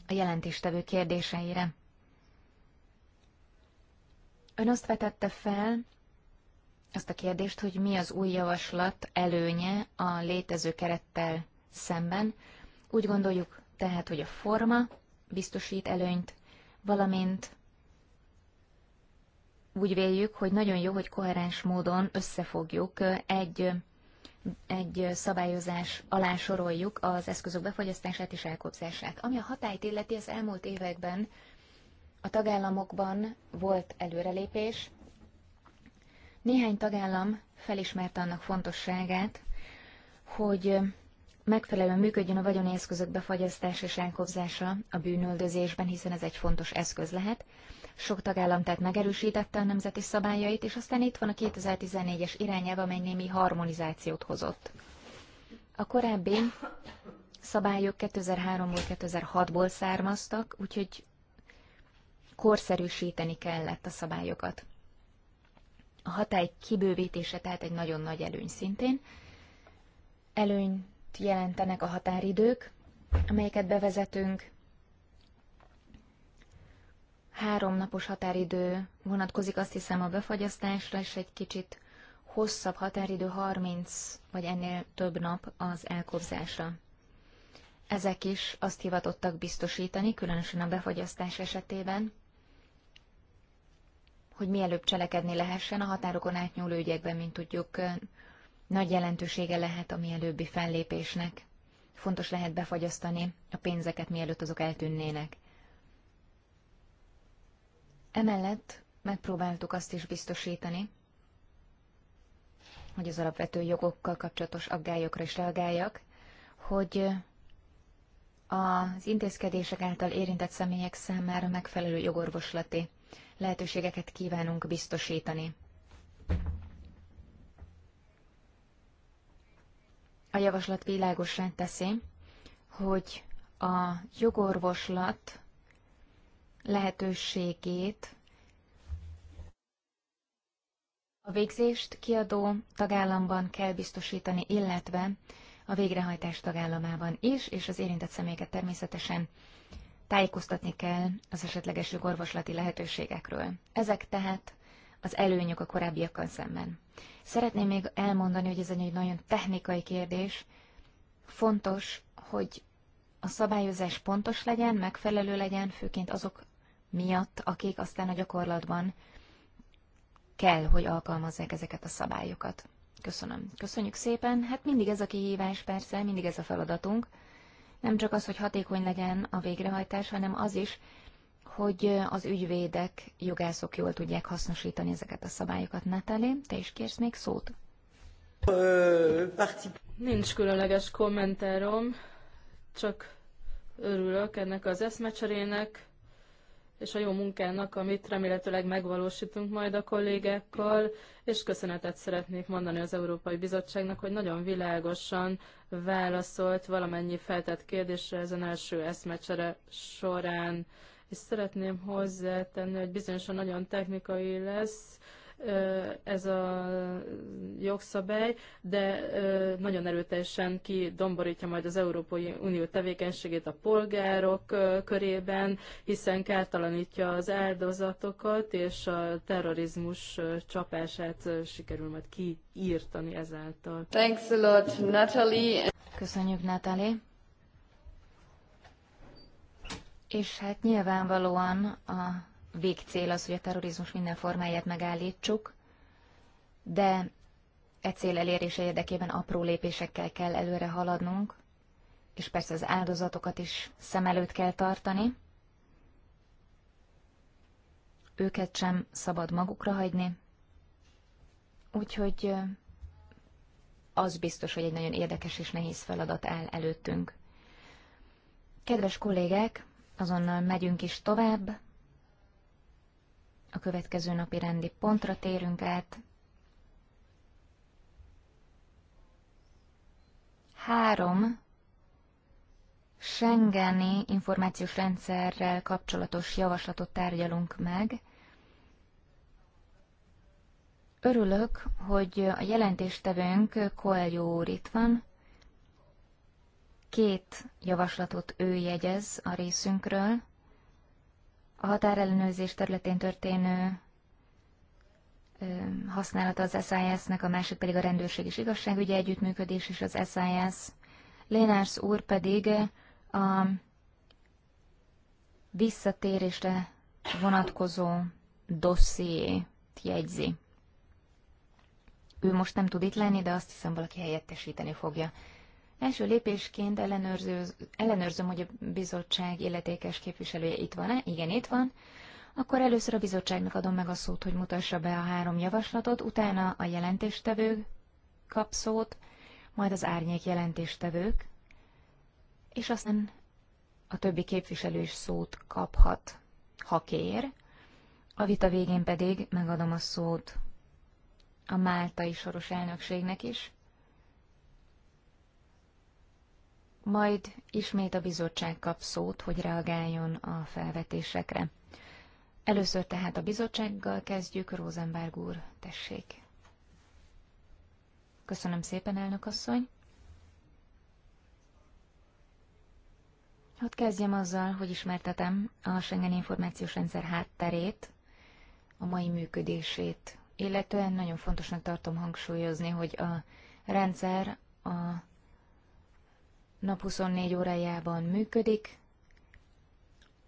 a jelentéstevő kérdéseire. Ön azt vetette fel, azt a kérdést, hogy mi az új javaslat előnye a létező kerettel szemben. Úgy gondoljuk tehát, hogy a forma biztosít előnyt, valamint úgy véljük, hogy nagyon jó, hogy koherens módon összefogjuk egy egy szabályozás alá soroljuk az eszközök befogyasztását és elkobzását. Ami a hatályt illeti, az elmúlt években a tagállamokban volt előrelépés. Néhány tagállam felismerte annak fontosságát, hogy megfelelően működjön a vagyoni eszközök befagyasztása és elkobzása a bűnöldözésben, hiszen ez egy fontos eszköz lehet. Sok tagállam tehát megerősítette a nemzeti szabályait, és aztán itt van a 2014-es irányelv, amely némi harmonizációt hozott. A korábbi szabályok 2003-ból, 2006-ból származtak, úgyhogy korszerűsíteni kellett a szabályokat. A hatály kibővítése tehát egy nagyon nagy előny szintén. Előnyt jelentenek a határidők, amelyeket bevezetünk, Három napos határidő vonatkozik azt hiszem a befagyasztásra, és egy kicsit hosszabb határidő 30 vagy ennél több nap az elkobzásra. Ezek is azt hivatottak biztosítani, különösen a befagyasztás esetében, hogy mielőbb cselekedni lehessen a határokon átnyúló ügyekben, mint tudjuk, nagy jelentősége lehet a mielőbbi fellépésnek. Fontos lehet befagyasztani a pénzeket, mielőtt azok eltűnnének. Emellett megpróbáltuk azt is biztosítani, hogy az alapvető jogokkal kapcsolatos aggályokra is reagáljak, hogy az intézkedések által érintett személyek számára megfelelő jogorvoslati lehetőségeket kívánunk biztosítani. A javaslat világosan teszi, hogy a jogorvoslat lehetőségét a végzést kiadó tagállamban kell biztosítani, illetve a végrehajtás tagállamában is, és az érintett személyeket természetesen tájékoztatni kell az esetleges jogorvoslati lehetőségekről. Ezek tehát az előnyök a korábbiakkal szemben. Szeretném még elmondani, hogy ez egy nagyon technikai kérdés. Fontos, hogy a szabályozás pontos legyen, megfelelő legyen, főként azok miatt, akik aztán a gyakorlatban kell, hogy alkalmazzák ezeket a szabályokat. Köszönöm. Köszönjük szépen. Hát mindig ez a kihívás, persze, mindig ez a feladatunk. Nem csak az, hogy hatékony legyen a végrehajtás, hanem az is, hogy az ügyvédek, jogászok jól tudják hasznosítani ezeket a szabályokat. Natali, te is kérsz még szót? Nincs különleges kommentárom, csak örülök ennek az eszmecserének és a jó munkának, amit remélhetőleg megvalósítunk majd a kollégákkal, és köszönetet szeretnék mondani az Európai Bizottságnak, hogy nagyon világosan válaszolt valamennyi feltett kérdésre ezen első eszmecsere során. És szeretném hozzátenni, hogy bizonyosan nagyon technikai lesz, ez a jogszabály, de nagyon erőteljesen kidomborítja majd az Európai Unió tevékenységét a polgárok körében, hiszen kártalanítja az áldozatokat, és a terrorizmus csapását sikerül majd kiírtani ezáltal. Thanks a lot, Natalie. Köszönjük, Natalie. És hát nyilvánvalóan a végcél az, hogy a terrorizmus minden formáját megállítsuk, de e cél elérése érdekében apró lépésekkel kell előre haladnunk, és persze az áldozatokat is szem előtt kell tartani. Őket sem szabad magukra hagyni. Úgyhogy az biztos, hogy egy nagyon érdekes és nehéz feladat áll előttünk. Kedves kollégák, azonnal megyünk is tovább. A következő napi rendi pontra térünk át. Három Schengeni információs rendszerrel kapcsolatos javaslatot tárgyalunk meg. Örülök, hogy a jelentéstevőnk Koeljó úr itt van. Két javaslatot ő jegyez a részünkről a határellenőrzés területén történő használata az SIS-nek, a másik pedig a rendőrség és igazságügyi együttműködés és az SIS. Lénárs úr pedig a visszatérésre vonatkozó dossziét jegyzi. Ő most nem tud itt lenni, de azt hiszem valaki helyettesíteni fogja. Első lépésként ellenőrzöm, hogy a bizottság illetékes képviselője itt van-e. Igen, itt van. Akkor először a bizottságnak adom meg a szót, hogy mutassa be a három javaslatot, utána a jelentéstevő kap szót, majd az árnyék jelentéstevők, és aztán a többi képviselő is szót kaphat, ha kér. A vita végén pedig megadom a szót a máltai soros elnökségnek is, majd ismét a bizottság kap szót, hogy reagáljon a felvetésekre. Először tehát a bizottsággal kezdjük, Rosenberg úr, tessék. Köszönöm szépen, elnök asszony. Hadd kezdjem azzal, hogy ismertetem a Schengen Információs Rendszer hátterét, a mai működését, illetően nagyon fontosnak tartom hangsúlyozni, hogy a rendszer a nap 24 órájában működik.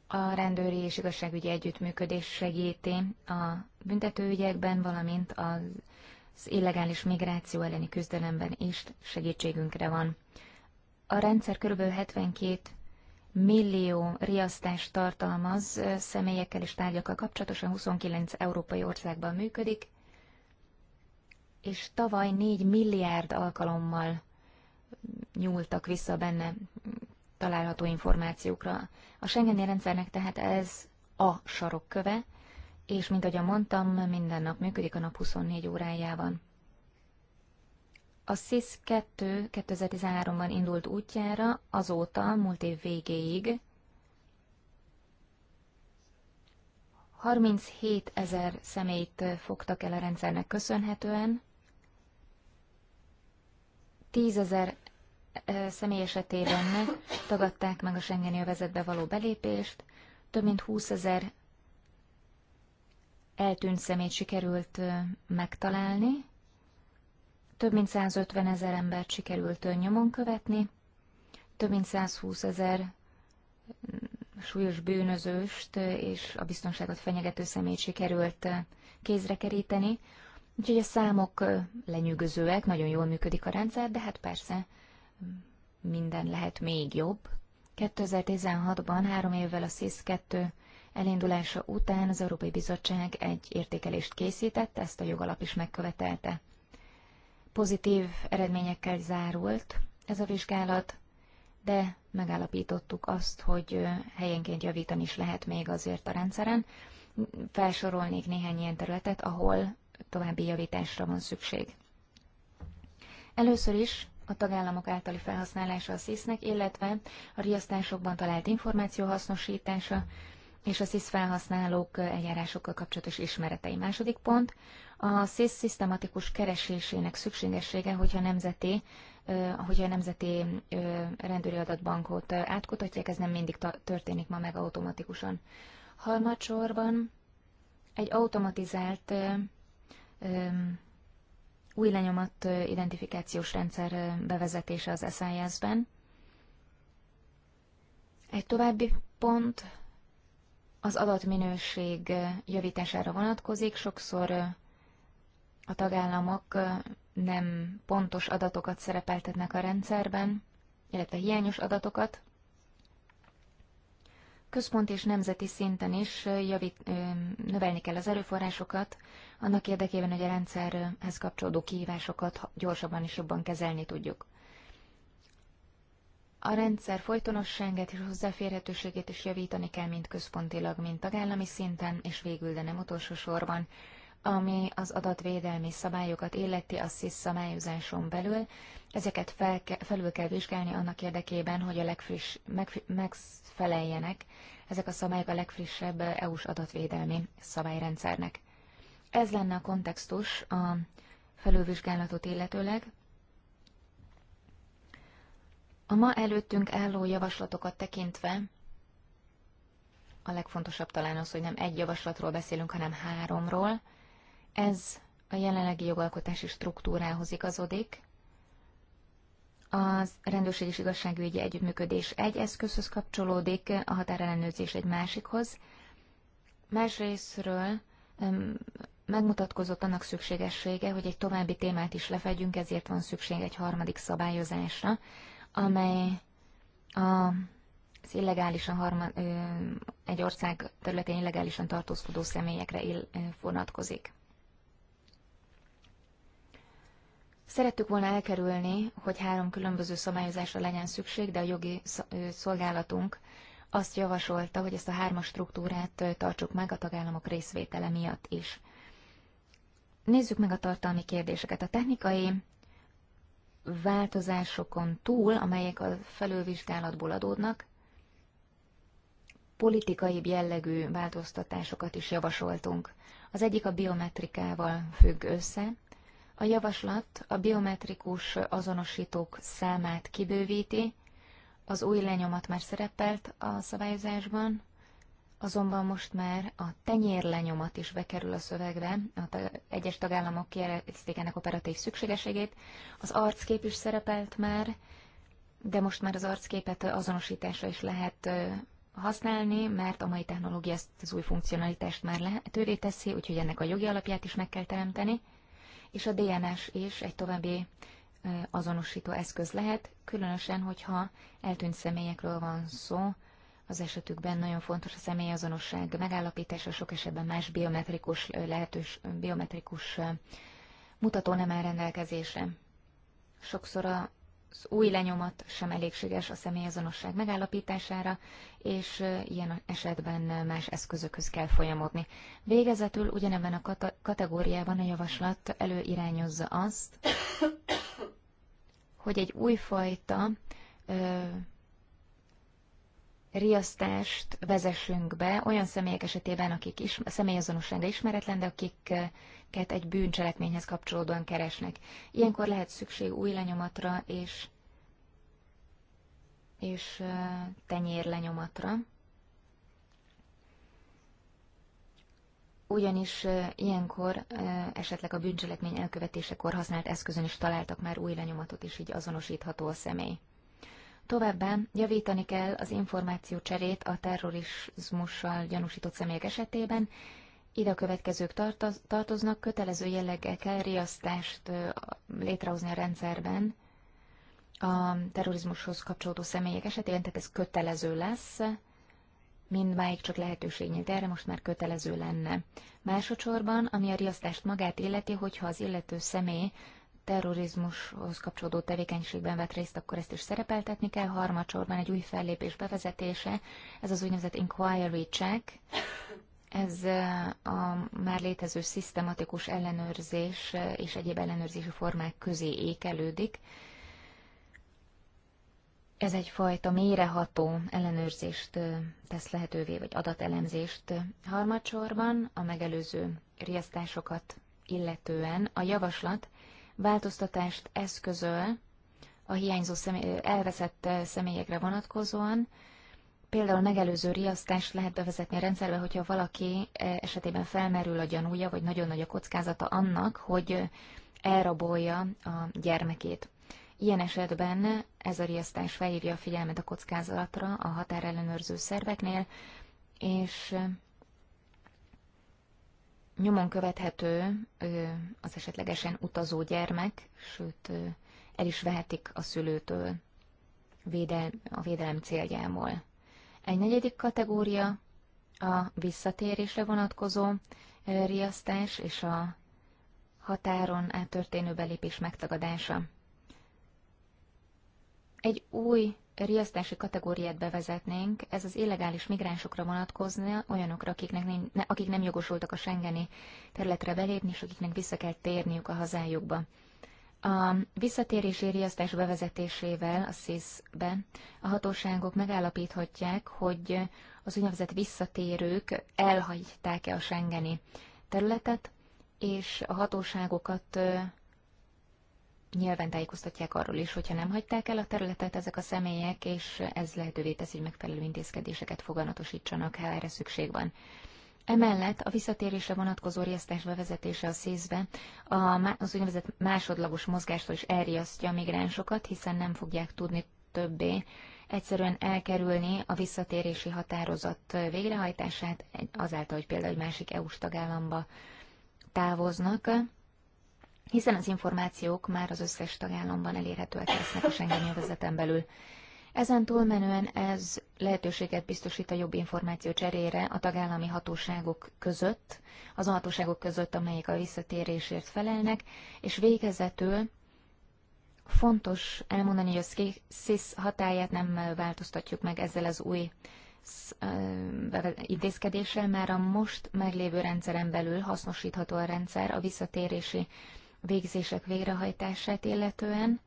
A rendőri és igazságügyi együttműködés segíti a büntetőügyekben, valamint az illegális migráció elleni küzdelemben is segítségünkre van. A rendszer kb. 72 millió riasztást tartalmaz, személyekkel és tárgyakkal kapcsolatosan 29 európai országban működik, és tavaly 4 milliárd alkalommal nyúltak vissza benne található információkra. A Schengeni rendszernek tehát ez a sarokköve, és mint ahogy mondtam, minden nap működik a nap 24 órájában. A SIS 2 2013-ban indult útjára, azóta, múlt év végéig 37 ezer személyt fogtak el a rendszernek köszönhetően, 10 ezer személy esetében tagadták meg a Schengeni övezetbe való belépést, több mint 20 ezer eltűnt szemét sikerült megtalálni, több mint 150 ezer embert sikerült nyomon követni, több mint 120 ezer mm, súlyos bűnözőst és a biztonságot fenyegető szemét sikerült kézre keríteni. Úgyhogy a számok lenyűgözőek, nagyon jól működik a rendszer, de hát persze minden lehet még jobb. 2016-ban, három évvel a SZISZ 2 elindulása után az Európai Bizottság egy értékelést készített, ezt a jogalap is megkövetelte. Pozitív eredményekkel zárult ez a vizsgálat, de megállapítottuk azt, hogy helyenként javítani is lehet még azért a rendszeren. Felsorolnék néhány ilyen területet, ahol további javításra van szükség. Először is a tagállamok általi felhasználása a SZISZ-nek, illetve a riasztásokban talált információ hasznosítása és a SZISZ felhasználók eljárásokkal kapcsolatos ismeretei. Második pont, a SZISZ szisztematikus keresésének szükségessége, hogyha nemzeti hogyha a Nemzeti Rendőri Adatbankot átkutatják, ez nem mindig történik ma meg automatikusan. Harmadsorban egy automatizált új lenyomat identifikációs rendszer bevezetése az SIS-ben. Egy további pont az adatminőség javítására vonatkozik. Sokszor a tagállamok nem pontos adatokat szerepeltetnek a rendszerben, illetve hiányos adatokat. Központ és nemzeti szinten is javít, növelni kell az erőforrásokat annak érdekében, hogy a rendszerhez kapcsolódó kihívásokat gyorsabban és jobban kezelni tudjuk. A rendszer folytonosságát és hozzáférhetőségét is javítani kell, mint központilag, mint tagállami szinten, és végül, de nem utolsó sorban, ami az adatvédelmi szabályokat illeti a SZISZ szabályozáson belül. Ezeket fel ke, felül kell vizsgálni annak érdekében, hogy a legfriss, megfeleljenek ezek a szabályok a legfrissebb EU-s adatvédelmi szabályrendszernek. Ez lenne a kontextus a felülvizsgálatot illetőleg. A ma előttünk álló javaslatokat tekintve a legfontosabb talán az, hogy nem egy javaslatról beszélünk, hanem háromról. Ez a jelenlegi jogalkotási struktúrához igazodik. Az rendőrség és igazságügyi együttműködés egy eszközhöz kapcsolódik, a határellenőrzés egy másikhoz. Másrésztről megmutatkozott annak szükségessége, hogy egy további témát is lefedjünk, ezért van szükség egy harmadik szabályozásra, amely a az illegálisan harma, egy ország területén illegálisan tartózkodó személyekre ill, vonatkozik. Szerettük volna elkerülni, hogy három különböző szabályozásra legyen szükség, de a jogi szolgálatunk azt javasolta, hogy ezt a hármas struktúrát tartsuk meg a tagállamok részvétele miatt is. Nézzük meg a tartalmi kérdéseket. A technikai változásokon túl, amelyek a felülvizsgálatból adódnak, politikai jellegű változtatásokat is javasoltunk. Az egyik a biometrikával függ össze. A javaslat a biometrikus azonosítók számát kibővíti, az új lenyomat már szerepelt a szabályozásban, Azonban most már a tenyérlenyomat is bekerül a szövegbe, a ta egyes tagállamok kijelezték ennek operatív szükségességét. Az arckép is szerepelt már, de most már az arcképet azonosításra is lehet használni, mert a mai technológia ezt az új funkcionalitást már lehetővé teszi, úgyhogy ennek a jogi alapját is meg kell teremteni, és a DNS is egy további azonosító eszköz lehet, különösen, hogyha eltűnt személyekről van szó, az esetükben nagyon fontos a személyazonosság megállapítása, sok esetben más biometrikus, lehetős, biometrikus mutató nem áll rendelkezésre. Sokszor az új lenyomat sem elégséges a személyazonosság megállapítására, és ilyen esetben más eszközökhöz kell folyamodni. Végezetül ugyanebben a kategóriában a javaslat előirányozza azt, hogy egy újfajta riasztást vezessünk be olyan személyek esetében, akik is, a személyazonossága ismeretlen, de akiket egy bűncselekményhez kapcsolódóan keresnek. Ilyenkor lehet szükség új lenyomatra és, és tenyér lenyomatra. Ugyanis ilyenkor esetleg a bűncselekmény elkövetésekor használt eszközön is találtak már új lenyomatot, és így azonosítható a személy. Továbbá javítani kell az információ cserét a terrorizmussal gyanúsított személyek esetében. Ide a következők tartoznak, kötelező jelleggel kell riasztást létrehozni a rendszerben a terrorizmushoz kapcsolódó személyek esetében, tehát ez kötelező lesz, mindmáig csak lehetőség nyílt erre, most már kötelező lenne. Másodszorban, ami a riasztást magát illeti, hogyha az illető személy terrorizmushoz kapcsolódó tevékenységben vett részt, akkor ezt is szerepeltetni kell. Harmadsorban egy új fellépés bevezetése, ez az úgynevezett inquiry check, ez a már létező szisztematikus ellenőrzés és egyéb ellenőrzési formák közé ékelődik. Ez egyfajta méreható ellenőrzést tesz lehetővé, vagy adatelemzést harmadsorban a megelőző riasztásokat illetően. A javaslat változtatást eszközöl a hiányzó személy, elveszett eh, személyekre vonatkozóan. Például megelőző riasztást lehet bevezetni a rendszerbe, hogyha valaki eh, esetében felmerül a gyanúja, vagy nagyon nagy a kockázata annak, hogy eh, elrabolja a gyermekét. Ilyen esetben ez a riasztás felhívja a figyelmet a kockázatra a határellenőrző szerveknél, és nyomon követhető az esetlegesen utazó gyermek, sőt, el is vehetik a szülőtől a védelem céljából. Egy negyedik kategória a visszatérésre vonatkozó riasztás és a határon áttörténő belépés megtagadása. Egy új riasztási kategóriát bevezetnénk, ez az illegális migránsokra vonatkozna, olyanokra, akiknek nem, akik nem jogosultak a Schengeni területre belépni, és akiknek vissza kell térniük a hazájukba. A visszatérési riasztás bevezetésével a SZISZ-be a hatóságok megállapíthatják, hogy az úgynevezett visszatérők elhagyták-e a Schengeni területet, és a hatóságokat nyilván tájékoztatják arról is, hogyha nem hagyták el a területet ezek a személyek, és ez lehetővé teszi, hogy megfelelő intézkedéseket foganatosítsanak, ha erre szükség van. Emellett a visszatérésre vonatkozó riasztás bevezetése a szészbe az úgynevezett másodlagos mozgástól is elriasztja a migránsokat, hiszen nem fogják tudni többé egyszerűen elkerülni a visszatérési határozat végrehajtását, azáltal, hogy például egy másik EU-s tagállamba távoznak, hiszen az információk már az összes tagállamban elérhetőek lesznek a Schengen övezeten belül. Ezen túlmenően ez lehetőséget biztosít a jobb információ cserére a tagállami hatóságok között, az hatóságok között, amelyek a visszatérésért felelnek, és végezetül fontos elmondani, hogy a SZISZ hatáját nem változtatjuk meg ezzel az új intézkedéssel, már a most meglévő rendszeren belül hasznosítható a rendszer a visszatérési végzések végrehajtását illetően.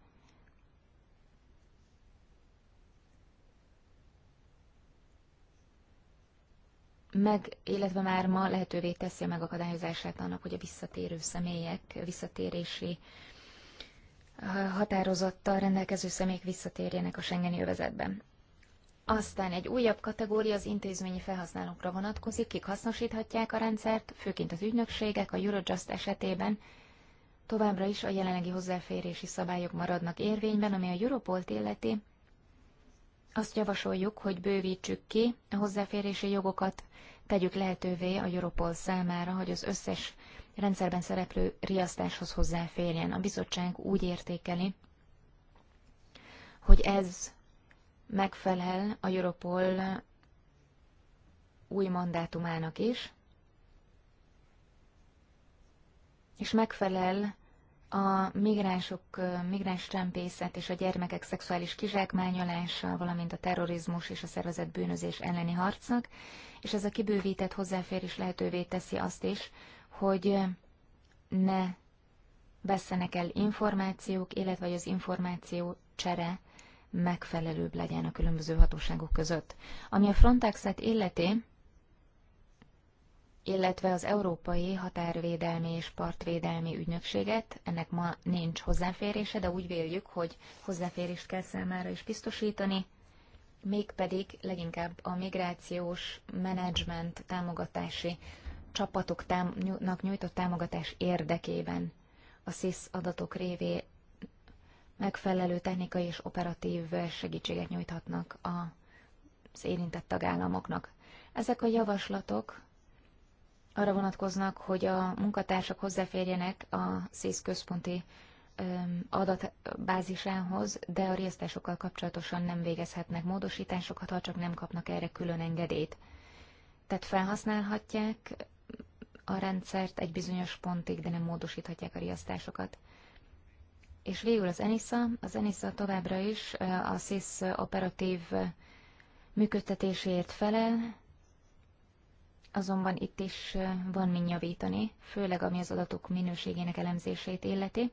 meg, illetve már ma lehetővé teszi a megakadályozását annak, hogy a visszatérő személyek visszatérési határozattal rendelkező személyek visszatérjenek a Schengeni övezetben. Aztán egy újabb kategória az intézményi felhasználókra vonatkozik, kik hasznosíthatják a rendszert, főként az ügynökségek, a Eurojust esetében Továbbra is a jelenlegi hozzáférési szabályok maradnak érvényben, ami a Europolt illeti. Azt javasoljuk, hogy bővítsük ki a hozzáférési jogokat, tegyük lehetővé a Europol számára, hogy az összes rendszerben szereplő riasztáshoz hozzáférjen. A bizottság úgy értékeli, hogy ez megfelel a Europol új mandátumának is, és megfelel a migránsok, migráns csempészet és a gyermekek szexuális kizsákmányolása, valamint a terrorizmus és a szervezett bűnözés elleni harcnak, és ez a kibővített hozzáférés lehetővé teszi azt is, hogy ne vesszenek el információk, illetve hogy az információ csere megfelelőbb legyen a különböző hatóságok között. Ami a Frontexet illeti, illetve az Európai Határvédelmi és Partvédelmi Ügynökséget. Ennek ma nincs hozzáférése, de úgy véljük, hogy hozzáférést kell számára is biztosítani, mégpedig leginkább a migrációs menedzsment támogatási csapatoknak nyújtott támogatás érdekében a SIS adatok révé megfelelő technikai és operatív segítséget nyújthatnak az érintett tagállamoknak. Ezek a javaslatok arra vonatkoznak, hogy a munkatársak hozzáférjenek a SZÉSZ központi adatbázisához, de a riasztásokkal kapcsolatosan nem végezhetnek módosításokat, ha csak nem kapnak erre külön engedélyt. Tehát felhasználhatják a rendszert egy bizonyos pontig, de nem módosíthatják a riasztásokat. És végül az ENISA. Az ENISA továbbra is a SZÉSZ operatív működtetéséért felel, azonban itt is van mind javítani, főleg ami az adatok minőségének elemzését illeti.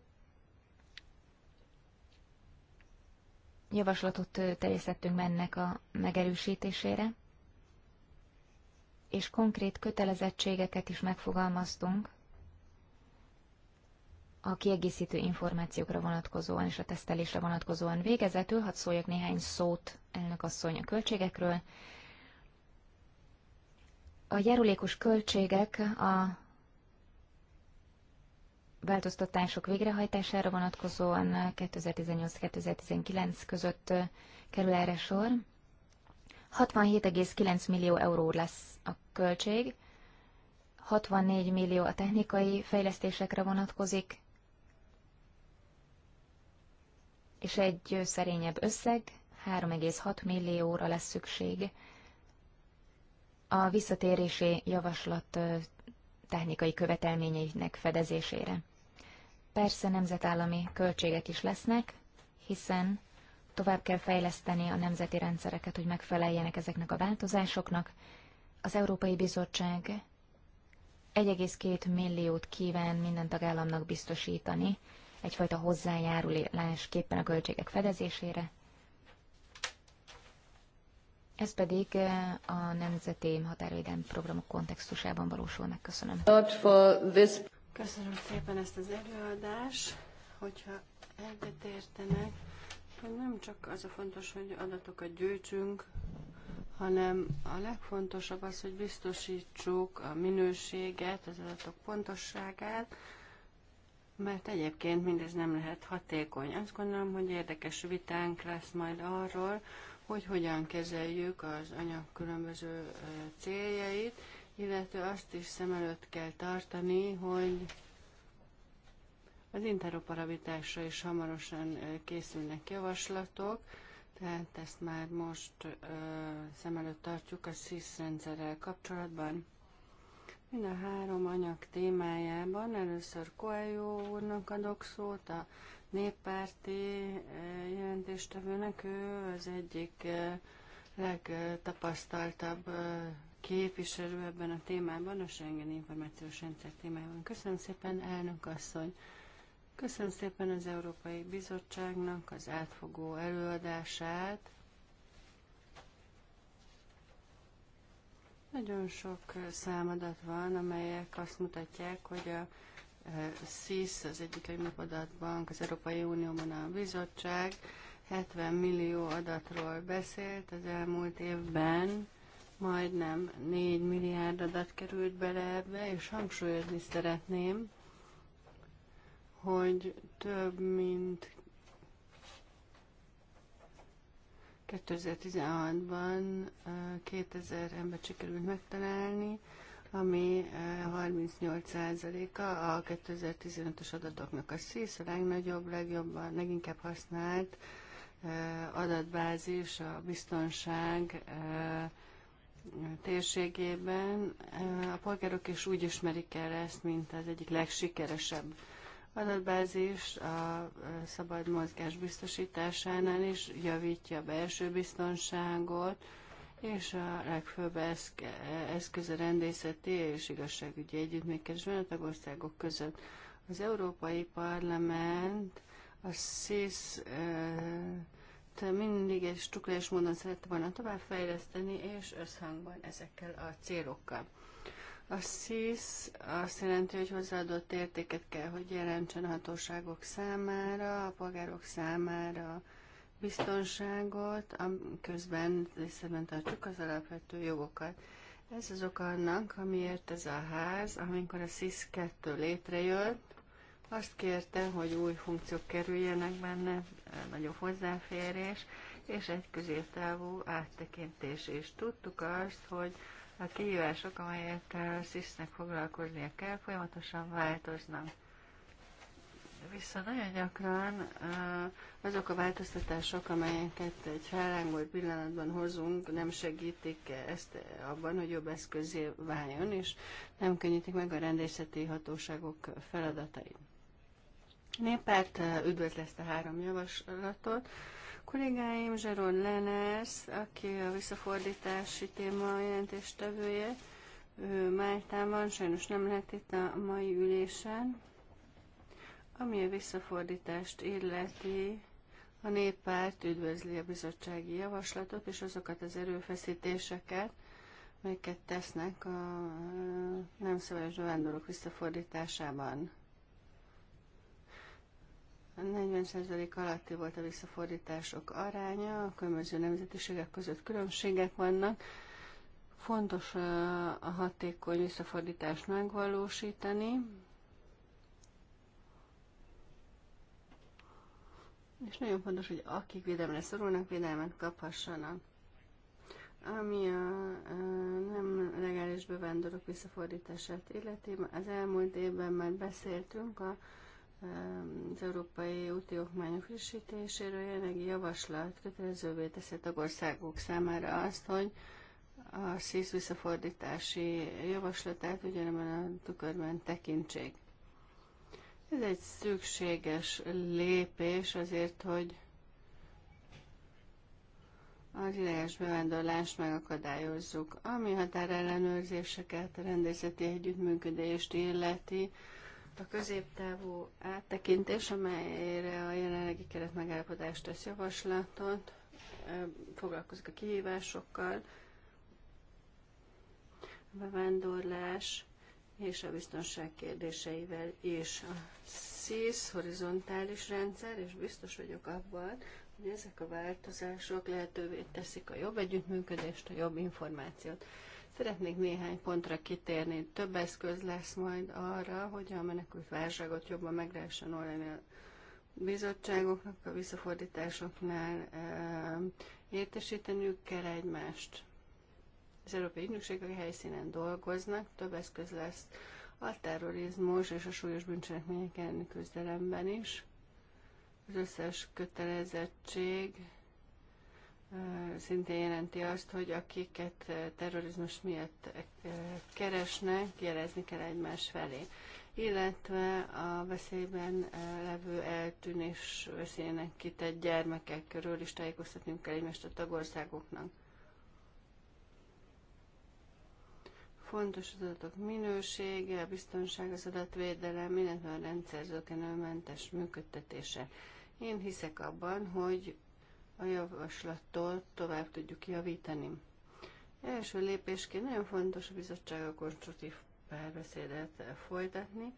Javaslatot terjesztettünk mennek a megerősítésére, és konkrét kötelezettségeket is megfogalmaztunk a kiegészítő információkra vonatkozóan és a tesztelésre vonatkozóan végezetül, hadd szóljak néhány szót elnök asszony a költségekről. A járulékos költségek a változtatások végrehajtására vonatkozóan 2018-2019 között kerül erre sor. 67,9 millió euró lesz a költség, 64 millió a technikai fejlesztésekre vonatkozik, és egy szerényebb összeg, 3,6 millióra lesz szükség a visszatérési javaslat technikai követelményeinek fedezésére. Persze nemzetállami költségek is lesznek, hiszen tovább kell fejleszteni a nemzeti rendszereket, hogy megfeleljenek ezeknek a változásoknak. Az Európai Bizottság 1,2 milliót kíván minden tagállamnak biztosítani egyfajta hozzájárulásképpen a költségek fedezésére, ez pedig eh, a nemzeti határvédelmi programok kontextusában valósul meg. Köszönöm. Köszönöm szépen ezt az előadást, hogyha egyetértenek, hogy nem csak az a fontos, hogy adatokat gyűjtsünk, hanem a legfontosabb az, hogy biztosítsuk a minőséget, az adatok pontosságát, mert egyébként mindez nem lehet hatékony. Azt gondolom, hogy érdekes vitánk lesz majd arról, hogy hogyan kezeljük az anyag különböző céljait, illetve azt is szem előtt kell tartani, hogy az interoperabilitásra is hamarosan készülnek javaslatok, tehát ezt már most szem előtt tartjuk a SIS rendszerrel kapcsolatban. Mind a három anyag témájában először Koelyó úrnak adok szót, a néppárti eh, jelentéstevőnek ő az egyik eh, legtapasztaltabb eh, képviselő ebben a témában, a Schengen információs rendszer témájában. Köszönöm szépen, elnök asszony! Köszönöm szépen az Európai Bizottságnak az átfogó előadását, Nagyon sok számadat van, amelyek azt mutatják, hogy a SZISZ, az egyik legnagyobb adatbank, az Európai Unióban a bizottság 70 millió adatról beszélt az elmúlt évben, majdnem 4 milliárd adat került bele ebbe, és hangsúlyozni szeretném, hogy több mint 2016-ban 2000 ember sikerült megtalálni, ami 38%-a a 2015-ös adatoknak a szísz, a legnagyobb, legjobban, leginkább használt adatbázis a biztonság térségében. A polgárok is úgy ismerik el ezt, mint az egyik legsikeresebb adatbázis a szabad mozgás biztosításánál is javítja a belső biztonságot, és a legfőbb eszköz a rendészeti és igazságügyi együttműködésben a tagországok között. Az Európai Parlament a SZISZ mindig egy struktúrás módon szerette volna továbbfejleszteni, és összhangban ezekkel a célokkal. A SZISZ azt jelenti, hogy hozzáadott értéket kell, hogy jelentsen a hatóságok számára, a polgárok számára biztonságot, közben részben tartjuk az alapvető jogokat. Ez az oka annak, amiért ez a ház, amikor a SZISZ 2 létrejött, azt kérte, hogy új funkciók kerüljenek benne, nagyobb hozzáférés, és egy középtávú áttekintés is. Tudtuk azt, hogy a kihívások, amelyekkel Szisznek foglalkoznia kell, folyamatosan változnak. Viszont nagyon gyakran azok a változtatások, amelyeket egy felrángolt pillanatban hozunk, nem segítik ezt abban, hogy jobb eszközé váljon, és nem könnyítik meg a rendészeti hatóságok feladatait. Néppárt üdvözli a három javaslatot, kollégáim, Zsaron Lenersz, aki a visszafordítási téma jelentéstevője, ő Máltában, sajnos nem lehet itt a mai ülésen. Ami a visszafordítást illeti, a néppárt üdvözli a bizottsági javaslatot és azokat az erőfeszítéseket, melyeket tesznek a nem szabályos bevándorlók visszafordításában. 40% alatti volt a visszafordítások aránya, a különböző nemzetiségek között különbségek vannak. Fontos a hatékony visszafordítást megvalósítani, és nagyon fontos, hogy akik védelemre szorulnak, védelmet kaphassanak. Ami a, a nem legális bevándorlók visszafordítását illeti, az elmúlt évben már beszéltünk a az európai úti okmányok frissítéséről jelenlegi javaslat kötelezővé teszi a tagországok számára azt, hogy a SZISZ visszafordítási javaslatát ugyanebben a tükörben tekintsék. Ez egy szükséges lépés azért, hogy az ideges bevándorlást megakadályozzuk. Ami határellenőrzéseket, a rendészeti együttműködést illeti, a középtávú áttekintés, amelyre a jelenlegi keret megállapodást tesz javaslatot, foglalkozik a kihívásokkal, a bevándorlás és a biztonság kérdéseivel és a SZISZ horizontális rendszer, és biztos vagyok abban, hogy ezek a változások lehetővé teszik a jobb együttműködést, a jobb információt. Szeretnék néhány pontra kitérni. Több eszköz lesz majd arra, hogy a menekült válságot jobban meg lehessen oldani a bizottságoknak, a visszafordításoknál eh, értesíteniük kell egymást. Az Európai Ügynökség a helyszínen dolgoznak, több eszköz lesz a terrorizmus és a súlyos bűncselekmények elleni küzdelemben is. Az összes kötelezettség szintén jelenti azt, hogy akiket terrorizmus miatt keresnek, jelezni kell egymás felé. Illetve a veszélyben levő eltűnés veszélyének kitett gyermekek körül is tájékoztatniuk kell egymást a tagországoknak. Fontos az adatok minősége, a biztonság, az adatvédelem, illetve a rendszer működtetése. Én hiszek abban, hogy a javaslattól tovább tudjuk javítani. Első lépésként nagyon fontos a a konstruktív párbeszédet folytatni,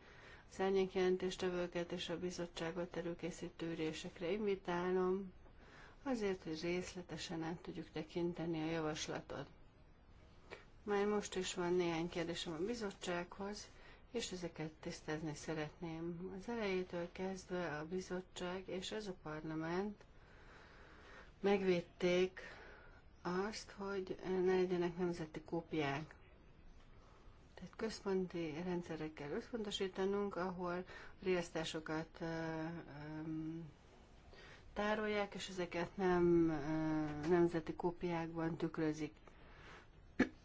az árnyékjelentéstevőket és a bizottságot előkészítő ürésekre invitálom, azért, hogy részletesen át tudjuk tekinteni a javaslatot. Már most is van néhány kérdésem a bizottsághoz, és ezeket tisztázni szeretném. Az elejétől kezdve a bizottság és ez a parlament megvédték azt, hogy ne legyenek nemzeti kópiák. Tehát központi rendszerre kell összpontosítanunk, ahol riasztásokat tárolják, és ezeket nem nemzeti kópiákban tükrözik.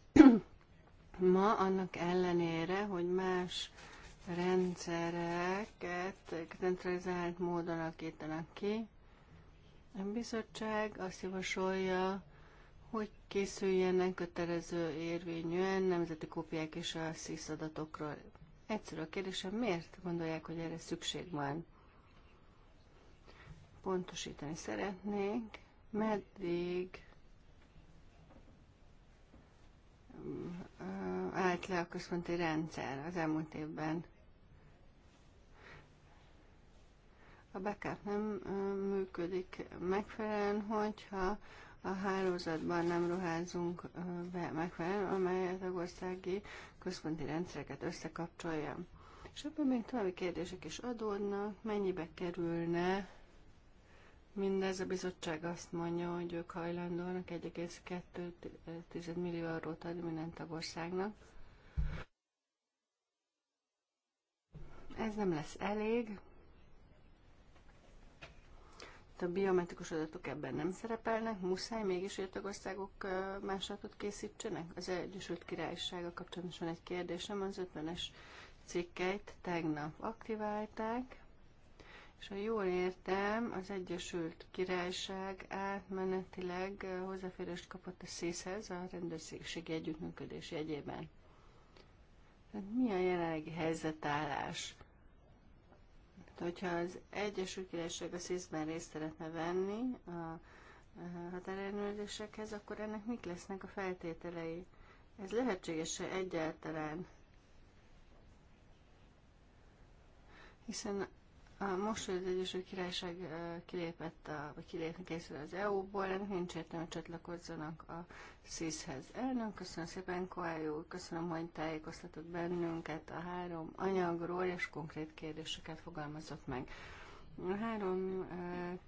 Ma annak ellenére, hogy más rendszereket centralizált módon alakítanak ki, a bizottság azt javasolja, hogy készüljenek kötelező érvényűen nemzeti kópiák és a SZISZ adatokról. Egyszerű a kérdésem, miért gondolják, hogy erre szükség van? Pontosítani szeretnénk, meddig mm, állt le a központi rendszer az elmúlt évben. a backup nem működik megfelelően, hogyha a hálózatban nem ruházunk be megfelelően, amely a tagországi központi rendszereket összekapcsolja. És ebben még további kérdések is adódnak, mennyibe kerülne mindez a bizottság azt mondja, hogy ők hajlandóanak 1,2 millió eurót adni minden tagországnak. Ez nem lesz elég, a biometrikus adatok ebben nem szerepelnek, muszáj mégis, hogy a tagországok másolatot készítsenek? Az Egyesült Királysága kapcsolatosan egy kérdésem, az 50-es cikkeit tegnap aktiválták, és ha jól értem, az Egyesült Királyság átmenetileg hozzáférést kapott a SZISZ-hez, a rendőrségi együttműködés jegyében. Hát mi a jelenlegi helyzetállás? hogyha az Egyesült Királyság a SZISZ-ben részt szeretne venni a határellenőrzésekhez, akkor ennek mik lesznek a feltételei? Ez lehetséges-e egyáltalán? Hiszen a most, hogy az Egyesült Királyság kilépett, a, vagy kilépni készül az EU-ból, ennek nincs értelme, hogy csatlakozzanak a SZISZ-hez. Elnök, köszönöm szépen, Koályó, köszönöm, hogy tájékoztatott bennünket a három anyagról, és konkrét kérdéseket fogalmazott meg. A három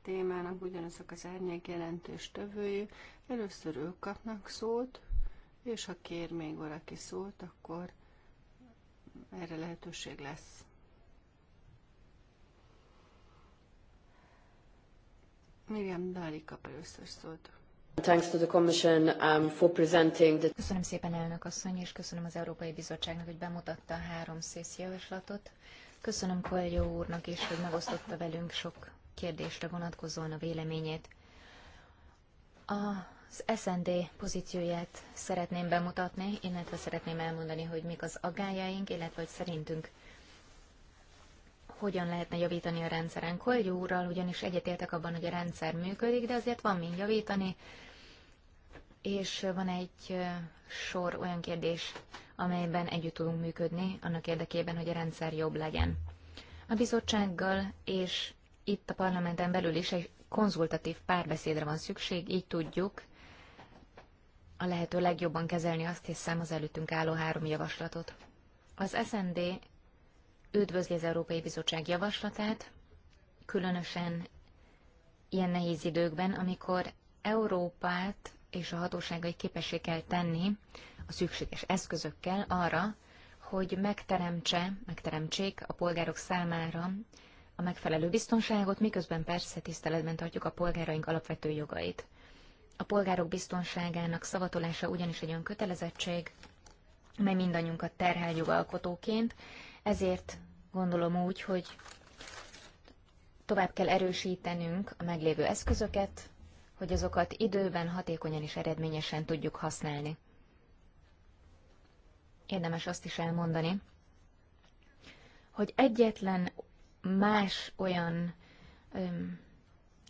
témának ugyanazok az árnyék jelentős tövői. Először ők kapnak szót, és ha kér még valaki szót, akkor erre lehetőség lesz. Miriam kap először Thanks to the Commission um, for presenting the... Köszönöm szépen elnök asszony, és köszönöm az Európai Bizottságnak, hogy bemutatta a három szész javaslatot. Köszönöm Koelyó úrnak is, hogy megosztotta velünk sok kérdésre vonatkozóan a véleményét. Az SND pozícióját szeretném bemutatni, illetve szeretném elmondani, hogy mik az aggájaink, illetve hogy szerintünk hogyan lehetne javítani a rendszeren. Kolgyó úrral ugyanis egyetértek abban, hogy a rendszer működik, de azért van még javítani, és van egy sor olyan kérdés, amelyben együtt tudunk működni, annak érdekében, hogy a rendszer jobb legyen. A bizottsággal és itt a parlamenten belül is egy konzultatív párbeszédre van szükség, így tudjuk a lehető legjobban kezelni azt hiszem az előttünk álló három javaslatot. Az SND üdvözli az Európai Bizottság javaslatát, különösen ilyen nehéz időkben, amikor Európát és a hatóságai képessé kell tenni a szükséges eszközökkel arra, hogy megteremtse, megteremtsék a polgárok számára a megfelelő biztonságot, miközben persze tiszteletben tartjuk a polgáraink alapvető jogait. A polgárok biztonságának szavatolása ugyanis egy olyan kötelezettség, mely mindannyiunkat terhel jogalkotóként, ezért gondolom úgy, hogy tovább kell erősítenünk a meglévő eszközöket, hogy azokat időben, hatékonyan és eredményesen tudjuk használni. Érdemes azt is elmondani, hogy egyetlen más olyan öm,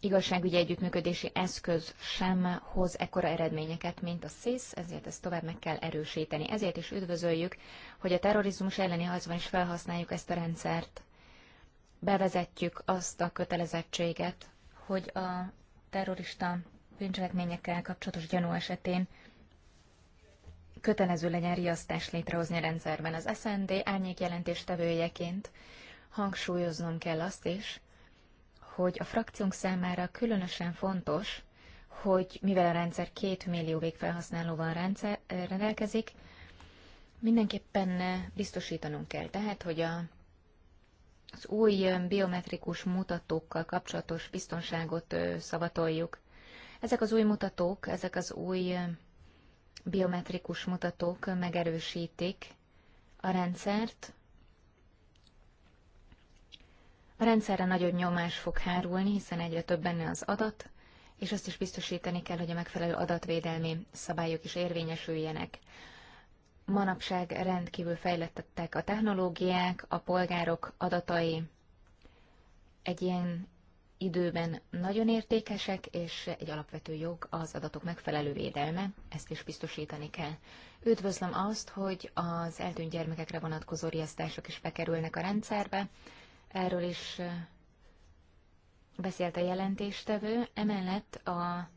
igazságügyi együttműködési eszköz sem hoz ekkora eredményeket, mint a SZISZ, ezért ezt tovább meg kell erősíteni. Ezért is üdvözöljük, hogy a terrorizmus elleni harcban is felhasználjuk ezt a rendszert. Bevezetjük azt a kötelezettséget, hogy a terrorista bűncselekményekkel kapcsolatos gyanú esetén kötelező legyen riasztást létrehozni a rendszerben. Az SND árnyék jelentéstevőjeként hangsúlyoznom kell azt is, hogy a frakciónk számára különösen fontos, hogy mivel a rendszer két millió végfelhasználóval rendszer, rendelkezik, mindenképpen biztosítanunk kell. Tehát, hogy a, az új biometrikus mutatókkal kapcsolatos biztonságot szavatoljuk. Ezek az új mutatók, ezek az új biometrikus mutatók megerősítik a rendszert, a rendszerre nagyobb nyomás fog hárulni, hiszen egyre több benne az adat, és azt is biztosítani kell, hogy a megfelelő adatvédelmi szabályok is érvényesüljenek. Manapság rendkívül fejlettettek a technológiák, a polgárok adatai egy ilyen időben nagyon értékesek, és egy alapvető jog az adatok megfelelő védelme, ezt is biztosítani kell. Üdvözlöm azt, hogy az eltűnt gyermekekre vonatkozó riasztások is bekerülnek a rendszerbe, erről is beszélt a jelentéstevő, emellett a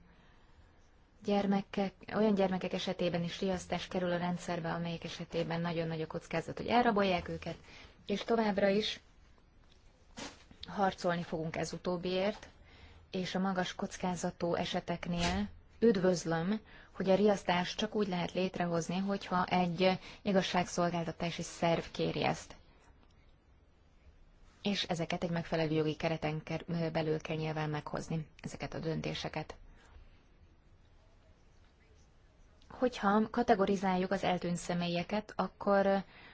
gyermekek, olyan gyermekek esetében is riasztás kerül a rendszerbe, amelyek esetében nagyon nagy a kockázat, hogy elrabolják őket, és továbbra is harcolni fogunk ez utóbbiért, és a magas kockázatú eseteknél üdvözlöm, hogy a riasztást csak úgy lehet létrehozni, hogyha egy igazságszolgáltatási szerv kéri ezt és ezeket egy megfelelő jogi kereten belül kell nyilván meghozni, ezeket a döntéseket. Hogyha kategorizáljuk az eltűnt személyeket, akkor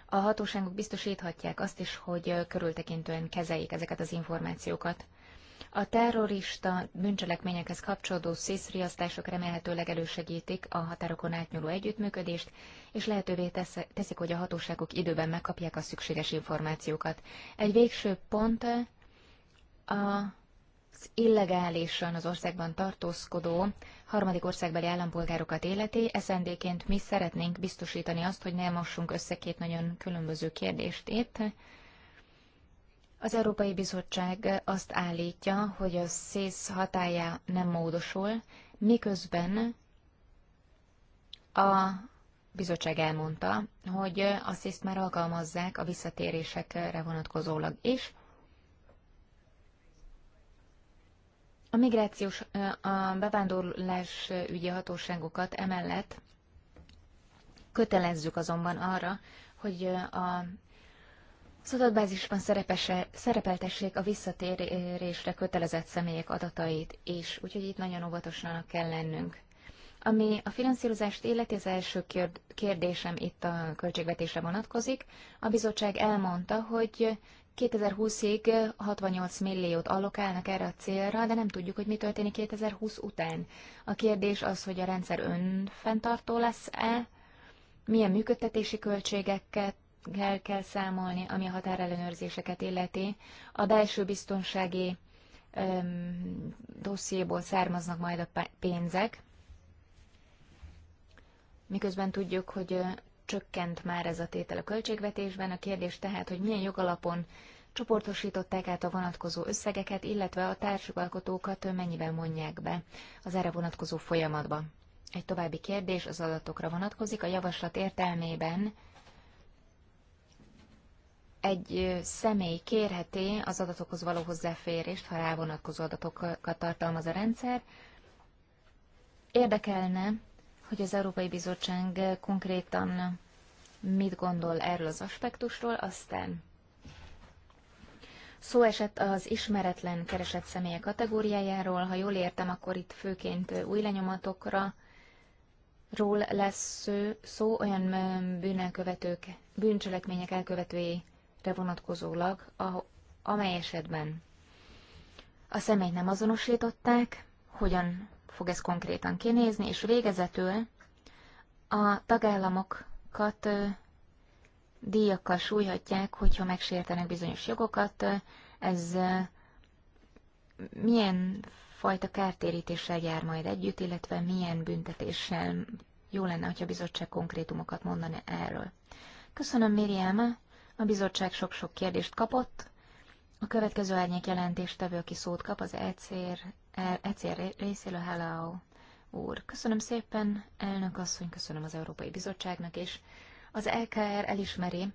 a hatóságok biztosíthatják azt is, hogy körültekintően kezeljék ezeket az információkat. A terrorista bűncselekményekhez kapcsolódó szészriasztások remélhetőleg elősegítik a határokon átnyúló együttműködést, és lehetővé teszik, hogy a hatóságok időben megkapják a szükséges információkat. Egy végső pont az illegálisan az országban tartózkodó harmadik országbeli állampolgárokat életé, eszendéként mi szeretnénk biztosítani azt, hogy ne mossunk össze két nagyon különböző kérdést itt, az Európai Bizottság azt állítja, hogy a SZÉSZ hatája nem módosul, miközben a bizottság elmondta, hogy a szész már alkalmazzák a visszatérésekre vonatkozólag is. A migrációs, a bevándorlás ügyi hatóságokat emellett kötelezzük azonban arra, hogy a az adatbázisban szerepeltessék a visszatérésre kötelezett személyek adatait is, úgyhogy itt nagyon óvatosnak kell lennünk. Ami a finanszírozást illeti, az első kérdésem itt a költségvetésre vonatkozik. A bizottság elmondta, hogy 2020-ig 68 milliót allokálnak erre a célra, de nem tudjuk, hogy mi történik 2020 után. A kérdés az, hogy a rendszer önfenntartó lesz-e, milyen működtetési költségeket el kell számolni, ami a határellenőrzéseket illeti. A belső biztonsági öm, dossziéból származnak majd a pénzek, miközben tudjuk, hogy csökkent már ez a tétel a költségvetésben. A kérdés tehát, hogy milyen jogalapon csoportosították át a vonatkozó összegeket, illetve a társjogalkotókat mennyiben mondják be az erre vonatkozó folyamatba. Egy további kérdés az adatokra vonatkozik. A javaslat értelmében egy személy kérheti az adatokhoz való hozzáférést, ha rávonatkozó adatokat tartalmaz a rendszer. Érdekelne, hogy az Európai Bizottság konkrétan mit gondol erről az aspektusról, aztán Szó esett az ismeretlen keresett személyek kategóriájáról, ha jól értem, akkor itt főként új lenyomatokra ról lesz szó olyan bűnelkövetők, bűncselekmények elkövetői vonatkozólag, amely esetben a személy nem azonosították, hogyan fog ez konkrétan kinézni, és végezetül a tagállamokat díjakkal súlyhatják, hogyha megsértenek bizonyos jogokat, ez milyen fajta kártérítéssel jár majd együtt, illetve milyen büntetéssel jó lenne, hogyha a bizottság konkrétumokat mondani erről. Köszönöm, Miriam. A bizottság sok-sok kérdést kapott. A következő árnyék jelentéstevő, aki szót kap, az ECR, ECR részéről hello úr. Köszönöm szépen, elnök asszony, köszönöm az Európai Bizottságnak és Az LKR e elismeri,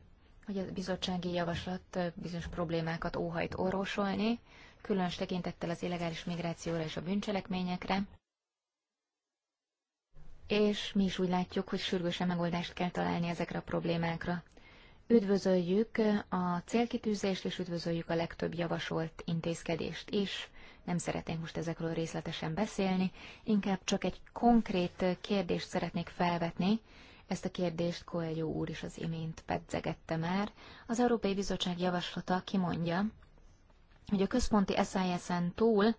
hogy a bizottsági javaslat bizonyos problémákat óhajt orvosolni, különös tekintettel az illegális migrációra és a bűncselekményekre. És mi is úgy látjuk, hogy sürgősen megoldást kell találni ezekre a problémákra. Üdvözöljük a célkitűzést, és üdvözöljük a legtöbb javasolt intézkedést is. Nem szeretnénk most ezekről részletesen beszélni, inkább csak egy konkrét kérdést szeretnék felvetni. Ezt a kérdést Coelho úr is az imént pedzegette már. Az Európai Bizottság javaslata kimondja, hogy a központi SIS-en túl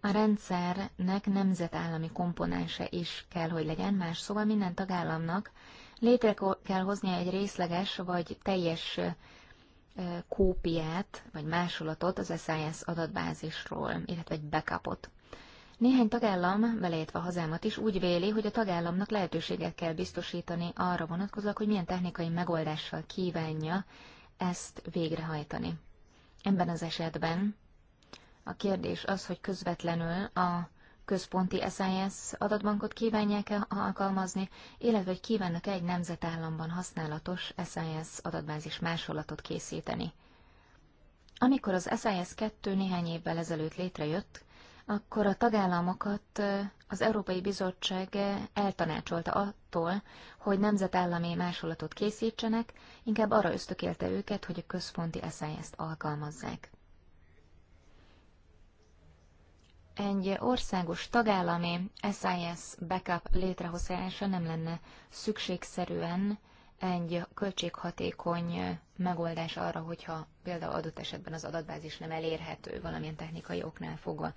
a rendszernek nemzetállami komponense is kell, hogy legyen, más szóval minden tagállamnak Létre kell hoznia egy részleges vagy teljes kópiát vagy másolatot az SIS adatbázisról, illetve egy backupot. Néhány tagállam, beleértve a hazámat is, úgy véli, hogy a tagállamnak lehetőséget kell biztosítani arra vonatkozóan, hogy milyen technikai megoldással kívánja ezt végrehajtani. Ebben az esetben a kérdés az, hogy közvetlenül a központi SIS adatbankot kívánják-e alkalmazni, illetve hogy kívánnak -e egy nemzetállamban használatos SIS adatbázis másolatot készíteni. Amikor az SIS 2 néhány évvel ezelőtt létrejött, akkor a tagállamokat az Európai Bizottság eltanácsolta attól, hogy nemzetállami másolatot készítsenek, inkább arra ösztökélte őket, hogy a központi SIS-t alkalmazzák. egy országos tagállami SIS backup létrehozása nem lenne szükségszerűen egy költséghatékony megoldás arra, hogyha például adott esetben az adatbázis nem elérhető valamilyen technikai oknál fogva.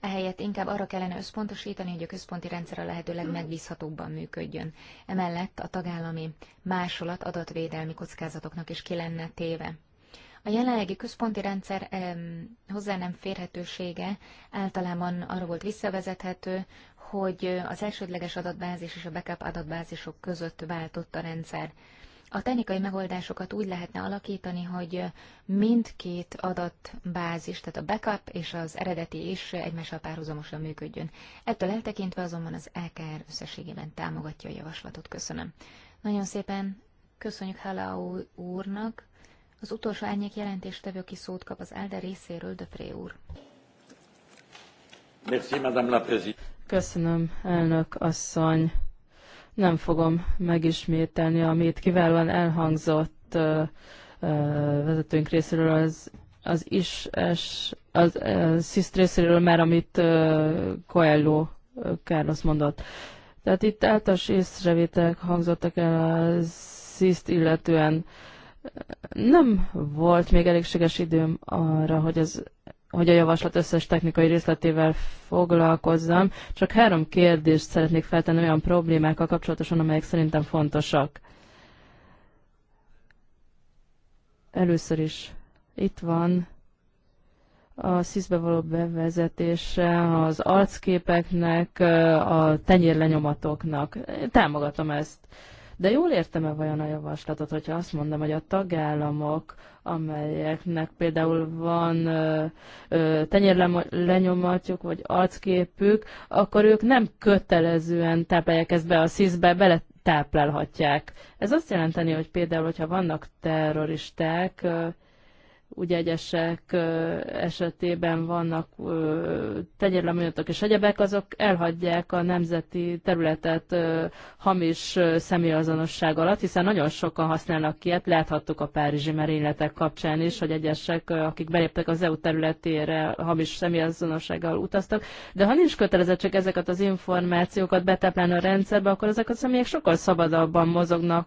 Ehelyett inkább arra kellene összpontosítani, hogy a központi rendszer a lehető legmegbízhatóbban működjön. Emellett a tagállami másolat adatvédelmi kockázatoknak is ki lenne téve. A jelenlegi központi rendszer hozzá nem férhetősége általában arra volt visszavezethető, hogy az elsődleges adatbázis és a backup adatbázisok között váltott a rendszer. A technikai megoldásokat úgy lehetne alakítani, hogy mindkét adatbázis, tehát a backup és az eredeti is egymással párhuzamosan működjön. Ettől eltekintve azonban az EKR összességében támogatja a javaslatot. Köszönöm. Nagyon szépen köszönjük Halau úrnak. Az utolsó árnyék jelentéstevő, aki szót kap az ELDE részéről, Döpré úr. Merci, Madame la Köszönöm, elnök asszony. Nem fogom megismételni, amit kiválóan elhangzott uh, uh, vezetőnk részéről az, az is, es, az uh, SZISZT részéről már, amit uh, Coelho uh, Carlos mondott. Tehát itt általános észrevételek hangzottak el a SZISZT illetően. Uh, nem volt még elégséges időm arra, hogy, ez, hogy a javaslat összes technikai részletével foglalkozzam, csak három kérdést szeretnék feltenni olyan problémákkal kapcsolatosan, amelyek szerintem fontosak. Először is itt van a sziszbe való bevezetése az arcképeknek, a tenyérlenyomatoknak. Én támogatom ezt. De jól értem-e vajon a javaslatot, hogyha azt mondom, hogy a tagállamok, amelyeknek például van tenyérlenyomatjuk vagy arcképük, akkor ők nem kötelezően táplálják ezt be a szízbe, bele táplálhatják. Ez azt jelenteni, hogy például, hogyha vannak terroristák, ugye egyesek esetében vannak tegyérleműjöntök és egyebek, azok elhagyják a nemzeti területet hamis személyazonosság alatt, hiszen nagyon sokan használnak ilyet, láthattuk a párizsi merényletek kapcsán is, hogy egyesek, akik beléptek az EU területére, hamis személyazonossággal utaztak, de ha nincs kötelezettség ezeket az információkat betáplálni a rendszerbe, akkor ezek a személyek sokkal szabadabban mozognak,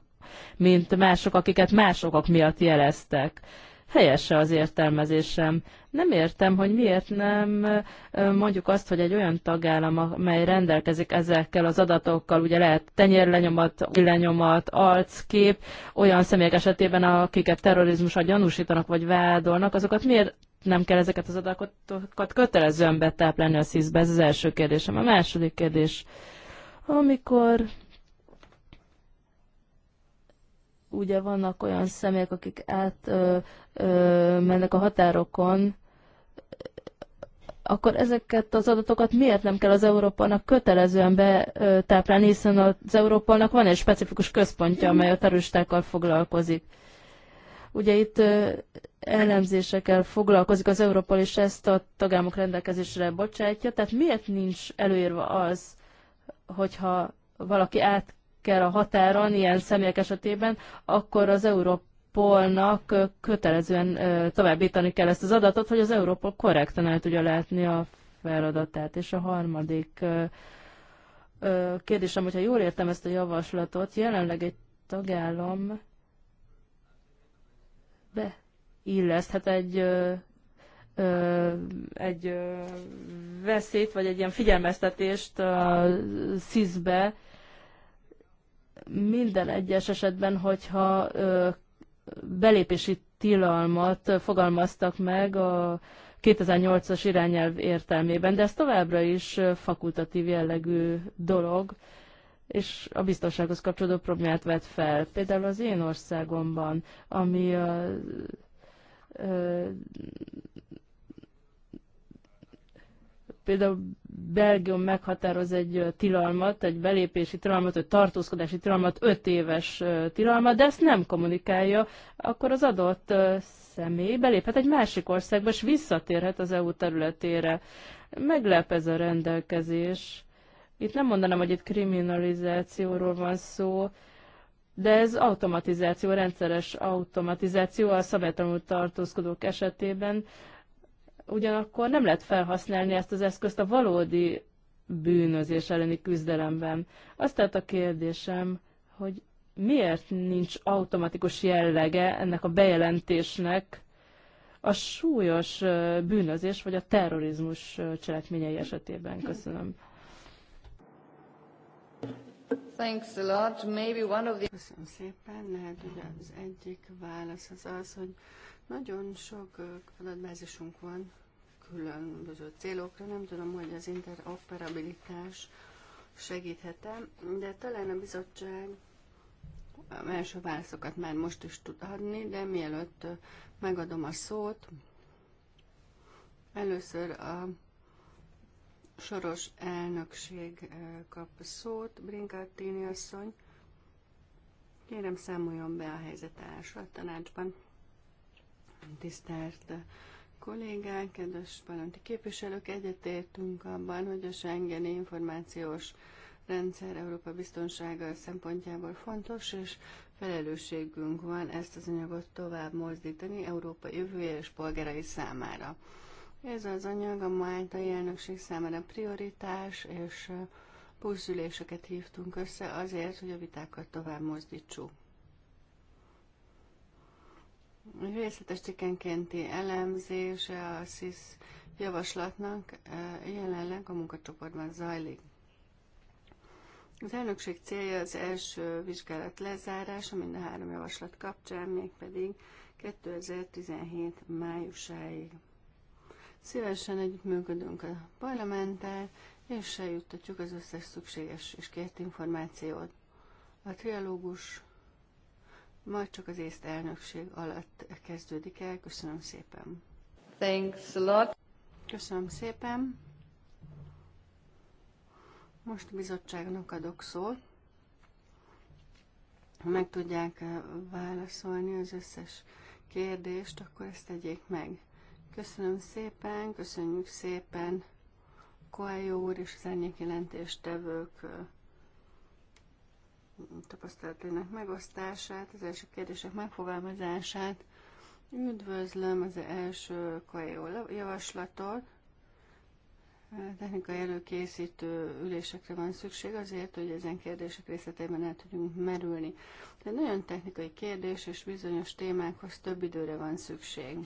mint mások, akiket másokak miatt jeleztek helyese az értelmezésem. Nem értem, hogy miért nem mondjuk azt, hogy egy olyan tagállam, amely rendelkezik ezekkel az adatokkal, ugye lehet tenyérlenyomat, lenyomat, arckép, olyan személyek esetében, akiket terrorizmusra gyanúsítanak vagy vádolnak, azokat miért nem kell ezeket az adatokat kötelezően betáplálni a SZISZ-be? Ez az első kérdésem. A második kérdés, amikor ugye vannak olyan személyek, akik át ö, ö, mennek a határokon, akkor ezeket az adatokat miért nem kell az Európának kötelezően betáplálni, hiszen az Európának van egy specifikus központja, amely a terüstákkal foglalkozik. Ugye itt elemzésekkel foglalkozik az Európol, és ezt a tagállamok rendelkezésre bocsátja, tehát miért nincs előírva az, hogyha valaki át kell a határon, ilyen személyek esetében, akkor az Polnak kötelezően továbbítani kell ezt az adatot, hogy az Európa korrekten el tudja látni a feladatát. És a harmadik kérdésem, hogyha jól értem ezt a javaslatot, jelenleg egy tagállam beilleszthet egy ö, egy ö, veszélyt, vagy egy ilyen figyelmeztetést a szízbe minden egyes esetben, hogyha belépési tilalmat fogalmaztak meg a 2008-as irányelv értelmében, de ez továbbra is fakultatív jellegű dolog, és a biztonsághoz kapcsolódó problémát vet fel. Például az én országomban, ami a, például Belgium meghatároz egy tilalmat, egy belépési tilalmat, egy tartózkodási tilalmat, öt éves tilalmat, de ezt nem kommunikálja, akkor az adott személy beléphet egy másik országba, és visszatérhet az EU területére. Meglep ez a rendelkezés. Itt nem mondanám, hogy itt kriminalizációról van szó, de ez automatizáció, rendszeres automatizáció a szabálytalanul tartózkodók esetében, ugyanakkor nem lehet felhasználni ezt az eszközt a valódi bűnözés elleni küzdelemben. Azt tehát a kérdésem, hogy miért nincs automatikus jellege ennek a bejelentésnek a súlyos bűnözés vagy a terrorizmus cselekményei esetében? Köszönöm. Thanks a lot. Maybe one of the... Köszönöm szépen. Lehet, hogy az egyik válasz az az, hogy nagyon sok adatbázisunk van különböző célokra, nem tudom, hogy az interoperabilitás segíthet-e, de talán a bizottság első válaszokat már most is tud adni, de mielőtt megadom a szót, először a soros elnökség kap szót, Brinkartini asszony. Kérem, számoljon be a helyzet állásra a tanácsban. Tisztelt kollégák, kedves parlamenti képviselők, egyetértünk abban, hogy a Schengeni információs rendszer Európa biztonsága szempontjából fontos, és felelősségünk van ezt az anyagot tovább mozdítani Európa jövője és polgárai számára. Ez az anyag a máltai elnökség számára prioritás, és puszüléseket hívtunk össze azért, hogy a vitákat tovább mozdítsuk. Részletes cikkenkénti elemzése a SZISZ javaslatnak jelenleg a munkacsoportban zajlik. Az elnökség célja az első vizsgálat lezárása mind a három javaslat kapcsán, mégpedig 2017 májusáig. Szívesen együttműködünk a parlamenttel, és eljuttatjuk az összes szükséges és kért információt. A trialógus majd csak az észt elnökség alatt kezdődik el. Köszönöm szépen. Thanks a lot. Köszönöm szépen. Most bizottságnak adok szót. Ha meg tudják eh, válaszolni az összes kérdést, akkor ezt tegyék meg. Köszönöm szépen, köszönjük szépen Koályó úr és az árnyék jelentéstevők eh, tapasztalatainak megosztását, az első kérdések megfogalmazását. Üdvözlöm az első kajó javaslatot. Technikai előkészítő ülésekre van szükség azért, hogy ezen kérdések részletében el tudjunk merülni. De nagyon technikai kérdés, és bizonyos témákhoz több időre van szükség.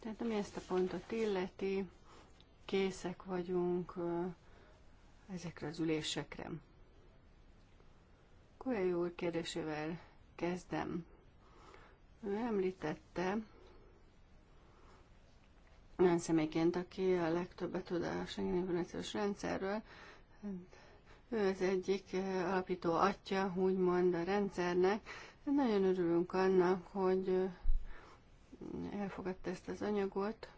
Tehát ami ezt a pontot illeti, készek vagyunk ezekre az ülésekre. Kolyai úr kérdésével kezdem. Ő említette olyan személyként, aki a legtöbbet tud a Schengen információs rendszerről, ő az egyik eh, alapító atya, úgymond a rendszernek. Nagyon örülünk annak, hogy eh, elfogadta ezt az anyagot,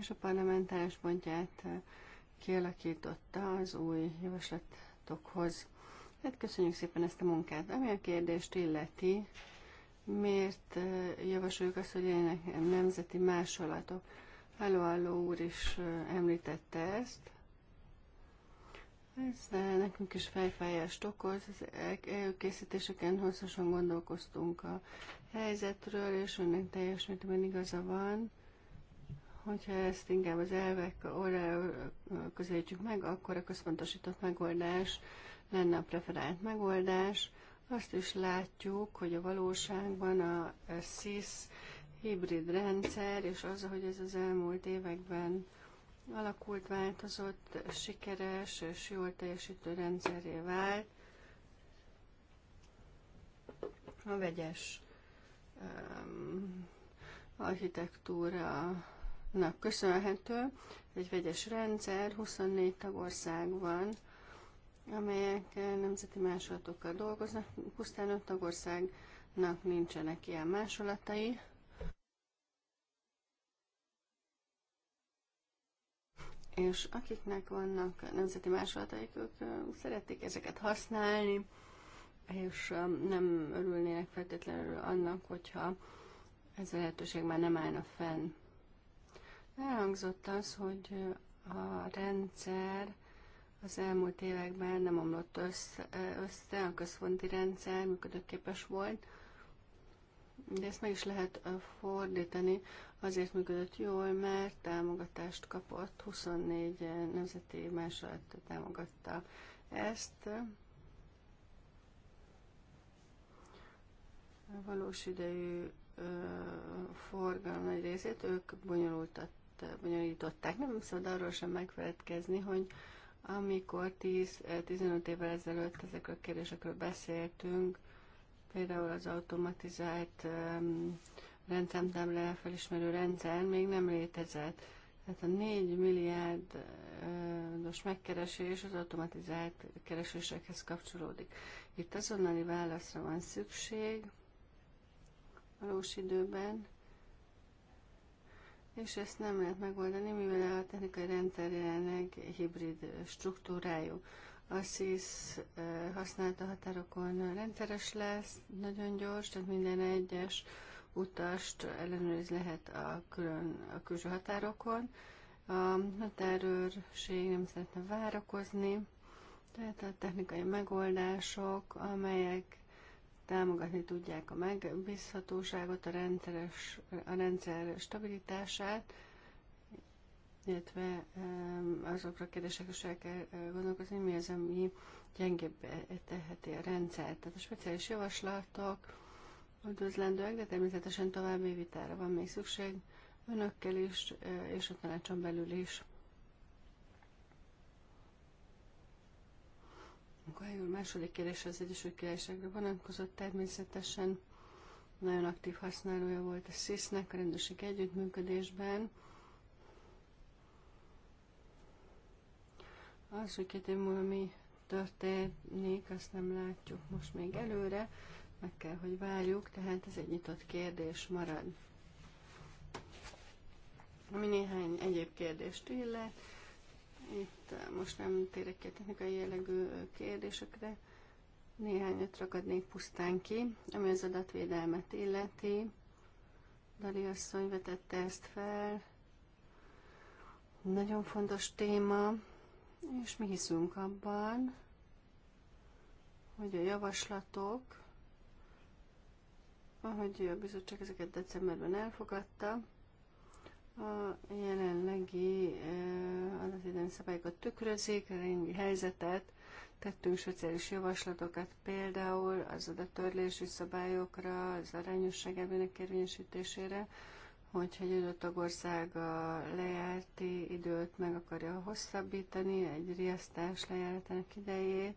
és a parlamentáris pontját eh, kialakította az új javaslat javaslatokhoz. Hát köszönjük szépen ezt a munkát. Ami a kérdést illeti, miért eh, javasoljuk azt, hogy legyenek nemzeti másolatok? Halló, halló úr is eh, említette ezt. Ez eh, nekünk is fejfájást okoz. Az e- előkészítéseken hosszasan gondolkoztunk a helyzetről, és önnek teljes mértékben igaza van. Hogyha ezt inkább az elvek orra közelítjük meg, akkor a központosított megoldás lenne a preferált megoldás. Azt is látjuk, hogy a valóságban a SIS hibrid rendszer, és az, hogy ez az elmúlt években alakult, változott, sikeres és jól teljesítő rendszeré vált. A vegyes um, architektúra Na, köszönhető egy vegyes rendszer, 24 tagország van, amelyek nemzeti másolatokkal dolgoznak, pusztán 5 tagországnak nincsenek ilyen másolatai. És akiknek vannak nemzeti másolataik, ők szeretik ezeket használni, és nem örülnének feltétlenül annak, hogyha ez a lehetőség már nem állna fenn. Elhangzott az, hogy a rendszer az elmúlt években nem omlott össze, össze a központi rendszer működőképes volt, de ezt meg is lehet fordítani, azért működött jól, mert támogatást kapott, 24 nemzeti másolat támogatta ezt. A valós idejű forgalom nagy részét ők bonyolultat bonyolították. Nem szabad arról sem megfeledkezni, hogy amikor 10-15 évvel ezelőtt ezekről a kérdésekről beszéltünk, például az automatizált um, rendszámtábla felismerő rendszer még nem létezett. Tehát a 4 milliárdos megkeresés az automatizált keresésekhez kapcsolódik. Itt azonnali válaszra van szükség valós időben, és ezt nem lehet megoldani, mivel a technikai rendszer jelenleg hibrid struktúrájú. A SIS használta határokon rendszeres lesz, nagyon gyors, tehát minden egyes utast ellenőriz lehet a, külön, a külső határokon. A határőrség nem szeretne várakozni, tehát a technikai megoldások, amelyek támogatni tudják a megbízhatóságot, a, rendszeres, a rendszer stabilitását, illetve azokra a kérdésekre is el kell eh, gondolkozni, mi az, ami gyengébb eh, teheti a rendszert. Tehát a speciális javaslatok üdvözlendőek, de természetesen további vitára van még szükség önökkel is, eh, és a tanácson belül is. Gály úr második kérdés az Egyesült Királyságra vonatkozott, természetesen nagyon aktív használója volt a SZISZ-nek a rendőrség együttműködésben. Az, hogy két év múlva mi történik, azt nem látjuk most még előre, meg kell, hogy várjuk, tehát ez egy nyitott kérdés marad. Ami néhány egyéb kérdést illet, itt eh, most nem térek ki a technikai jellegű eh, kérdésekre, néhányat ragadnék pusztán ki, ami az adatvédelmet illeti. Dali asszony vetette ezt fel. Nagyon fontos téma, és mi hiszünk abban, hogy a javaslatok, ahogy a bizottság ezeket decemberben elfogadta, a jelenlegi eh, adatvédelmi szabályokat tükrözik, a lényegi helyzetet, tettünk szociális javaslatokat például az adattörlési szabályokra, az arányosság elvének érvényesítésére, hogyha egy adott tagország a lejárti időt meg akarja hosszabbítani, egy riasztás lejártának idejét,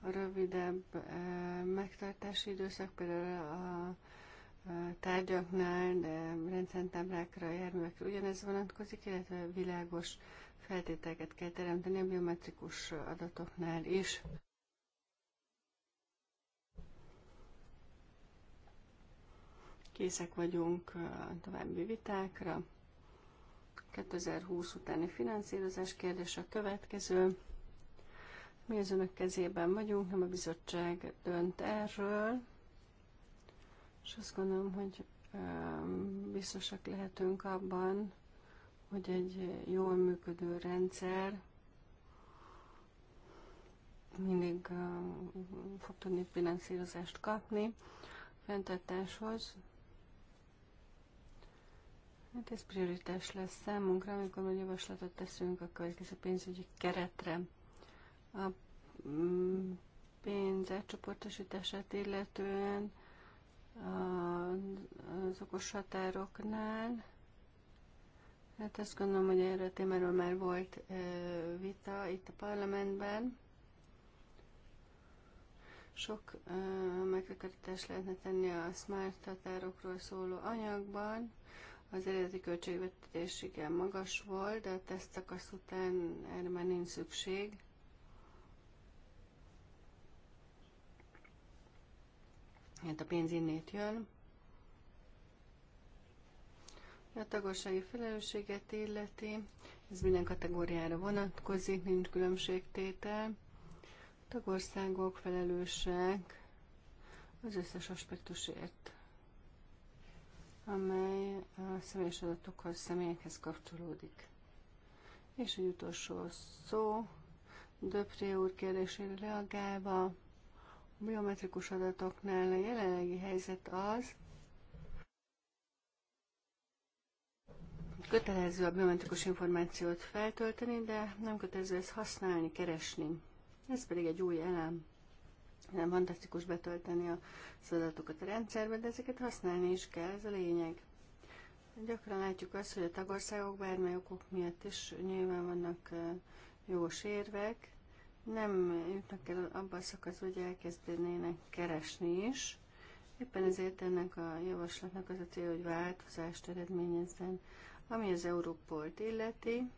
a rövidebb eh, megtartási időszak, például a tárgyaknál, de rendszertáblákra, járművekre ugyanez vonatkozik, illetve világos feltételeket kell teremteni a biometrikus adatoknál is. Készek vagyunk a további vitákra. 2020 utáni finanszírozás kérdése a következő. Mi az önök kezében vagyunk, nem a bizottság dönt erről. És azt gondolom, hogy um, biztosak lehetünk abban, hogy egy jól működő rendszer mindig um, fog tudni finanszírozást kapni fenntartáshoz. Hát ez prioritás lesz számunkra, amikor a javaslatot teszünk a következő pénzügyi keretre. A mm, pénz átcsoportosítását illetően az okos határoknál. Hát azt gondolom, hogy erről a témáról már volt vita itt a parlamentben. Sok megtakarítást lehetne tenni a smart határokról szóló anyagban. Az eredeti költségvetés igen magas volt, de a teszt szakasz után erre már nincs szükség. Hát a pénz innét jön. A tagossági felelősséget illeti, ez minden kategóriára vonatkozik, nincs különbségtétel. A tagországok felelősek az összes aspektusért, amely a személyes adatokhoz, személyekhez kapcsolódik. És egy utolsó szó, Döpré úr kérdésére reagálva, biometrikus adatoknál a jelenlegi helyzet az, kötelező a biometrikus információt feltölteni, de nem kötelező ezt használni, keresni. Ez pedig egy új elem. Nem fantasztikus betölteni az adatokat a rendszerbe, de ezeket használni is kell, ez a lényeg. Gyakran látjuk azt, hogy a tagországok bármely okok miatt is nyilván vannak jogos érvek, nem jutnak el abba a szakasz, hogy elkezdenének keresni is. Éppen ezért ennek a javaslatnak az a cél, hogy változást eredményezzen, ami az Európolt illeti.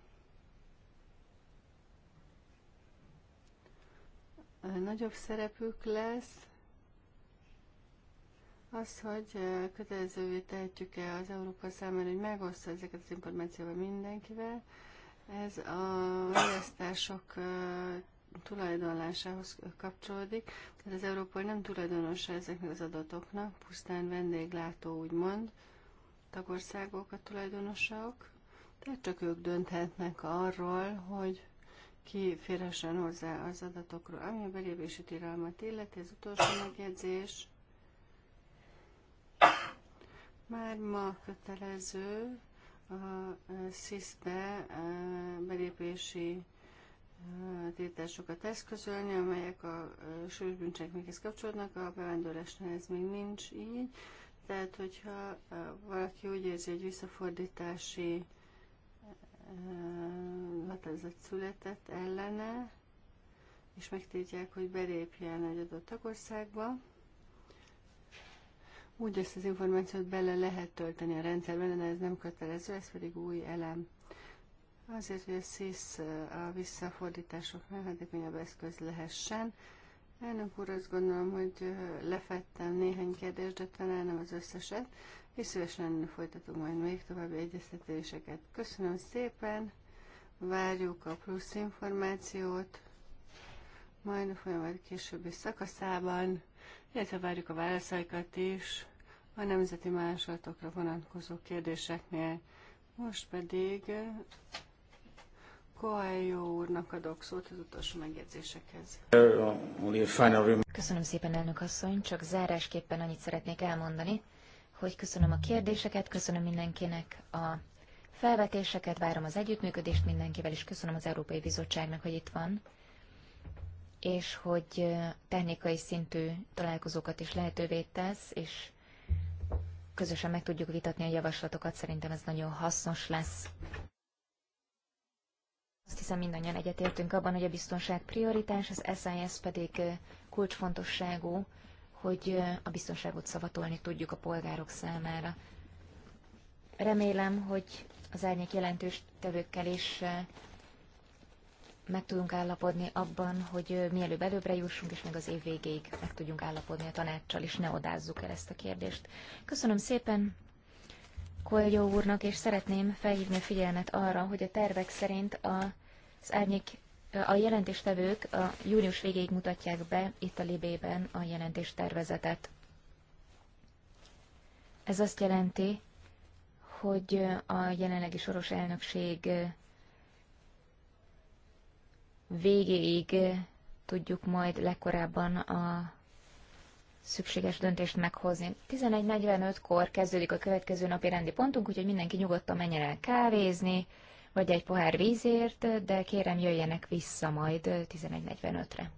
Nagyobb szerepük lesz az, hogy kötelezővé tehetjük-e az Európa számára, hogy megosztja ezeket az információval mindenkivel, ez a választások tulajdonlásához kapcsolódik. Tehát az Európai nem tulajdonosa ezeknek az adatoknak, pusztán vendéglátó úgymond, tagországok a tulajdonosok, tehát csak ők dönthetnek arról, hogy ki férhessen hozzá az adatokról. Ami a belépési tilalmat illeti, az utolsó megjegyzés. Már ma kötelező a eh, SZISZ-be eh, belépési tiltásokat hát, eszközölni, amelyek a súlyos bűncselekményhez kapcsolódnak, a bevándorlásnál ez még nincs így. Tehát, hogyha valaki úgy érzi, hogy visszafordítási határozat született ellene, és megtiltják, hogy belépjen egy adott tagországba, úgy ezt az információt bele lehet tölteni a rendszerben, de ez nem kötelező, ez pedig új elem azért, hogy a SZISZ eh, a visszafordítások meghatékonyabb eszköz lehessen. Elnök úr, azt gondolom, hogy eh, lefettem néhány kérdést, de talán nem az összeset, és szívesen folytatunk majd még további egyeztetéseket. Köszönöm szépen, várjuk a plusz információt, majd a folyamat későbbi szakaszában, illetve várjuk a válaszaikat is a nemzeti másolatokra vonatkozó kérdéseknél. Most pedig eh, úrnak adok szót az utolsó megjegyzésekhez. Köszönöm szépen, elnök asszony. Csak zárásképpen annyit szeretnék elmondani, hogy köszönöm a kérdéseket, köszönöm mindenkinek a felvetéseket, várom az együttműködést mindenkivel, és köszönöm az Európai Bizottságnak, hogy itt van, és hogy technikai szintű találkozókat is lehetővé tesz, és közösen meg tudjuk vitatni a javaslatokat, szerintem ez nagyon hasznos lesz azt hiszem mindannyian egyetértünk abban, hogy a biztonság prioritás, az SIS pedig kulcsfontosságú, hogy a biztonságot szavatolni tudjuk a polgárok számára. Remélem, hogy az árnyék jelentős tevőkkel is meg tudunk állapodni abban, hogy mielőbb előbbre jussunk, és meg az év végéig meg tudjunk állapodni a tanácssal, és ne odázzuk el ezt a kérdést. Köszönöm szépen, Kolgyó úrnak, és szeretném felhívni a figyelmet arra, hogy a tervek szerint az árnyék a jelentéstevők a június végéig mutatják be itt a Libében a jelentéstervezetet. Ez azt jelenti, hogy a jelenlegi soros elnökség végéig tudjuk majd legkorábban a szükséges döntést meghozni. 11.45-kor kezdődik a következő napi rendi pontunk, úgyhogy mindenki nyugodtan menjen el kávézni, vagy egy pohár vízért, de kérem jöjjenek vissza majd 11.45-re.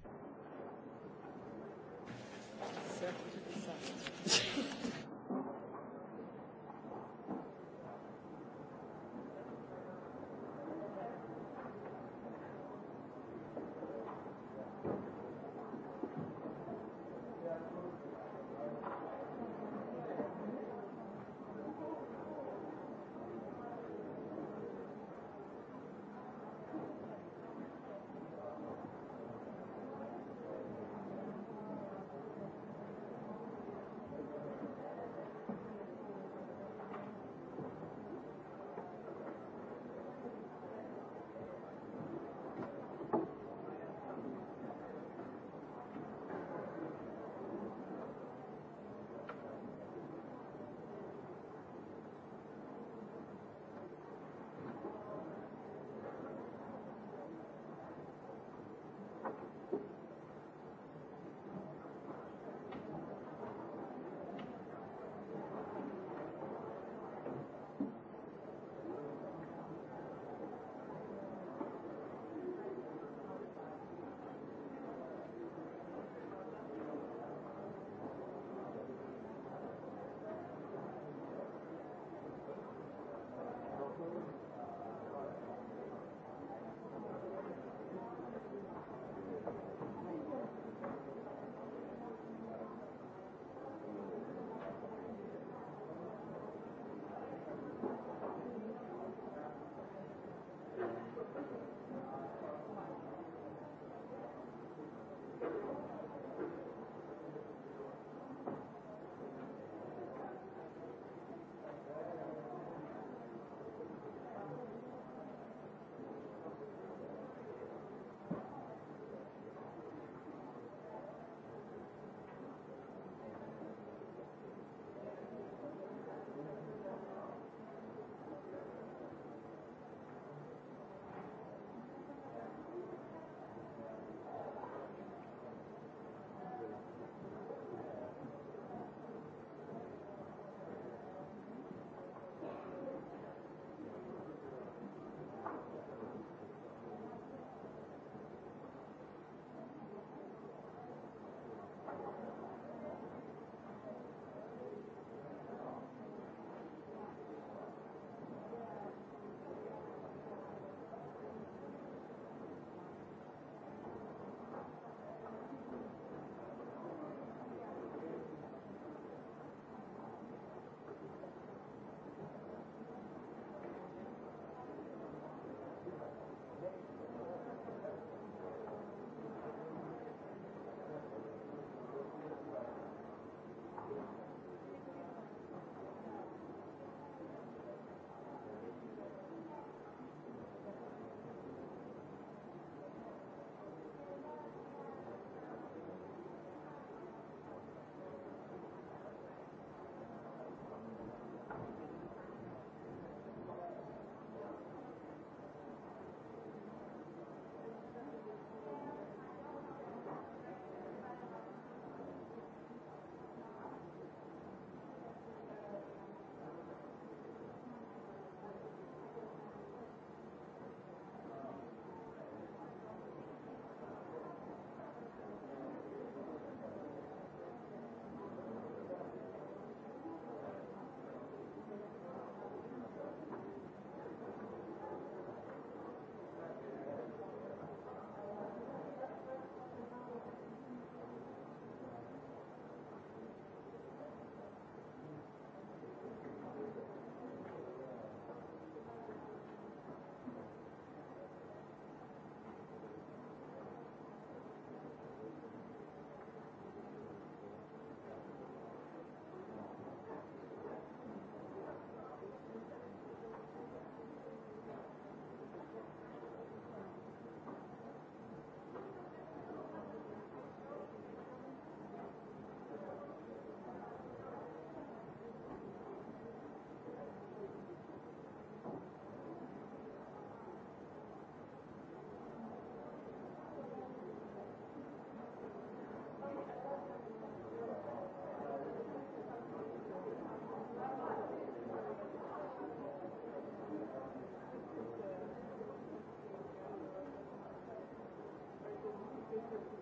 Köszönöm.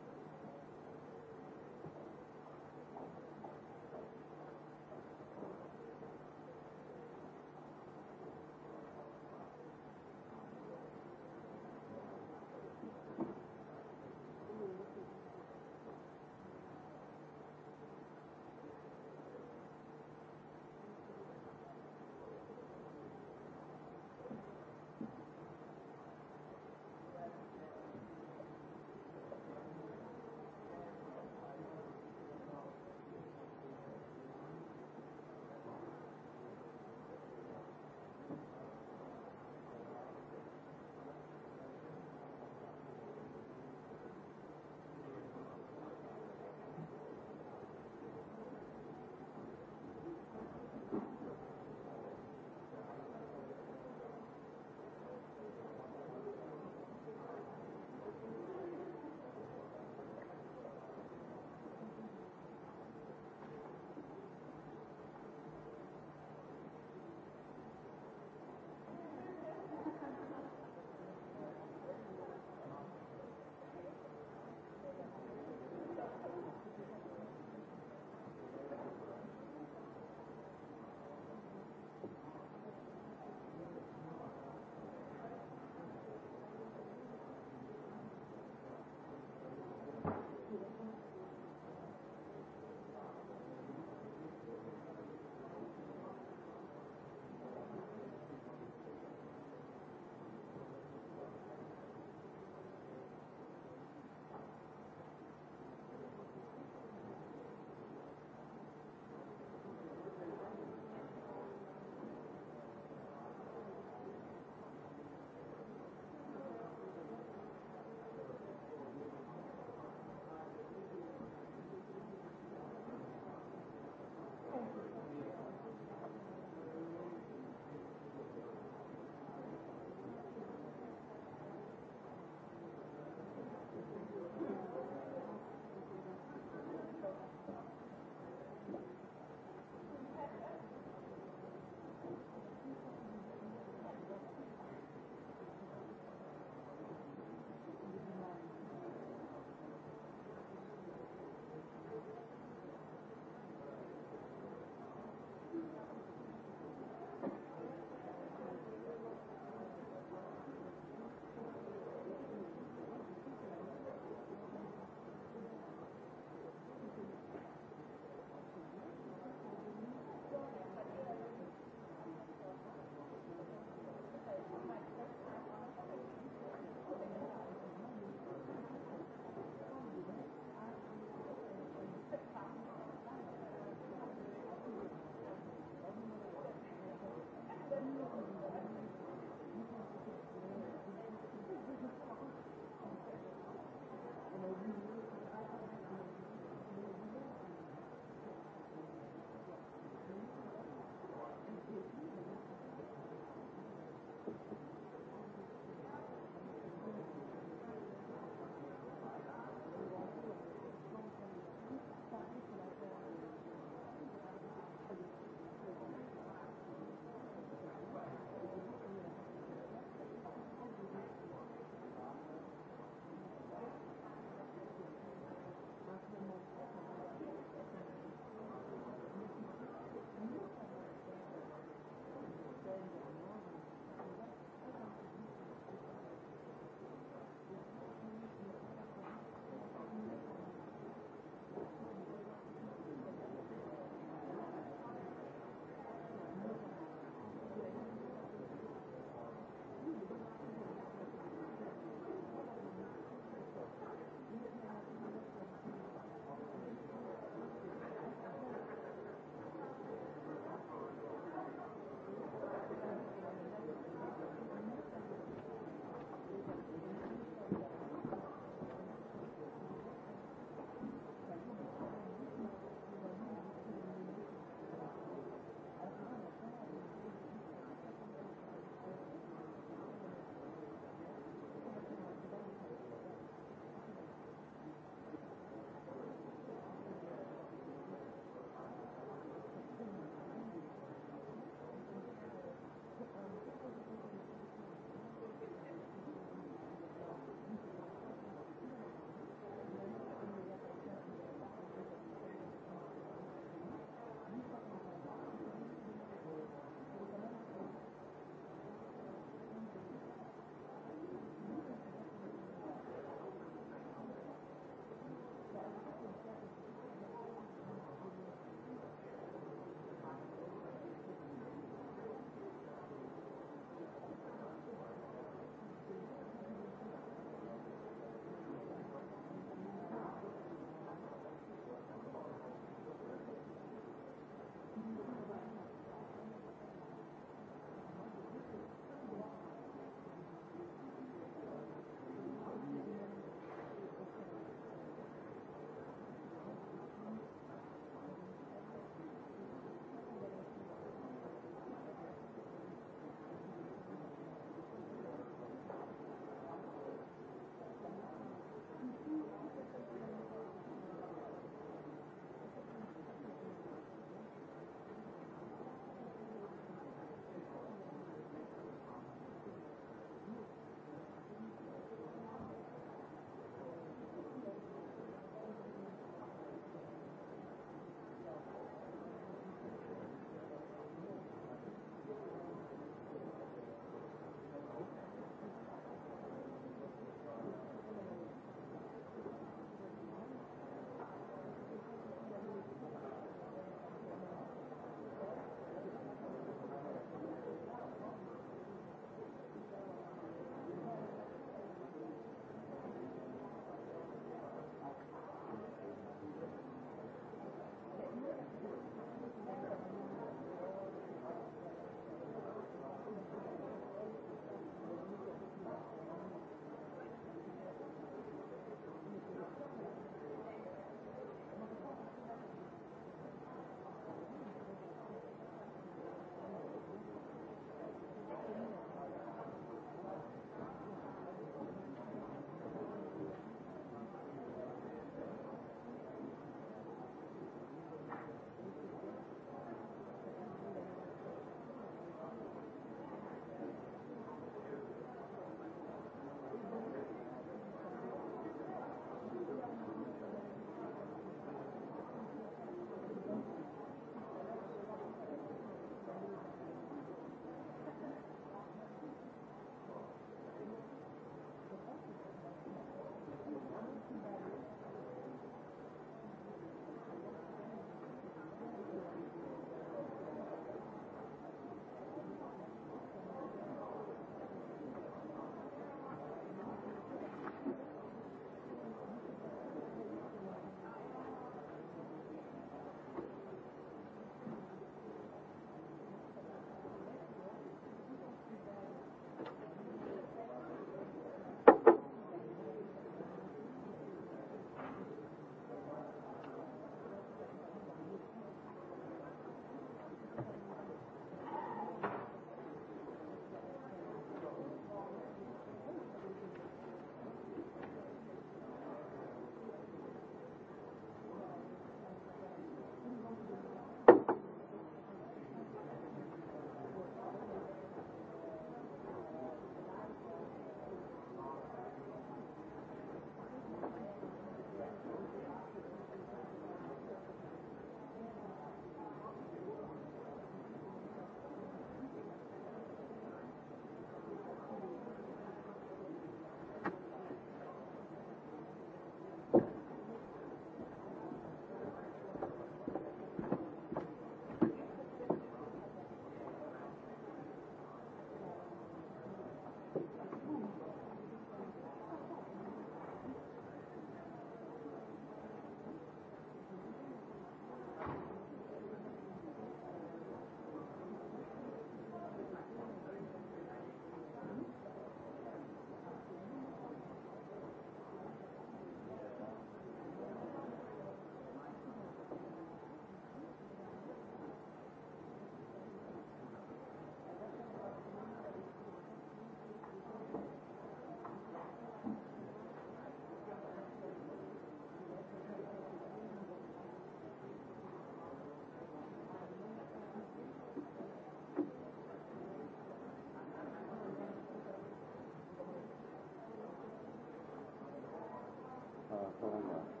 paragrafi.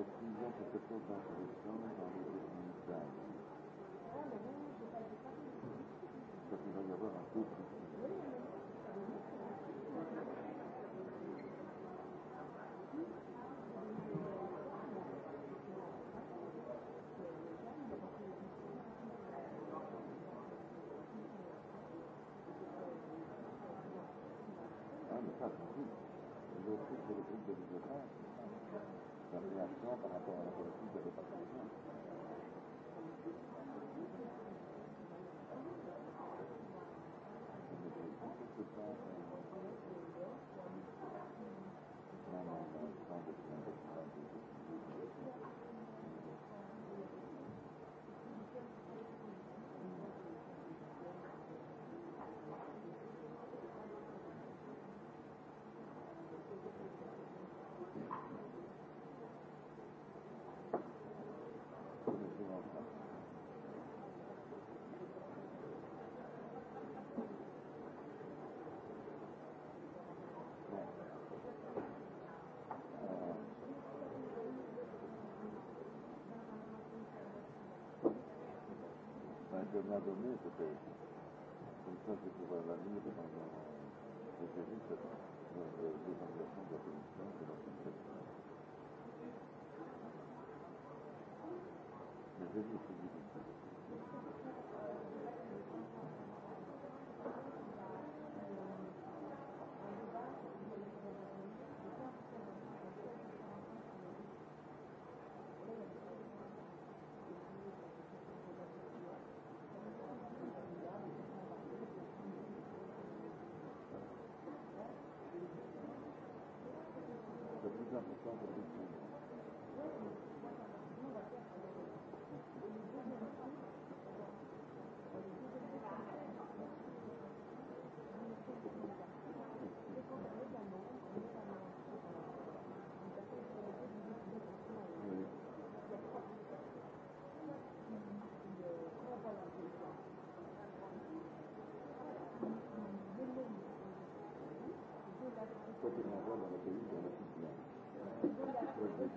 Esclusa per perturbare la versione da utilizzare. Perché voglio avere una pubblica. Thank you. de m'a donné, c'était une simple pour l'avenir de de la commission de la Mais j'ai dit, c'est Köszönöm, hogy Thank you.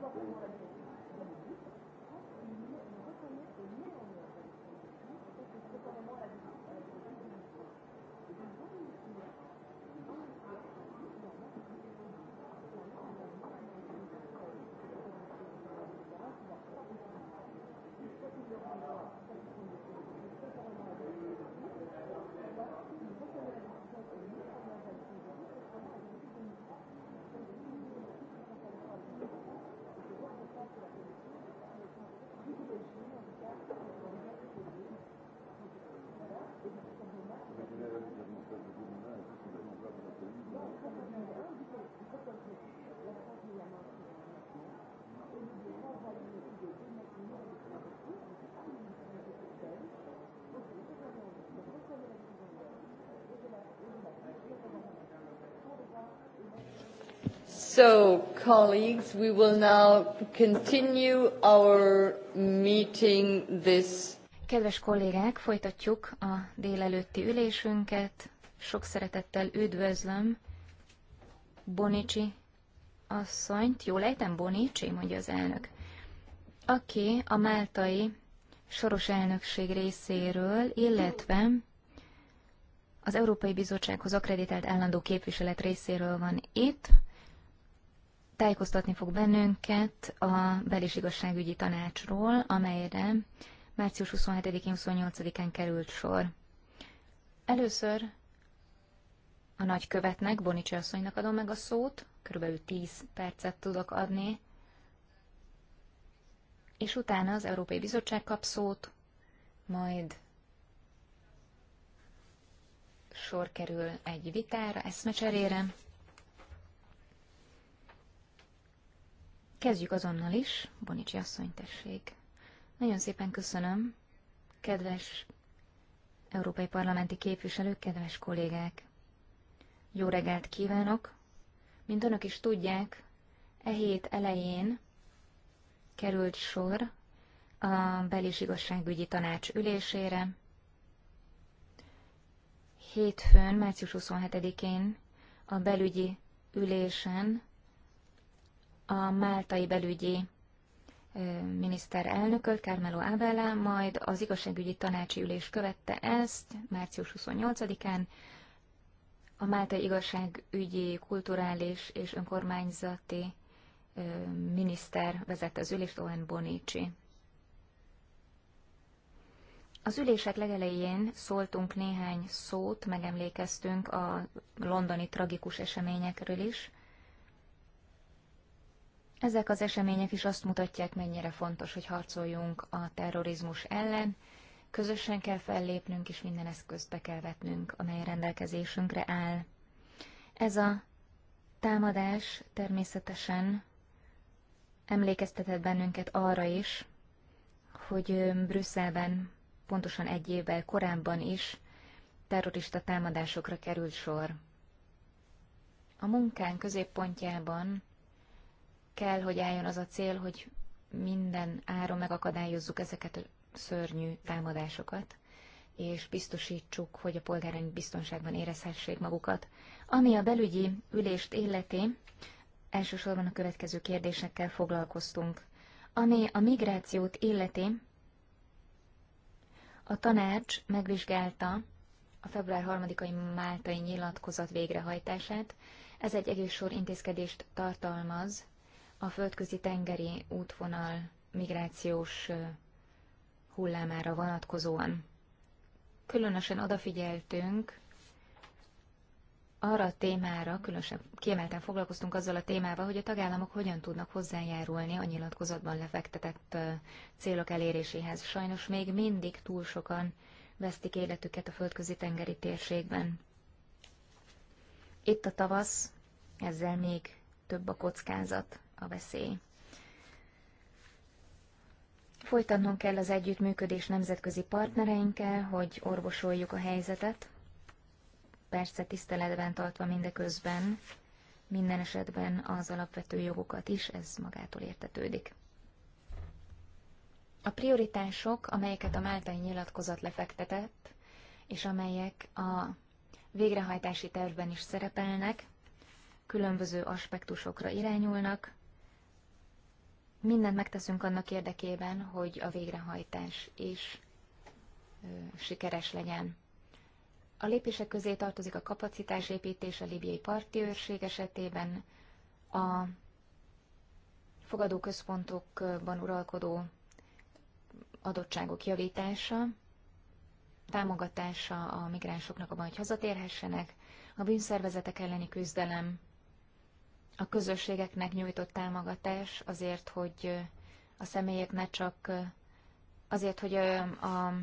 So, colleagues, we will now continue our meeting this. Kedves kollégák, folytatjuk a délelőtti ülésünket. Sok szeretettel üdvözlöm Bonici asszonyt, jól lejtem, Bonici, mondja az elnök, aki a máltai soros elnökség részéről, illetve az Európai Bizottsághoz akreditált állandó képviselet részéről van itt, tájékoztatni fog bennünket a belis igazságügyi tanácsról, amelyre március 27-én, 28-án került sor. Először a nagykövetnek, Bonicsi asszonynak adom meg a szót, körülbelül 10 percet tudok adni, és utána az Európai Bizottság kap szót, majd sor kerül egy vitára, eszmecserére, Kezdjük azonnal is. Bonicsi asszony, tessék. Nagyon szépen köszönöm, kedves európai parlamenti képviselők, kedves kollégák. Jó reggelt kívánok! Mint önök is tudják, e hét elején került sor a belis igazságügyi tanács ülésére. Hétfőn, március 27-én a belügyi ülésen a máltai belügyi miniszterelnököt, Carmelo Abela, majd az igazságügyi tanácsi ülés követte ezt március 28-án. A Máltai igazságügyi, kulturális és önkormányzati miniszter vezette az ülést, Owen Bonici. Az ülések legelején szóltunk néhány szót, megemlékeztünk a londoni tragikus eseményekről is – ezek az események is azt mutatják, mennyire fontos, hogy harcoljunk a terrorizmus ellen. Közösen kell fellépnünk, és minden eszközt be kell vetnünk, amely rendelkezésünkre áll. Ez a támadás természetesen emlékeztetett bennünket arra is, hogy Brüsszelben pontosan egy évvel korábban is terrorista támadásokra került sor. A munkán középpontjában kell, hogy álljon az a cél, hogy minden áron megakadályozzuk ezeket a szörnyű támadásokat, és biztosítsuk, hogy a polgáraink biztonságban érezhessék magukat. Ami a belügyi ülést illeti, elsősorban a következő kérdésekkel foglalkoztunk. Ami a migrációt illeti, a tanács megvizsgálta a február 3-ai máltai nyilatkozat végrehajtását. Ez egy egész sor intézkedést tartalmaz, a földközi tengeri útvonal migrációs hullámára vonatkozóan. Különösen odafigyeltünk arra a témára, különösen kiemelten foglalkoztunk azzal a témával, hogy a tagállamok hogyan tudnak hozzájárulni a nyilatkozatban lefektetett célok eléréséhez. Sajnos még mindig túl sokan vesztik életüket a földközi tengeri térségben. Itt a tavasz, ezzel még több a kockázat a veszély. Folytatnunk kell az együttműködés nemzetközi partnereinkkel, hogy orvosoljuk a helyzetet, persze tiszteletben tartva mindeközben minden esetben az alapvető jogokat is, ez magától értetődik. A prioritások, amelyeket a Máltai nyilatkozat lefektetett, és amelyek a végrehajtási tervben is szerepelnek, különböző aspektusokra irányulnak, mindent megteszünk annak érdekében, hogy a végrehajtás is ö, sikeres legyen. A lépések közé tartozik a kapacitásépítés a libiai parti őrség esetében, a fogadóközpontokban uralkodó adottságok javítása, támogatása a migránsoknak abban, hogy hazatérhessenek, a bűnszervezetek elleni küzdelem, a közösségeknek nyújtott támogatás azért, hogy a személyek ne csak azért, hogy a, a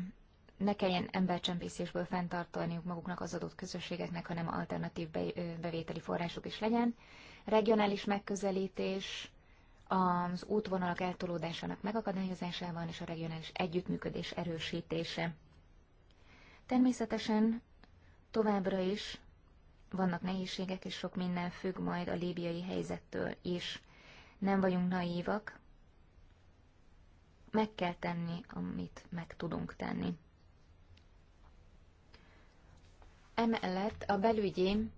ne kelljen embercsempészésből fenntartaniuk maguknak az adott közösségeknek, hanem alternatív be, bevételi forrásuk is legyen. Regionális megközelítés az útvonalak eltolódásának megakadályozásával és a regionális együttműködés erősítése. Természetesen továbbra is vannak nehézségek, és sok minden függ majd a líbiai helyzettől is. Nem vagyunk naívak, meg kell tenni, amit meg tudunk tenni. Emellett a belügyi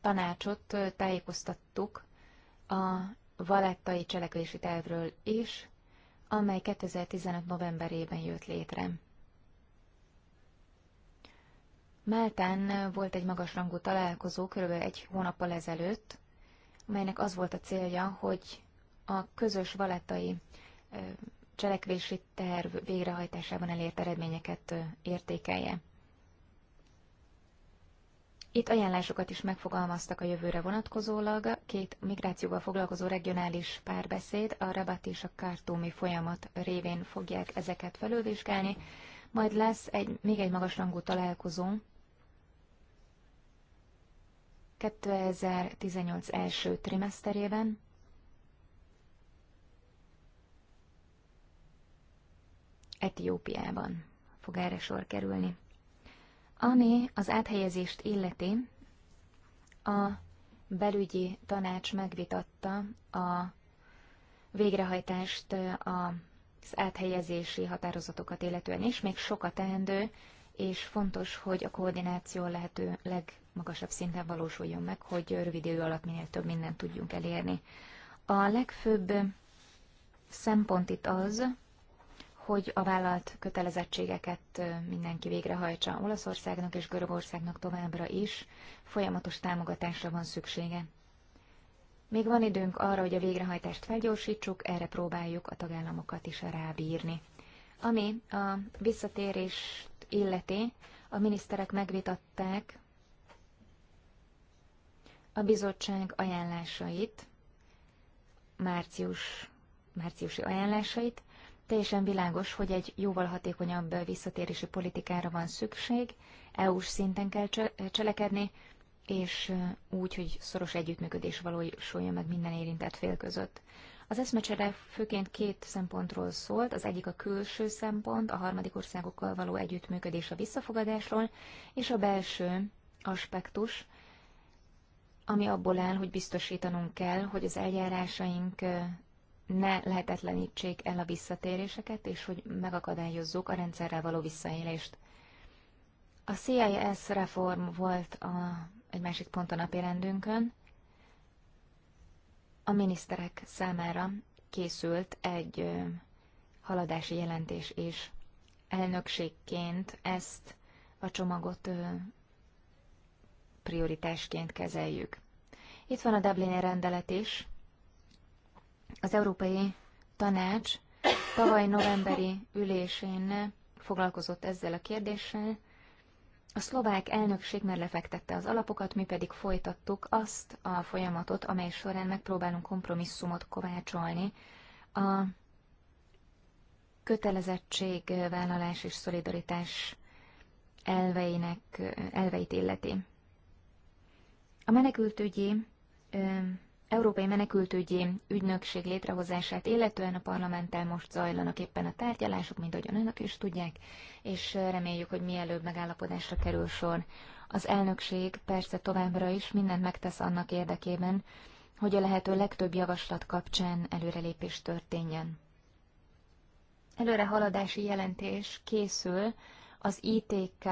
tanácsot tájékoztattuk a valettai cselekvési tervről is, amely 2015. novemberében jött létre. Máltán volt egy magasrangú találkozó körülbelül egy hónappal ezelőtt, amelynek az volt a célja, hogy a közös valettai cselekvési terv végrehajtásában elért eredményeket értékelje. Itt ajánlásokat is megfogalmaztak a jövőre vonatkozólag, két migrációval foglalkozó regionális párbeszéd, a Rabat és a Kártómi folyamat révén fogják ezeket felülvizsgálni, majd lesz egy, még egy magasrangú találkozó 2018 első trimeszterében, Etiópiában fog erre sor kerülni. Ami az áthelyezést illeti, a belügyi tanács megvitatta a végrehajtást az áthelyezési határozatokat illetően is, még sok a teendő, és fontos, hogy a koordináció lehető leg magasabb szinten valósuljon meg, hogy rövid idő alatt minél több mindent tudjunk elérni. A legfőbb szempont itt az, hogy a vállalt kötelezettségeket mindenki végrehajtsa. Olaszországnak és Görögországnak továbbra is folyamatos támogatásra van szüksége. Még van időnk arra, hogy a végrehajtást felgyorsítsuk, erre próbáljuk a tagállamokat is rábírni. Ami a visszatérést illeti, a miniszterek megvitatták a bizottság ajánlásait, március, márciusi ajánlásait, teljesen világos, hogy egy jóval hatékonyabb visszatérési politikára van szükség, EU-s szinten kell cselekedni, és úgy, hogy szoros együttműködés valósuljon meg minden érintett fél között. Az eszmecsere főként két szempontról szólt, az egyik a külső szempont, a harmadik országokkal való együttműködés a visszafogadásról, és a belső aspektus, ami abból áll, hogy biztosítanunk kell, hogy az eljárásaink ne lehetetlenítsék el a visszatéréseket, és hogy megakadályozzuk a rendszerrel való visszaélést. A CIS reform volt a, egy másik pont a napirendünkön. A miniszterek számára készült egy haladási jelentés is. Elnökségként ezt a csomagot prioritásként kezeljük. Itt van a Dublini rendelet is. Az Európai Tanács tavaly novemberi ülésén foglalkozott ezzel a kérdéssel. A szlovák elnökség már lefektette az alapokat, mi pedig folytattuk azt a folyamatot, amely során megpróbálunk kompromisszumot kovácsolni a kötelezettségvállalás és szolidaritás elveinek, elveit illeti. A menekültügyi, Európai Menekültügyi Ügynökség létrehozását illetően a parlamenttel most zajlanak éppen a tárgyalások, mint ahogyan önök is tudják, és reméljük, hogy mielőbb megállapodásra kerül sor. Az elnökség persze továbbra is mindent megtesz annak érdekében, hogy a lehető legtöbb javaslat kapcsán előrelépés történjen. Előrehaladási jelentés készül az ITK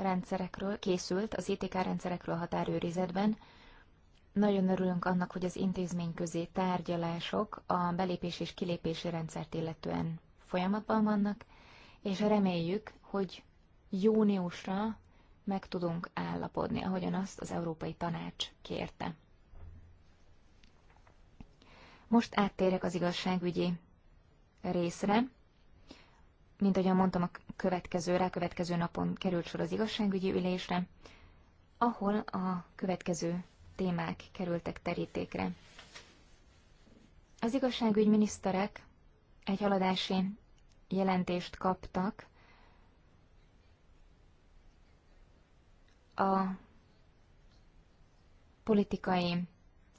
rendszerekről, készült az ITK rendszerekről határőrizetben. Nagyon örülünk annak, hogy az intézmény közé tárgyalások a belépés és kilépési rendszert illetően folyamatban vannak, és reméljük, hogy júniusra meg tudunk állapodni, ahogyan azt az Európai Tanács kérte. Most áttérek az igazságügyi részre mint ahogyan mondtam, a következő, következő napon került sor az igazságügyi ülésre, ahol a következő témák kerültek terítékre. Az miniszterek egy haladási jelentést kaptak a politikai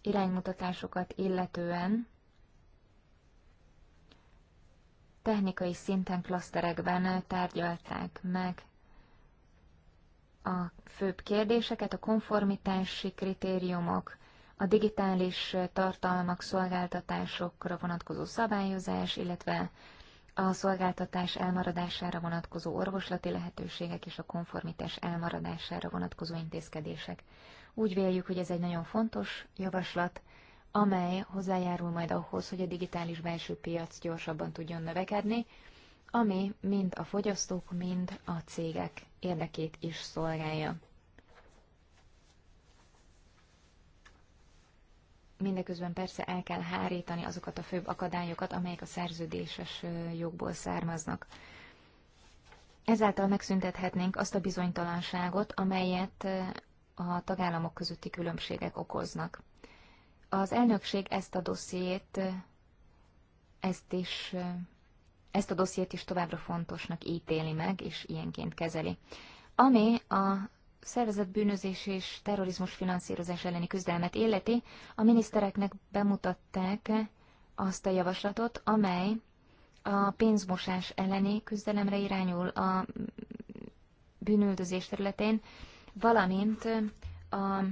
iránymutatásokat illetően, technikai szinten klaszterekben tárgyalták meg a főbb kérdéseket, a konformitási kritériumok, a digitális tartalmak, szolgáltatásokra vonatkozó szabályozás, illetve a szolgáltatás elmaradására vonatkozó orvoslati lehetőségek és a konformitás elmaradására vonatkozó intézkedések. Úgy véljük, hogy ez egy nagyon fontos javaslat, amely hozzájárul majd ahhoz, hogy a digitális belső piac gyorsabban tudjon növekedni, ami mind a fogyasztók, mind a cégek érdekét is szolgálja. Mindeközben persze el kell hárítani azokat a főbb akadályokat, amelyek a szerződéses jogból származnak. Ezáltal megszüntethetnénk azt a bizonytalanságot, amelyet a tagállamok közötti különbségek okoznak. Az elnökség ezt a dossziét, ezt is, ezt a dossziét is továbbra fontosnak ítéli meg, és ilyenként kezeli. Ami a szervezett bűnözés és terrorizmus finanszírozás elleni küzdelmet illeti, a minisztereknek bemutatták azt a javaslatot, amely a pénzmosás elleni küzdelemre irányul a bűnüldözés területén, valamint a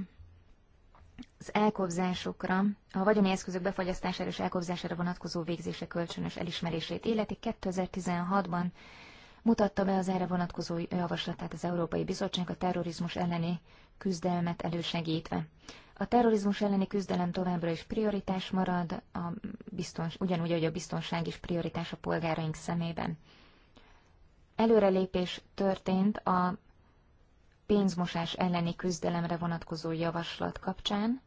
az elkobzásokra, a vagyoni eszközök befagyasztására és elkobzására vonatkozó végzése kölcsönös elismerését életi 2016-ban mutatta be az erre vonatkozó javaslatát az Európai Bizottság a terrorizmus elleni küzdelmet elősegítve. A terrorizmus elleni küzdelem továbbra is prioritás marad, a biztons, ugyanúgy, hogy a biztonság is prioritás a polgáraink szemében. Előrelépés történt a pénzmosás elleni küzdelemre vonatkozó javaslat kapcsán,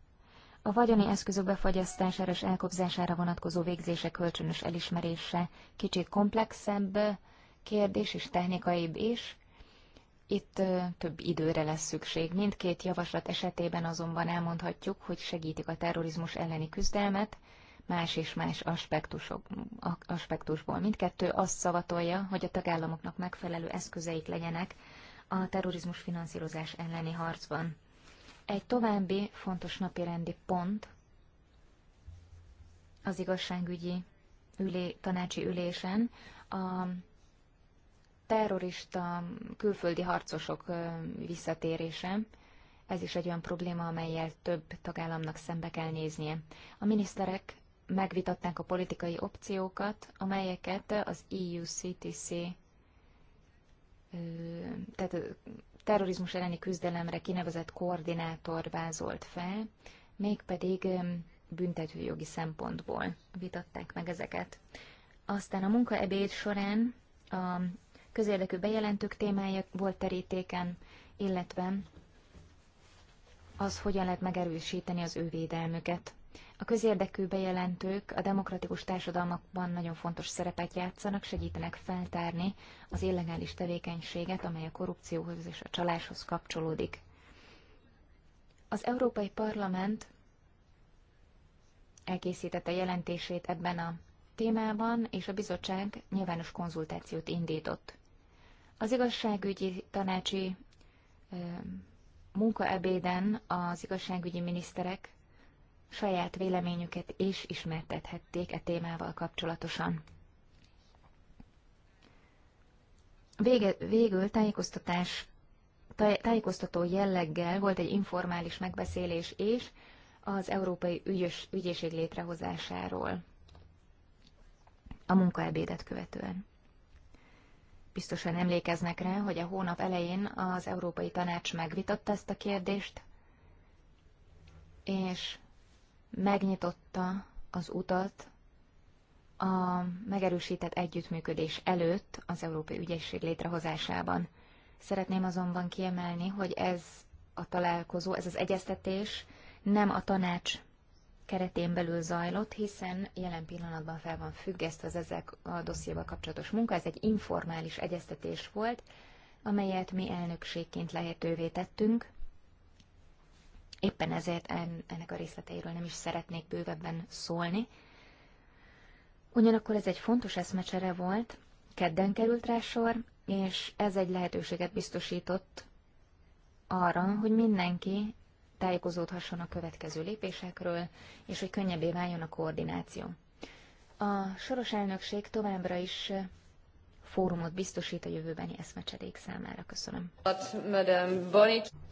a vagyoni eszközök befagyasztására és elkobzására vonatkozó végzése kölcsönös elismerése kicsit komplexebb kérdés és technikaibb is. Itt több időre lesz szükség. Mindkét javaslat esetében azonban elmondhatjuk, hogy segítik a terrorizmus elleni küzdelmet, más és más aspektusok, aspektusból. Mindkettő azt szavatolja, hogy a tagállamoknak megfelelő eszközeik legyenek a terrorizmus finanszírozás elleni harcban. Egy további fontos napirendi pont az igazságügyi ülé, tanácsi ülésen a terrorista külföldi harcosok visszatérése. Ez is egy olyan probléma, amelyel több tagállamnak szembe kell néznie. A miniszterek megvitatták a politikai opciókat, amelyeket az EU-CTC tehát a terrorizmus elleni küzdelemre kinevezett koordinátor vázolt fel, mégpedig büntetőjogi szempontból vitatták meg ezeket. Aztán a munkaebéd során a közérdekű bejelentők témája volt terítéken, illetve az, hogyan lehet megerősíteni az ő védelmüket. A közérdekű bejelentők a demokratikus társadalmakban nagyon fontos szerepet játszanak, segítenek feltárni az illegális tevékenységet, amely a korrupcióhoz és a csaláshoz kapcsolódik. Az Európai Parlament elkészítette jelentését ebben a témában, és a bizottság nyilvános konzultációt indított. Az igazságügyi tanácsi munkaebéden az igazságügyi miniszterek saját véleményüket is ismertethették e témával kapcsolatosan. Vége, végül tájékoztatás, tájékoztató jelleggel volt egy informális megbeszélés és az Európai Ügyös, Ügyészség létrehozásáról a munkaebédet követően. Biztosan emlékeznek rá, hogy a hónap elején az Európai Tanács megvitatta ezt a kérdést, és megnyitotta az utat a megerősített együttműködés előtt az Európai Ügyészség létrehozásában. Szeretném azonban kiemelni, hogy ez a találkozó, ez az egyeztetés nem a tanács keretén belül zajlott, hiszen jelen pillanatban fel van függesztve az ezek a dossziéval kapcsolatos munka. Ez egy informális egyeztetés volt, amelyet mi elnökségként lehetővé tettünk, Éppen ezért ennek a részleteiről nem is szeretnék bővebben szólni. Ugyanakkor ez egy fontos eszmecsere volt, kedden került rá sor, és ez egy lehetőséget biztosított arra, hogy mindenki tájékozódhasson a következő lépésekről, és hogy könnyebbé váljon a koordináció. A soros elnökség továbbra is fórumot biztosít a jövőbeni eszmecserék számára. Köszönöm.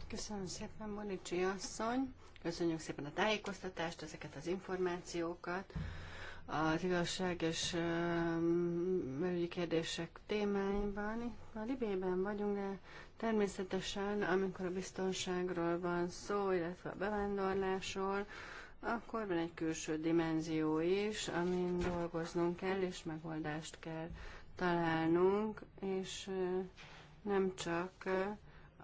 Köszönöm szépen, Bonicsi asszony. Köszönjük szépen a tájékoztatást, ezeket az információkat. Az igazság és um, belügyi kérdések témáiban. A Libében vagyunk, de természetesen, amikor a biztonságról van szó, illetve a bevándorlásról, akkor van egy külső dimenzió is, amin dolgoznunk kell, és megoldást kell találnunk, és nem csak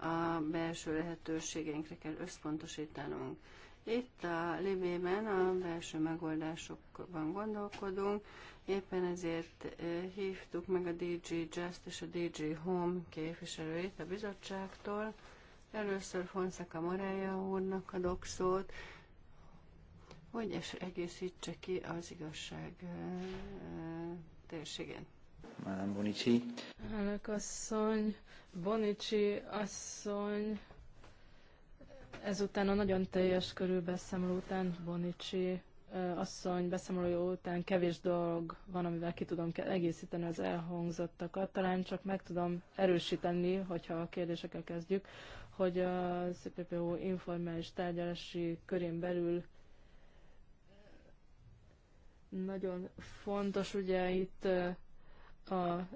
a belső lehetőségeinkre kell összpontosítanunk. Itt a Libében a belső megoldásokban gondolkodunk, éppen ezért hívtuk meg a DG Just és a DG Home képviselőit a bizottságtól. Először Fonszaka Morája úrnak a dokszót, hogy egészítse ki az igazság térségén. Madame Bonici. Elnök asszony, Bonici asszony, ezután a nagyon teljes körű beszámoló után Bonici asszony beszámolója után kevés dolog van, amivel ki tudom egészíteni az elhangzottakat. Talán csak meg tudom erősíteni, hogyha a kérdésekkel kezdjük, hogy a CPPO informális tárgyalási körén belül nagyon fontos, ugye itt a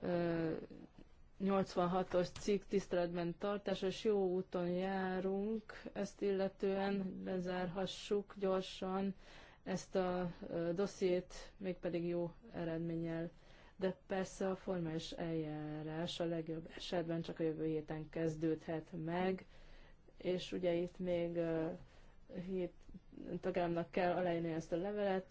86-os cikk tiszteletben tartása, és jó úton járunk, ezt illetően lezárhassuk gyorsan ezt a dossziét, mégpedig jó eredménnyel. De persze a formális eljárás a legjobb esetben csak a jövő héten kezdődhet meg, és ugye itt még hét tagállamnak kell aláírni ezt a levelet,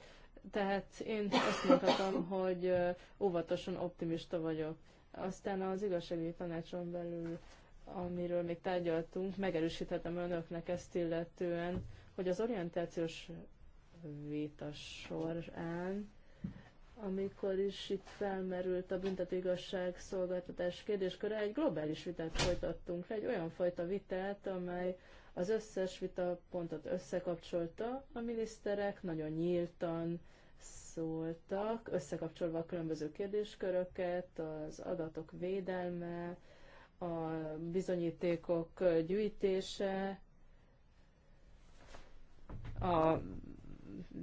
tehát én azt mondhatom, hogy óvatosan optimista vagyok. Aztán az igazságügyi tanácson belül, amiről még tárgyaltunk, megerősíthetem önöknek ezt illetően, hogy az orientációs vita során, amikor is itt felmerült a büntetőigazság szolgáltatás kérdésköre, egy globális vitát folytattunk egy olyan fajta vitát, amely az összes vitapontot összekapcsolta, a miniszterek nagyon nyíltan szóltak, összekapcsolva a különböző kérdésköröket, az adatok védelme, a bizonyítékok gyűjtése, a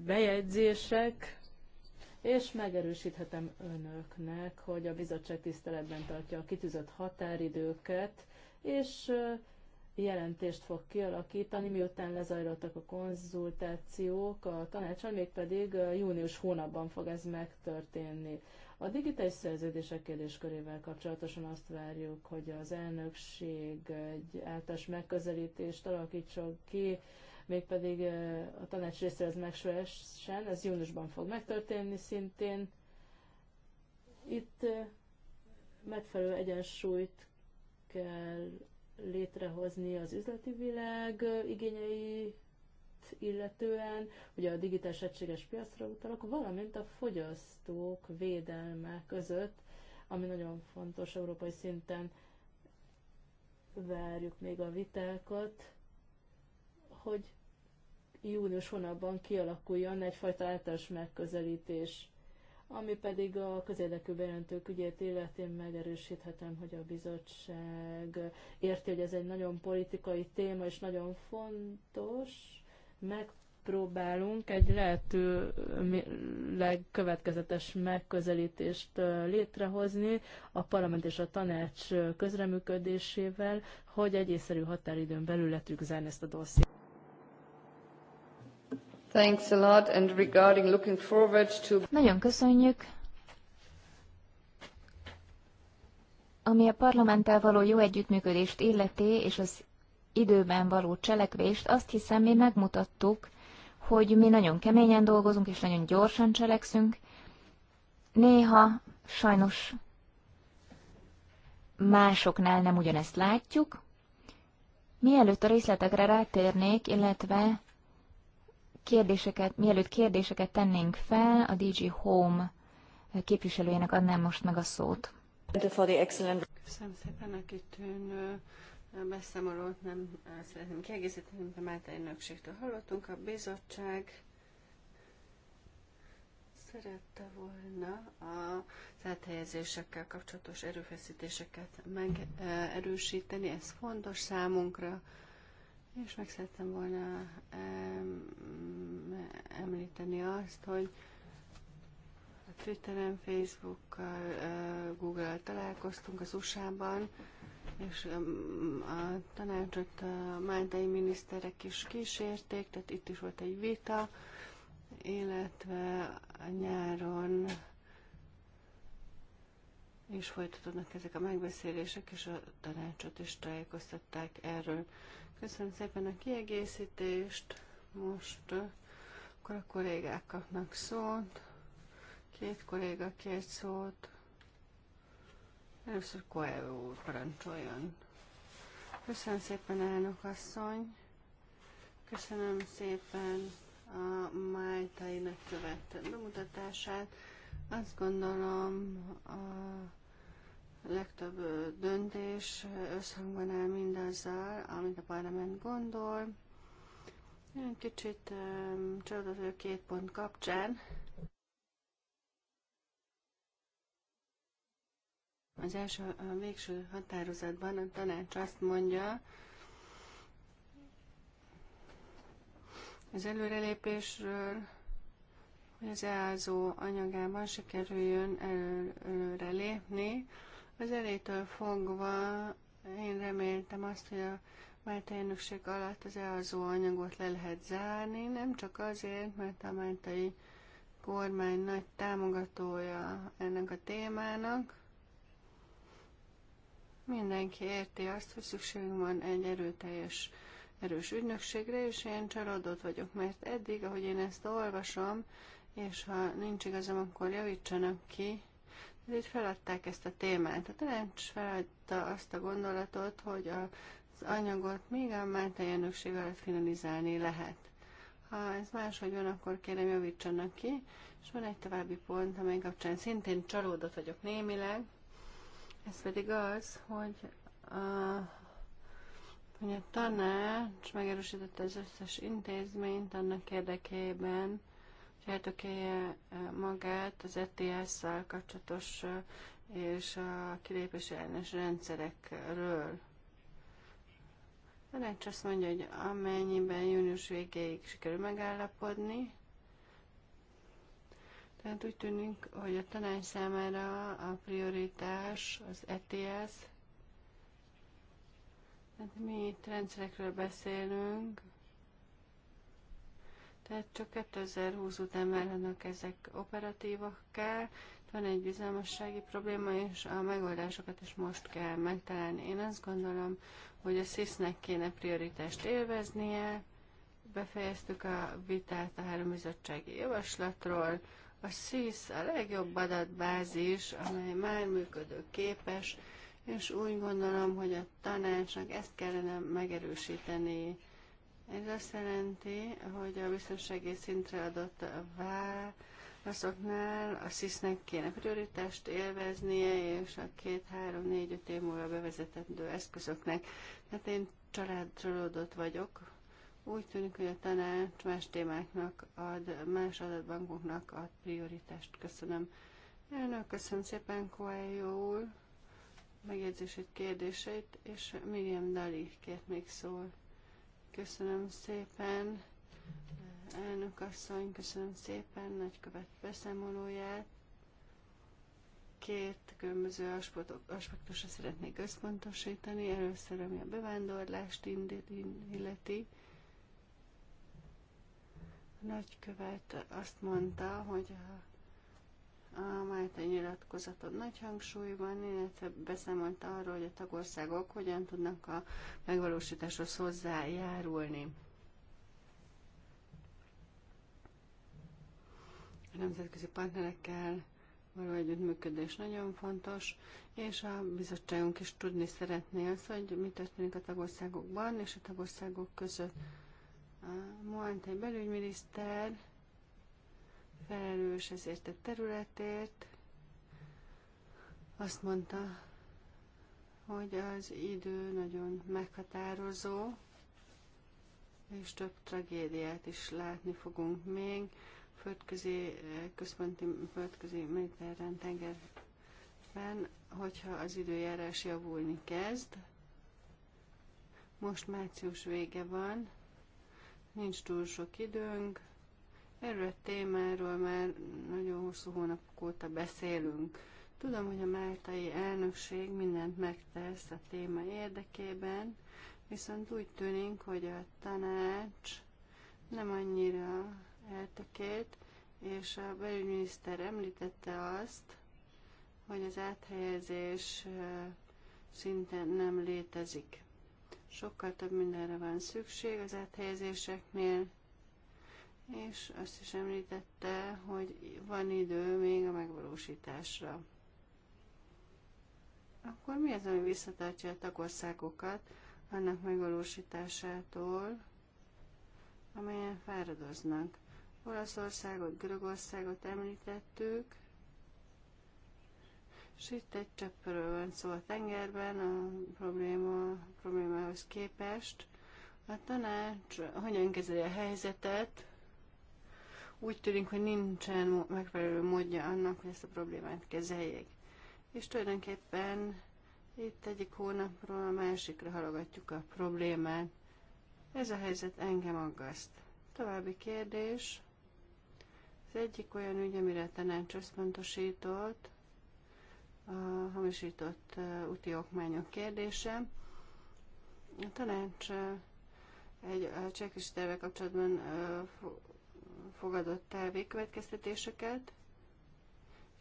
bejegyzések, és megerősíthetem önöknek, hogy a bizottság tiszteletben tartja a kitűzött határidőket, és jelentést fog kialakítani, miután lezajlottak a konzultációk a tanácson, mégpedig június hónapban fog ez megtörténni. A digitális szerződések kérdéskörével kapcsolatosan azt várjuk, hogy az elnökség egy általános megközelítést alakítson ki, mégpedig a tanács részre ez megsülessen, ez júniusban fog megtörténni szintén. Itt megfelelő egyensúlyt kell létrehozni az üzleti világ igényeit illetően, ugye a digitális egységes piacra utalok, valamint a fogyasztók védelme között, ami nagyon fontos európai szinten várjuk még a vitákat, hogy június hónapban kialakuljon egyfajta általános megközelítés ami pedig a közérdekű bejelentők ügyét illetén megerősíthetem, hogy a bizottság érti, hogy ez egy nagyon politikai téma, és nagyon fontos. Megpróbálunk egy lehető legkövetkezetes megközelítést létrehozni a parlament és a tanács közreműködésével, hogy egy észszerű határidőn belül le zárni ezt a dossziét. Thanks a lot, and regarding looking forward to... Nagyon köszönjük. Ami a parlamenttel való jó együttműködést illeti, és az időben való cselekvést, azt hiszem mi megmutattuk, hogy mi nagyon keményen dolgozunk, és nagyon gyorsan cselekszünk. Néha sajnos másoknál nem ugyanezt látjuk. Mielőtt a részletekre rátérnék, illetve kérdéseket, mielőtt kérdéseket tennénk fel, a DG Home képviselőjének adnám most meg a szót. Köszönöm szépen a kitűnő beszámolót, nem eh, szeretném kiegészíteni, mint a egy Nökségtől hallottunk. A bizottság szerette volna a áthelyezésekkel kapcsolatos erőfeszítéseket megerősíteni, eh, ez fontos számunkra. És meg szerettem volna említeni azt, hogy a Twitteren, Facebookkal, Google-al találkoztunk az USA-ban, és a tanácsot a máltai miniszterek is kísérték, tehát itt is volt egy vita, illetve a nyáron és folytatódnak ezek a megbeszélések, és a tanácsot is tájékoztatták erről. Köszönöm szépen a kiegészítést. Most akkor a kollégák kapnak szót. Két kolléga két szót. Először Koelő úr parancsoljon. Köszönöm szépen, elnök asszony. Köszönöm szépen a Máltainak követ bemutatását. Azt gondolom, a a legtöbb döntés összhangban áll mindazzal, amit a parlament gondol. Én kicsit csodálatos két pont kapcsán. Az első, a végső határozatban a tanács azt mondja, az előrelépésről, hogy az EASO anyagában sikerüljön előre lépni, az elétől fogva én reméltem azt, hogy a Márta elnökség alatt az elhazó anyagot le lehet zárni, nem csak azért, mert a Mártai kormány nagy támogatója ennek a témának. Mindenki érti azt, hogy szükségünk van egy erőteljes, erős ügynökségre, és én csalódott vagyok, mert eddig, ahogy én ezt olvasom, és ha nincs igazam, akkor javítsanak ki, ezért feladták ezt a témát. A tanács feladta azt a gondolatot, hogy az anyagot még a Márta elnökség alatt finalizálni lehet. Ha ez máshogy van, akkor kérem javítsanak ki. És van egy további pont, amely kapcsán szintén csalódott vagyok némileg. Ez pedig az, hogy a, hogy a tanács megerősítette az összes intézményt annak érdekében, eltökélje magát az ETS-szal kapcsolatos és a kilépési ellenes rendszerekről. A azt mondja, hogy amennyiben június végéig sikerül megállapodni, tehát úgy tűnik, hogy a tanács számára a prioritás az ETS, tehát mi itt rendszerekről beszélünk, tehát csak 2020 után válhatnak ezek operatívakká. Van egy bizalmassági probléma, és a megoldásokat is most kell megtalálni. Én azt gondolom, hogy a SZISZ-nek kéne prioritást élveznie. Befejeztük a vitát a három bizottsági javaslatról. A SZISZ a legjobb adatbázis, amely már működőképes, és úgy gondolom, hogy a tanácsnak ezt kellene megerősíteni ez azt jelenti, hogy a biztonsági szintre adott válaszoknál a SZISZ-nek kéne prioritást élveznie, és a két, három, négy, öt év múlva bevezetendő eszközöknek. Hát én családcsalódott vagyok. Úgy tűnik, hogy a tanács más témáknak ad, más adatbankoknak ad prioritást. Köszönöm. Elnök, köszönöm szépen, Koályó úr megjegyzését, kérdéseit, és Miriam Dali kért még szólt. Köszönöm szépen, elnök asszony, köszönöm szépen nagykövet beszámolóját. Két különböző aspektusra szeretnék összpontosítani. Először, ami a bevándorlást illeti. A nagykövet azt mondta, hogy a a Máltai nyilatkozatod nagy hangsúlyban, illetve beszámolt arról, hogy a tagországok hogyan tudnak a megvalósításhoz hozzájárulni. A nemzetközi partnerekkel való együttműködés nagyon fontos, és a bizottságunk is tudni szeretné azt, hogy mi történik a tagországokban és a tagországok között. Moantei belügyminiszter felelős ezért a területért, azt mondta, hogy az idő nagyon meghatározó, és több tragédiát is látni fogunk még. Földközi, központi földközi méteren tengerben, hogyha az időjárás javulni kezd. Most március vége van, nincs túl sok időnk, Erről a témáról már nagyon hosszú hónapok óta beszélünk. Tudom, hogy a máltai elnökség mindent megtesz a téma érdekében, viszont úgy tűnik, hogy a tanács nem annyira eltökélt, és a belügyminiszter említette azt, hogy az áthelyezés szinte nem létezik. Sokkal több mindenre van szükség az áthelyezéseknél, és azt is említette, hogy van idő még a megvalósításra. Akkor mi az, ami visszatartja a tagországokat annak megvalósításától, amelyen fáradoznak? Olaszországot, Görögországot említettük, és itt egy cseppről van szó a tengerben a, probléma, a problémához képest. A tanács hogyan kezeli a helyzetet, úgy tűnik, hogy nincsen megfelelő módja annak, hogy ezt a problémát kezeljék. És tulajdonképpen itt egyik hónapról a másikra halogatjuk a problémát. Ez a helyzet engem aggaszt. További kérdés. Az egyik olyan ügy, amire a tanács összpontosított, a hamisított úti okmányok kérdése. A tanács egy cselekvési terve kapcsolatban fogadott el végkövetkeztetéseket,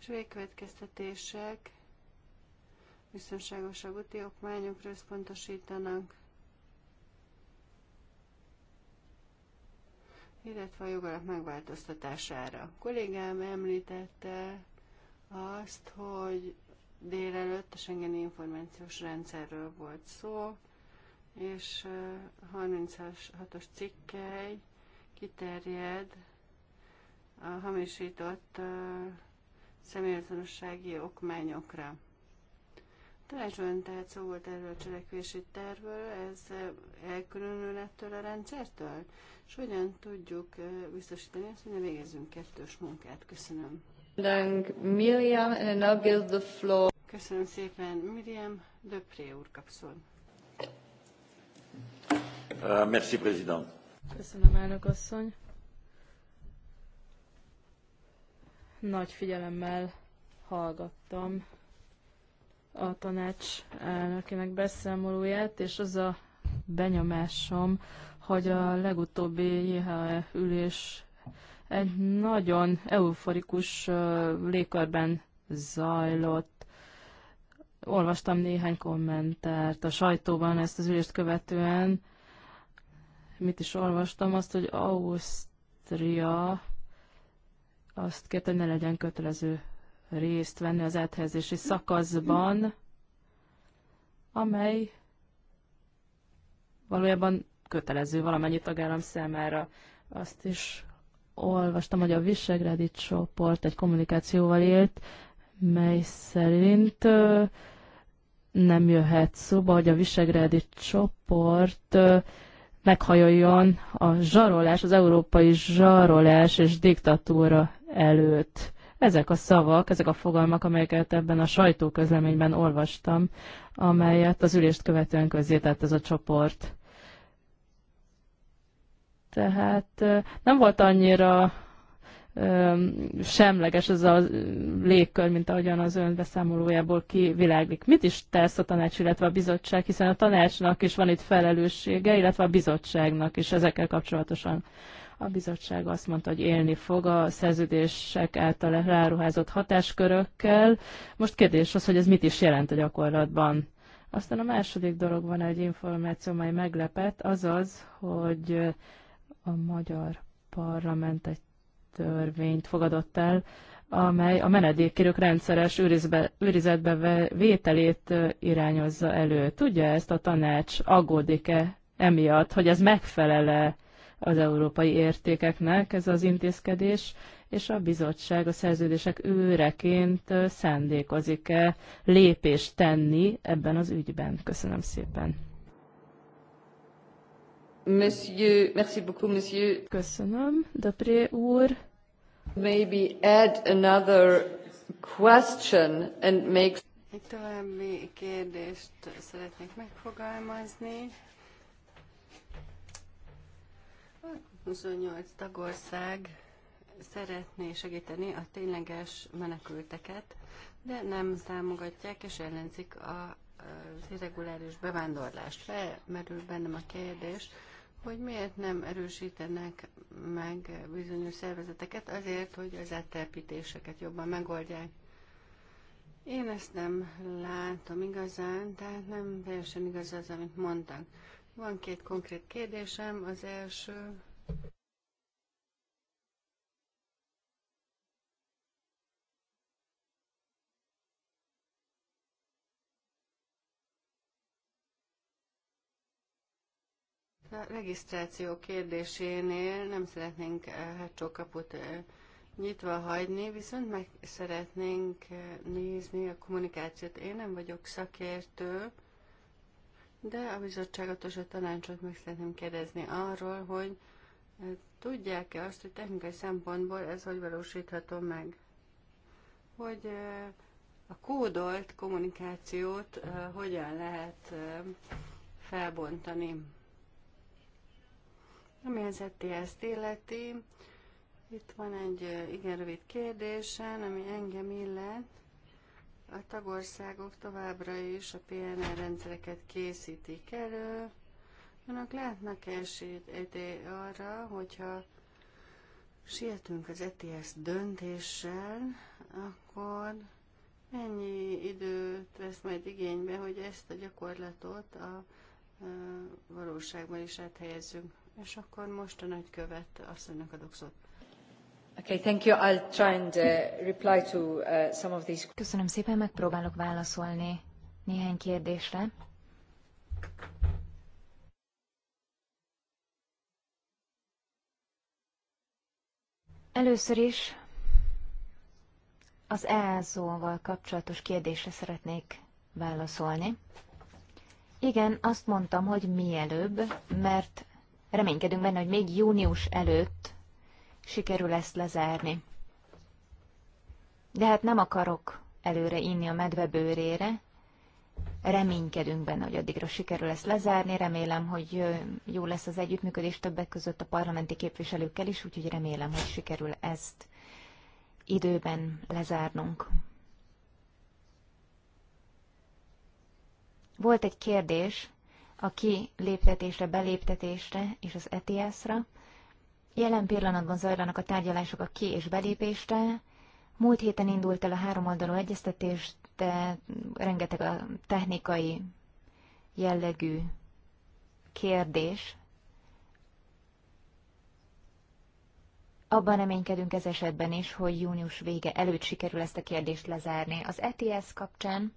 és végkövetkeztetések biztonságosabb úti okmányokra összpontosítanak, illetve a jogalap megváltoztatására. A kollégám említette azt, hogy délelőtt a Schengen információs rendszerről volt szó, és 36-os cikkely kiterjed a hamisított személyazonossági okmányokra. Tanácsban tehát szó volt erről a cselekvési tervről, ez elkülönül ettől a rendszertől, és hogyan tudjuk biztosítani azt, hogy ne végezzünk kettős munkát. Köszönöm. Miriam, and now give the floor. Köszönöm szépen, Miriam. Döpré úr kapszol. Uh, merci, président. Köszönöm, elnök asszony. nagy figyelemmel hallgattam a tanács elnökének beszámolóját, és az a benyomásom, hogy a legutóbbi JHE ülés egy nagyon euforikus légkörben zajlott. Olvastam néhány kommentárt a sajtóban ezt az ülést követően. Mit is olvastam? Azt, hogy Ausztria azt kérte, hogy ne legyen kötelező részt venni az áthelyezési szakaszban, amely valójában kötelező valamennyi tagállam számára. Azt is olvastam, hogy a Visegrádi csoport egy kommunikációval élt, mely szerint nem jöhet szóba, hogy a Visegrádi csoport meghajoljon a zsarolás, az európai zsarolás és diktatúra előtt. Ezek a szavak, ezek a fogalmak, amelyeket ebben a sajtóközleményben olvastam, amelyet az ülést követően közzétett ez a csoport. Tehát nem volt annyira semleges ez a légkör, mint ahogyan az ön beszámolójából kiviláglik. Mit is tesz a tanács, illetve a bizottság, hiszen a tanácsnak is van itt felelőssége, illetve a bizottságnak is ezekkel kapcsolatosan. A bizottság azt mondta, hogy élni fog a szerződések által ráruházott hatáskörökkel. Most kérdés az, hogy ez mit is jelent a gyakorlatban. Aztán a második dolog van egy információ, mely meglepett, azaz, hogy a magyar parlament egy törvényt fogadott el, amely a menedékkérők rendszeres őrizbe, őrizetbe vételét irányozza elő. Tudja ezt a tanács, aggódik-e emiatt, hogy ez megfelele az európai értékeknek ez az intézkedés, és a bizottság a szerződések őreként szándékozik-e lépést tenni ebben az ügyben. Köszönöm szépen. Monsieur, merci beaucoup, monsieur. Köszönöm, Depré úr. Maybe add another question and make... Egy további kérdést szeretnék megfogalmazni. 28 tagország szeretné segíteni a tényleges menekülteket, de nem támogatják és ellenzik a, az irreguláris bevándorlást. Felmerül bennem a kérdés, hogy miért nem erősítenek meg bizonyos szervezeteket azért, hogy az áttelpítéseket jobban megoldják. Én ezt nem látom igazán, tehát nem teljesen igaz az, amit mondtak. Van két konkrét kérdésem. Az első, A regisztráció kérdésénél nem szeretnénk eh, hátsó kaput eh, nyitva hagyni, viszont meg szeretnénk eh, nézni a kommunikációt. Én nem vagyok szakértő, de a bizottságot és a tanácsot meg szeretném kérdezni arról, hogy eh, tudják-e azt, hogy technikai szempontból ez hogy valósítható meg? Hogy eh, a kódolt kommunikációt eh, hogyan lehet felbontani? Ami az ets illeti, itt van egy igen rövid kérdésen, ami engem illet. A tagországok továbbra is a PNR rendszereket készítik elő. Önök látnak esélyt arra, hogyha sietünk az ETS döntéssel, akkor mennyi időt vesz majd igénybe, hogy ezt a gyakorlatot a, valóságban is áthelyezzünk. És akkor most a nagykövet önök adok szót thank you. I'll try and uh, reply to uh, some of these. Köszönöm szépen, megpróbálok válaszolni néhány kérdésre. Először is az EASO-val kapcsolatos kérdésre szeretnék válaszolni. Igen, azt mondtam, hogy mielőbb, mert reménykedünk benne, hogy még június előtt sikerül ezt lezárni. De hát nem akarok előre inni a medve bőrére. Reménykedünk benne, hogy addigra sikerül ezt lezárni. Remélem, hogy jó lesz az együttműködés többek között a parlamenti képviselőkkel is, úgyhogy remélem, hogy sikerül ezt időben lezárnunk. Volt egy kérdés a kiléptetésre, beléptetésre és az ETS-ra. Jelen pillanatban zajlanak a tárgyalások a ki- és belépésre. Múlt héten indult el a háromoldalú egyeztetés, de rengeteg a technikai jellegű kérdés. Abban reménykedünk ez esetben is, hogy június vége előtt sikerül ezt a kérdést lezárni. Az ETS kapcsán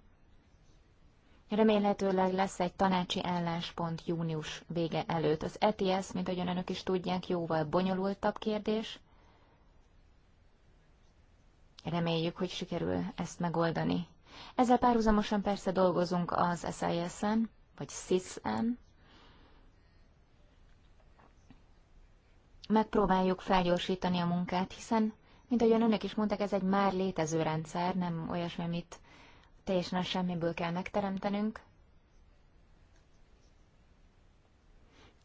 Remélhetőleg lesz egy tanácsi álláspont június vége előtt. Az ETS, mint ahogy önök is tudják, jóval bonyolultabb kérdés. Reméljük, hogy sikerül ezt megoldani. Ezzel párhuzamosan persze dolgozunk az SIS-en, vagy SIS-en. Megpróbáljuk felgyorsítani a munkát, hiszen, mint ahogy önök is mondták, ez egy már létező rendszer, nem olyasmi, amit teljesen a semmiből kell megteremtenünk.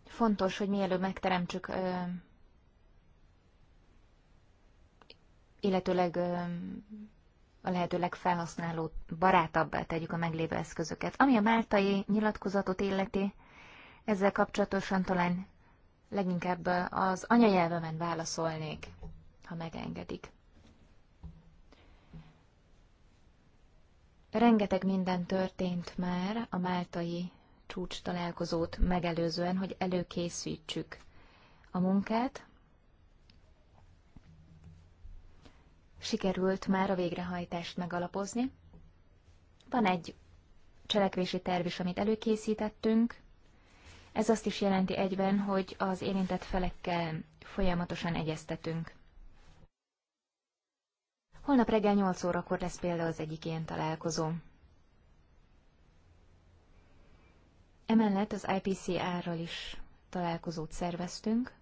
Fontos, hogy mielőbb megteremtsük, illetőleg a lehető legfelhasználó barátabbá tegyük a meglévő eszközöket. Ami a máltai nyilatkozatot illeti, ezzel kapcsolatosan talán leginkább az anyajelvemen válaszolnék, ha megengedik. Rengeteg minden történt már a máltai csúcs találkozót megelőzően, hogy előkészítsük a munkát. Sikerült már a végrehajtást megalapozni. Van egy cselekvési terv is, amit előkészítettünk. Ez azt is jelenti egyben, hogy az érintett felekkel folyamatosan egyeztetünk. Holnap reggel 8 órakor lesz például az egyik ilyen találkozó. Emellett az IPCR-ral is találkozót szerveztünk.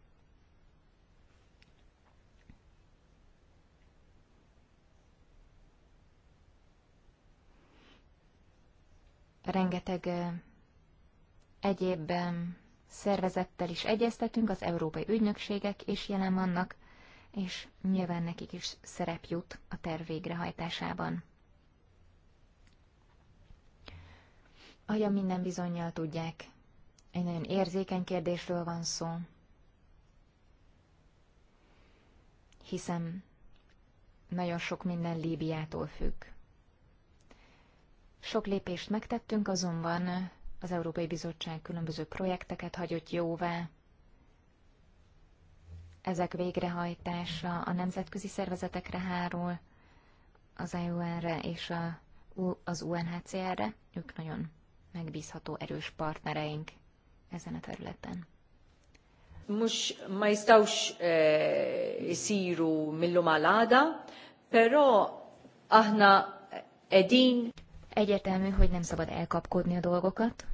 Rengeteg eh, egyéb szervezettel is egyeztetünk, az európai ügynökségek is jelen vannak, és nyilván nekik is szerep jut a terv végrehajtásában. Ahogyan minden bizonyal tudják, egy nagyon érzékeny kérdésről van szó, hiszen nagyon sok minden Líbiától függ. Sok lépést megtettünk, azonban az Európai Bizottság különböző projekteket hagyott jóvá, ezek végrehajtása a nemzetközi szervezetekre hárul, az IUN-re e és a, az UNHCR-re. Ők nagyon megbízható, erős partnereink ezen a területen. Mux ma jistawx jisiru eh, mill-lum pero aħna edin. Egyértelmű, hogy nem szabad elkapkodni a dolgokat,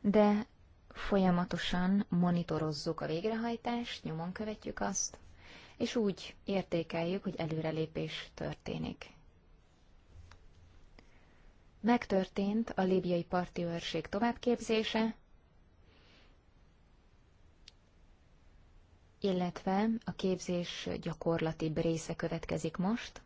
de folyamatosan monitorozzuk a végrehajtást, nyomon követjük azt, és úgy értékeljük, hogy előrelépés történik. Megtörtént a libiai parti őrség továbbképzése, illetve a képzés gyakorlati része következik most.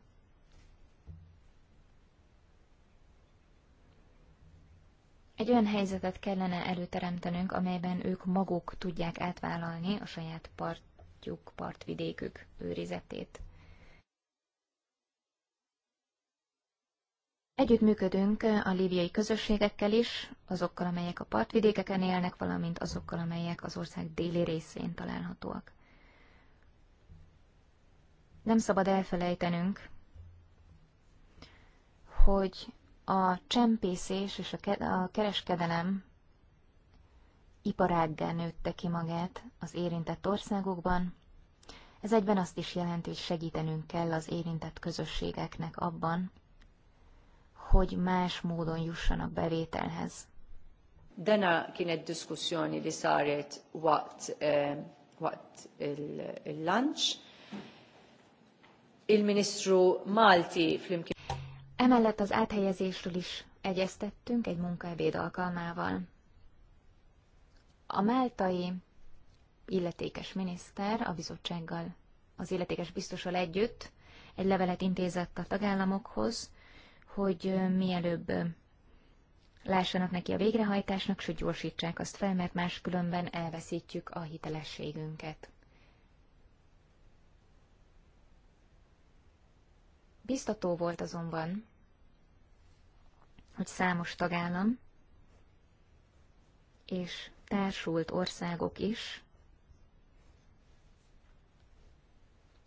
Egy olyan helyzetet kellene előteremtenünk, amelyben ők maguk tudják átvállalni a saját partjuk, partvidékük őrizetét. Együttműködünk a líviai közösségekkel is, azokkal, amelyek a partvidékeken élnek, valamint azokkal, amelyek az ország déli részén találhatóak. Nem szabad elfelejtenünk, hogy a csempészés és a kereskedelem iparággá nőtte ki magát az érintett országokban. Ez egyben azt is jelenti, hogy segítenünk kell az érintett közösségeknek abban, hogy más módon jussanak bevételhez. Dana kienet diskussioni li saret waqt eh, what il-lunch. il ministro Malti fl Emellett az áthelyezésről is egyeztettünk egy munkaebéd alkalmával. A máltai illetékes miniszter a bizottsággal, az illetékes biztosal együtt egy levelet intézett a tagállamokhoz, hogy mielőbb lássanak neki a végrehajtásnak, sőt gyorsítsák azt fel, mert máskülönben elveszítjük a hitelességünket. Biztató volt azonban hogy számos tagállam és társult országok is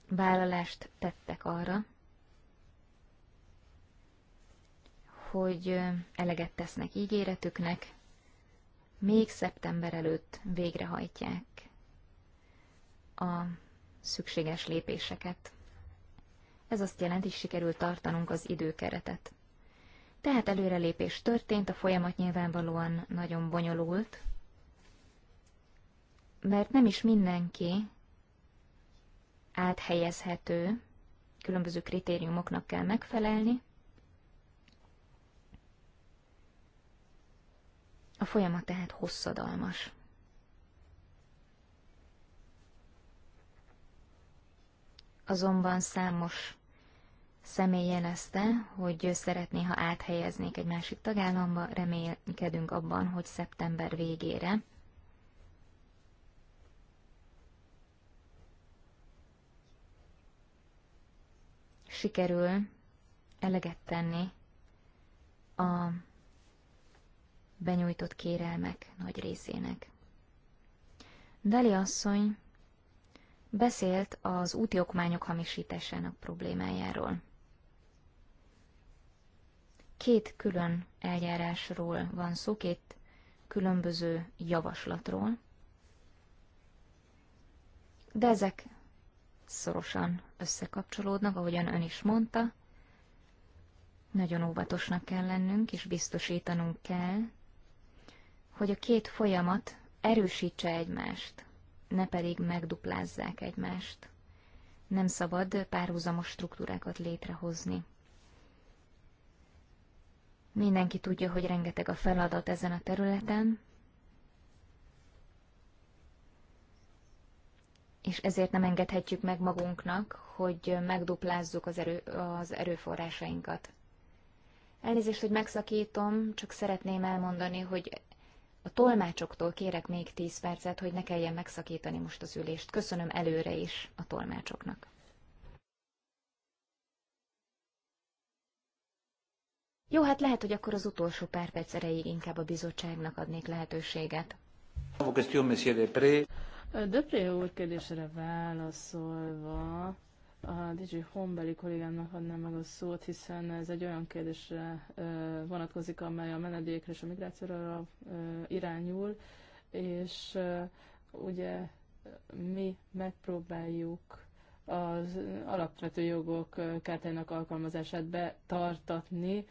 vállalást tettek arra, hogy eleget tesznek ígéretüknek, még szeptember előtt végrehajtják a szükséges lépéseket. Ez azt jelenti, sikerült tartanunk az időkeretet. Tehát előrelépés történt, a folyamat nyilvánvalóan nagyon bonyolult, mert nem is mindenki áthelyezhető, különböző kritériumoknak kell megfelelni. A folyamat tehát hosszadalmas. Azonban számos személy jelezte, hogy szeretné, ha áthelyeznék egy másik tagállamba, reménykedünk abban, hogy szeptember végére. Sikerül eleget tenni a benyújtott kérelmek nagy részének. Deli asszony beszélt az úti okmányok hamisításának problémájáról. Két külön eljárásról van szó, két különböző javaslatról, de ezek szorosan összekapcsolódnak, ahogyan ön is mondta. Nagyon óvatosnak kell lennünk, és biztosítanunk kell, hogy a két folyamat erősítse egymást, ne pedig megduplázzák egymást. Nem szabad párhuzamos struktúrákat létrehozni. Mindenki tudja, hogy rengeteg a feladat ezen a területen, és ezért nem engedhetjük meg magunknak, hogy megduplázzuk az, erő, az erőforrásainkat. Elnézést, hogy megszakítom, csak szeretném elmondani, hogy a tolmácsoktól kérek még 10 percet, hogy ne kelljen megszakítani most az ülést. Köszönöm előre is a tolmácsoknak. Jó, hát lehet, hogy akkor az utolsó pár perc erejéig inkább a bizottságnak adnék lehetőséget. Depré úr kérdésére válaszolva, a DJ Honbeli kollégámnak adnám meg a szót, hiszen ez egy olyan kérdésre vonatkozik, amely a menedékre és a migrációra irányul, és ugye mi megpróbáljuk az alapvető jogok kártyának alkalmazását betartatni,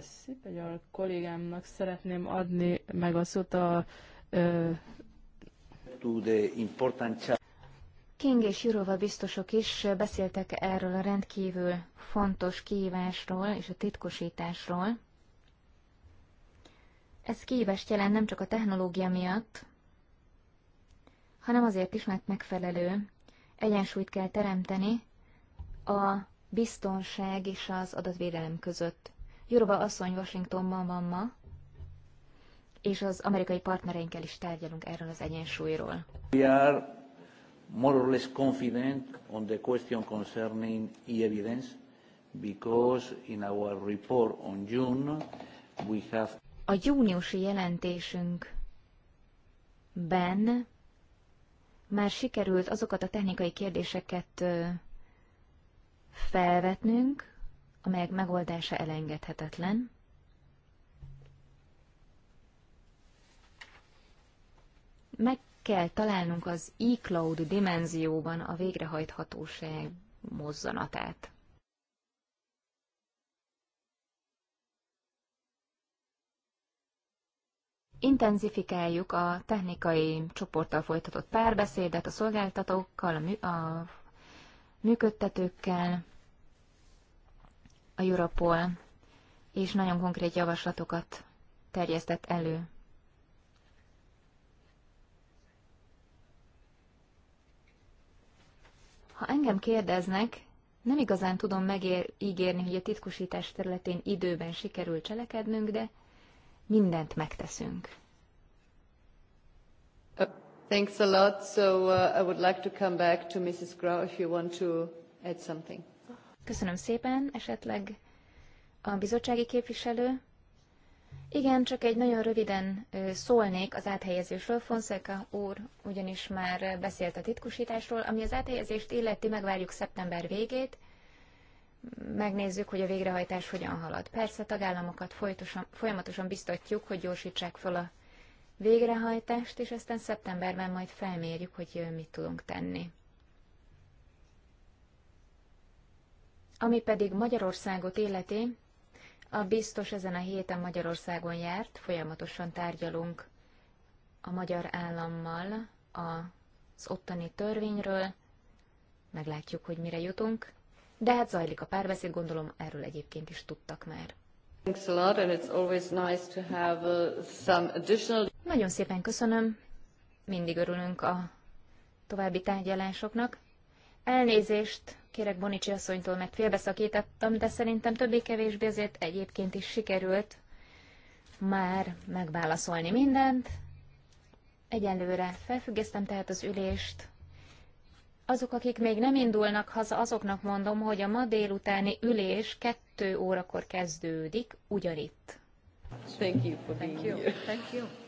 Szipegyal kollégámnak szeretném adni meg a szót a... Ö... King és Jurova biztosok is beszéltek erről a rendkívül fontos kihívásról és a titkosításról. Ez kihívást jelent nem csak a technológia miatt, hanem azért is, mert megfelelő egyensúlyt kell teremteni a biztonság és az adatvédelem között. Jurova asszony Washingtonban van ma, és az amerikai partnereinkkel is tárgyalunk erről az egyensúlyról. We are more or less confident on the question concerning e-evidence because in our report on June we have a júniusi jelentésünkben már sikerült azokat a technikai kérdéseket felvetnünk, amelyek megoldása elengedhetetlen. Meg kell találnunk az e-cloud dimenzióban a végrehajthatóság mozzanatát. Intenzifikáljuk a technikai csoporttal folytatott párbeszédet a szolgáltatókkal, a, mű, a működtetőkkel, a Europol, és nagyon konkrét javaslatokat terjesztett elő. Ha engem kérdeznek, nem igazán tudom megígérni, hogy a titkosítás területén időben sikerül cselekednünk, de mindent megteszünk. Uh, thanks a lot. So uh, I would like to come back to Mrs. Grau if you want to add something. Köszönöm szépen, esetleg a bizottsági képviselő. Igen, csak egy nagyon röviden szólnék az áthelyezésről. Fonszeka úr ugyanis már beszélt a titkosításról, ami az áthelyezést illeti, megvárjuk szeptember végét, megnézzük, hogy a végrehajtás hogyan halad. Persze a tagállamokat folytosan, folyamatosan biztatjuk, hogy gyorsítsák fel a végrehajtást, és aztán szeptemberben majd felmérjük, hogy mit tudunk tenni. Ami pedig Magyarországot illeti, a biztos ezen a héten Magyarországon járt, folyamatosan tárgyalunk a magyar állammal az ottani törvényről, meglátjuk, hogy mire jutunk, de hát zajlik a párbeszéd, gondolom erről egyébként is tudtak már. Nagyon szépen köszönöm, mindig örülünk a további tárgyalásoknak. Elnézést kérek Bonicsi asszonytól, mert félbeszakítottam, de szerintem többé-kevésbé azért egyébként is sikerült már megválaszolni mindent. Egyelőre felfüggesztem tehát az ülést. Azok, akik még nem indulnak haza, azoknak mondom, hogy a ma délutáni ülés kettő órakor kezdődik, ugyanitt. Thank you for being Thank you. here. Thank you.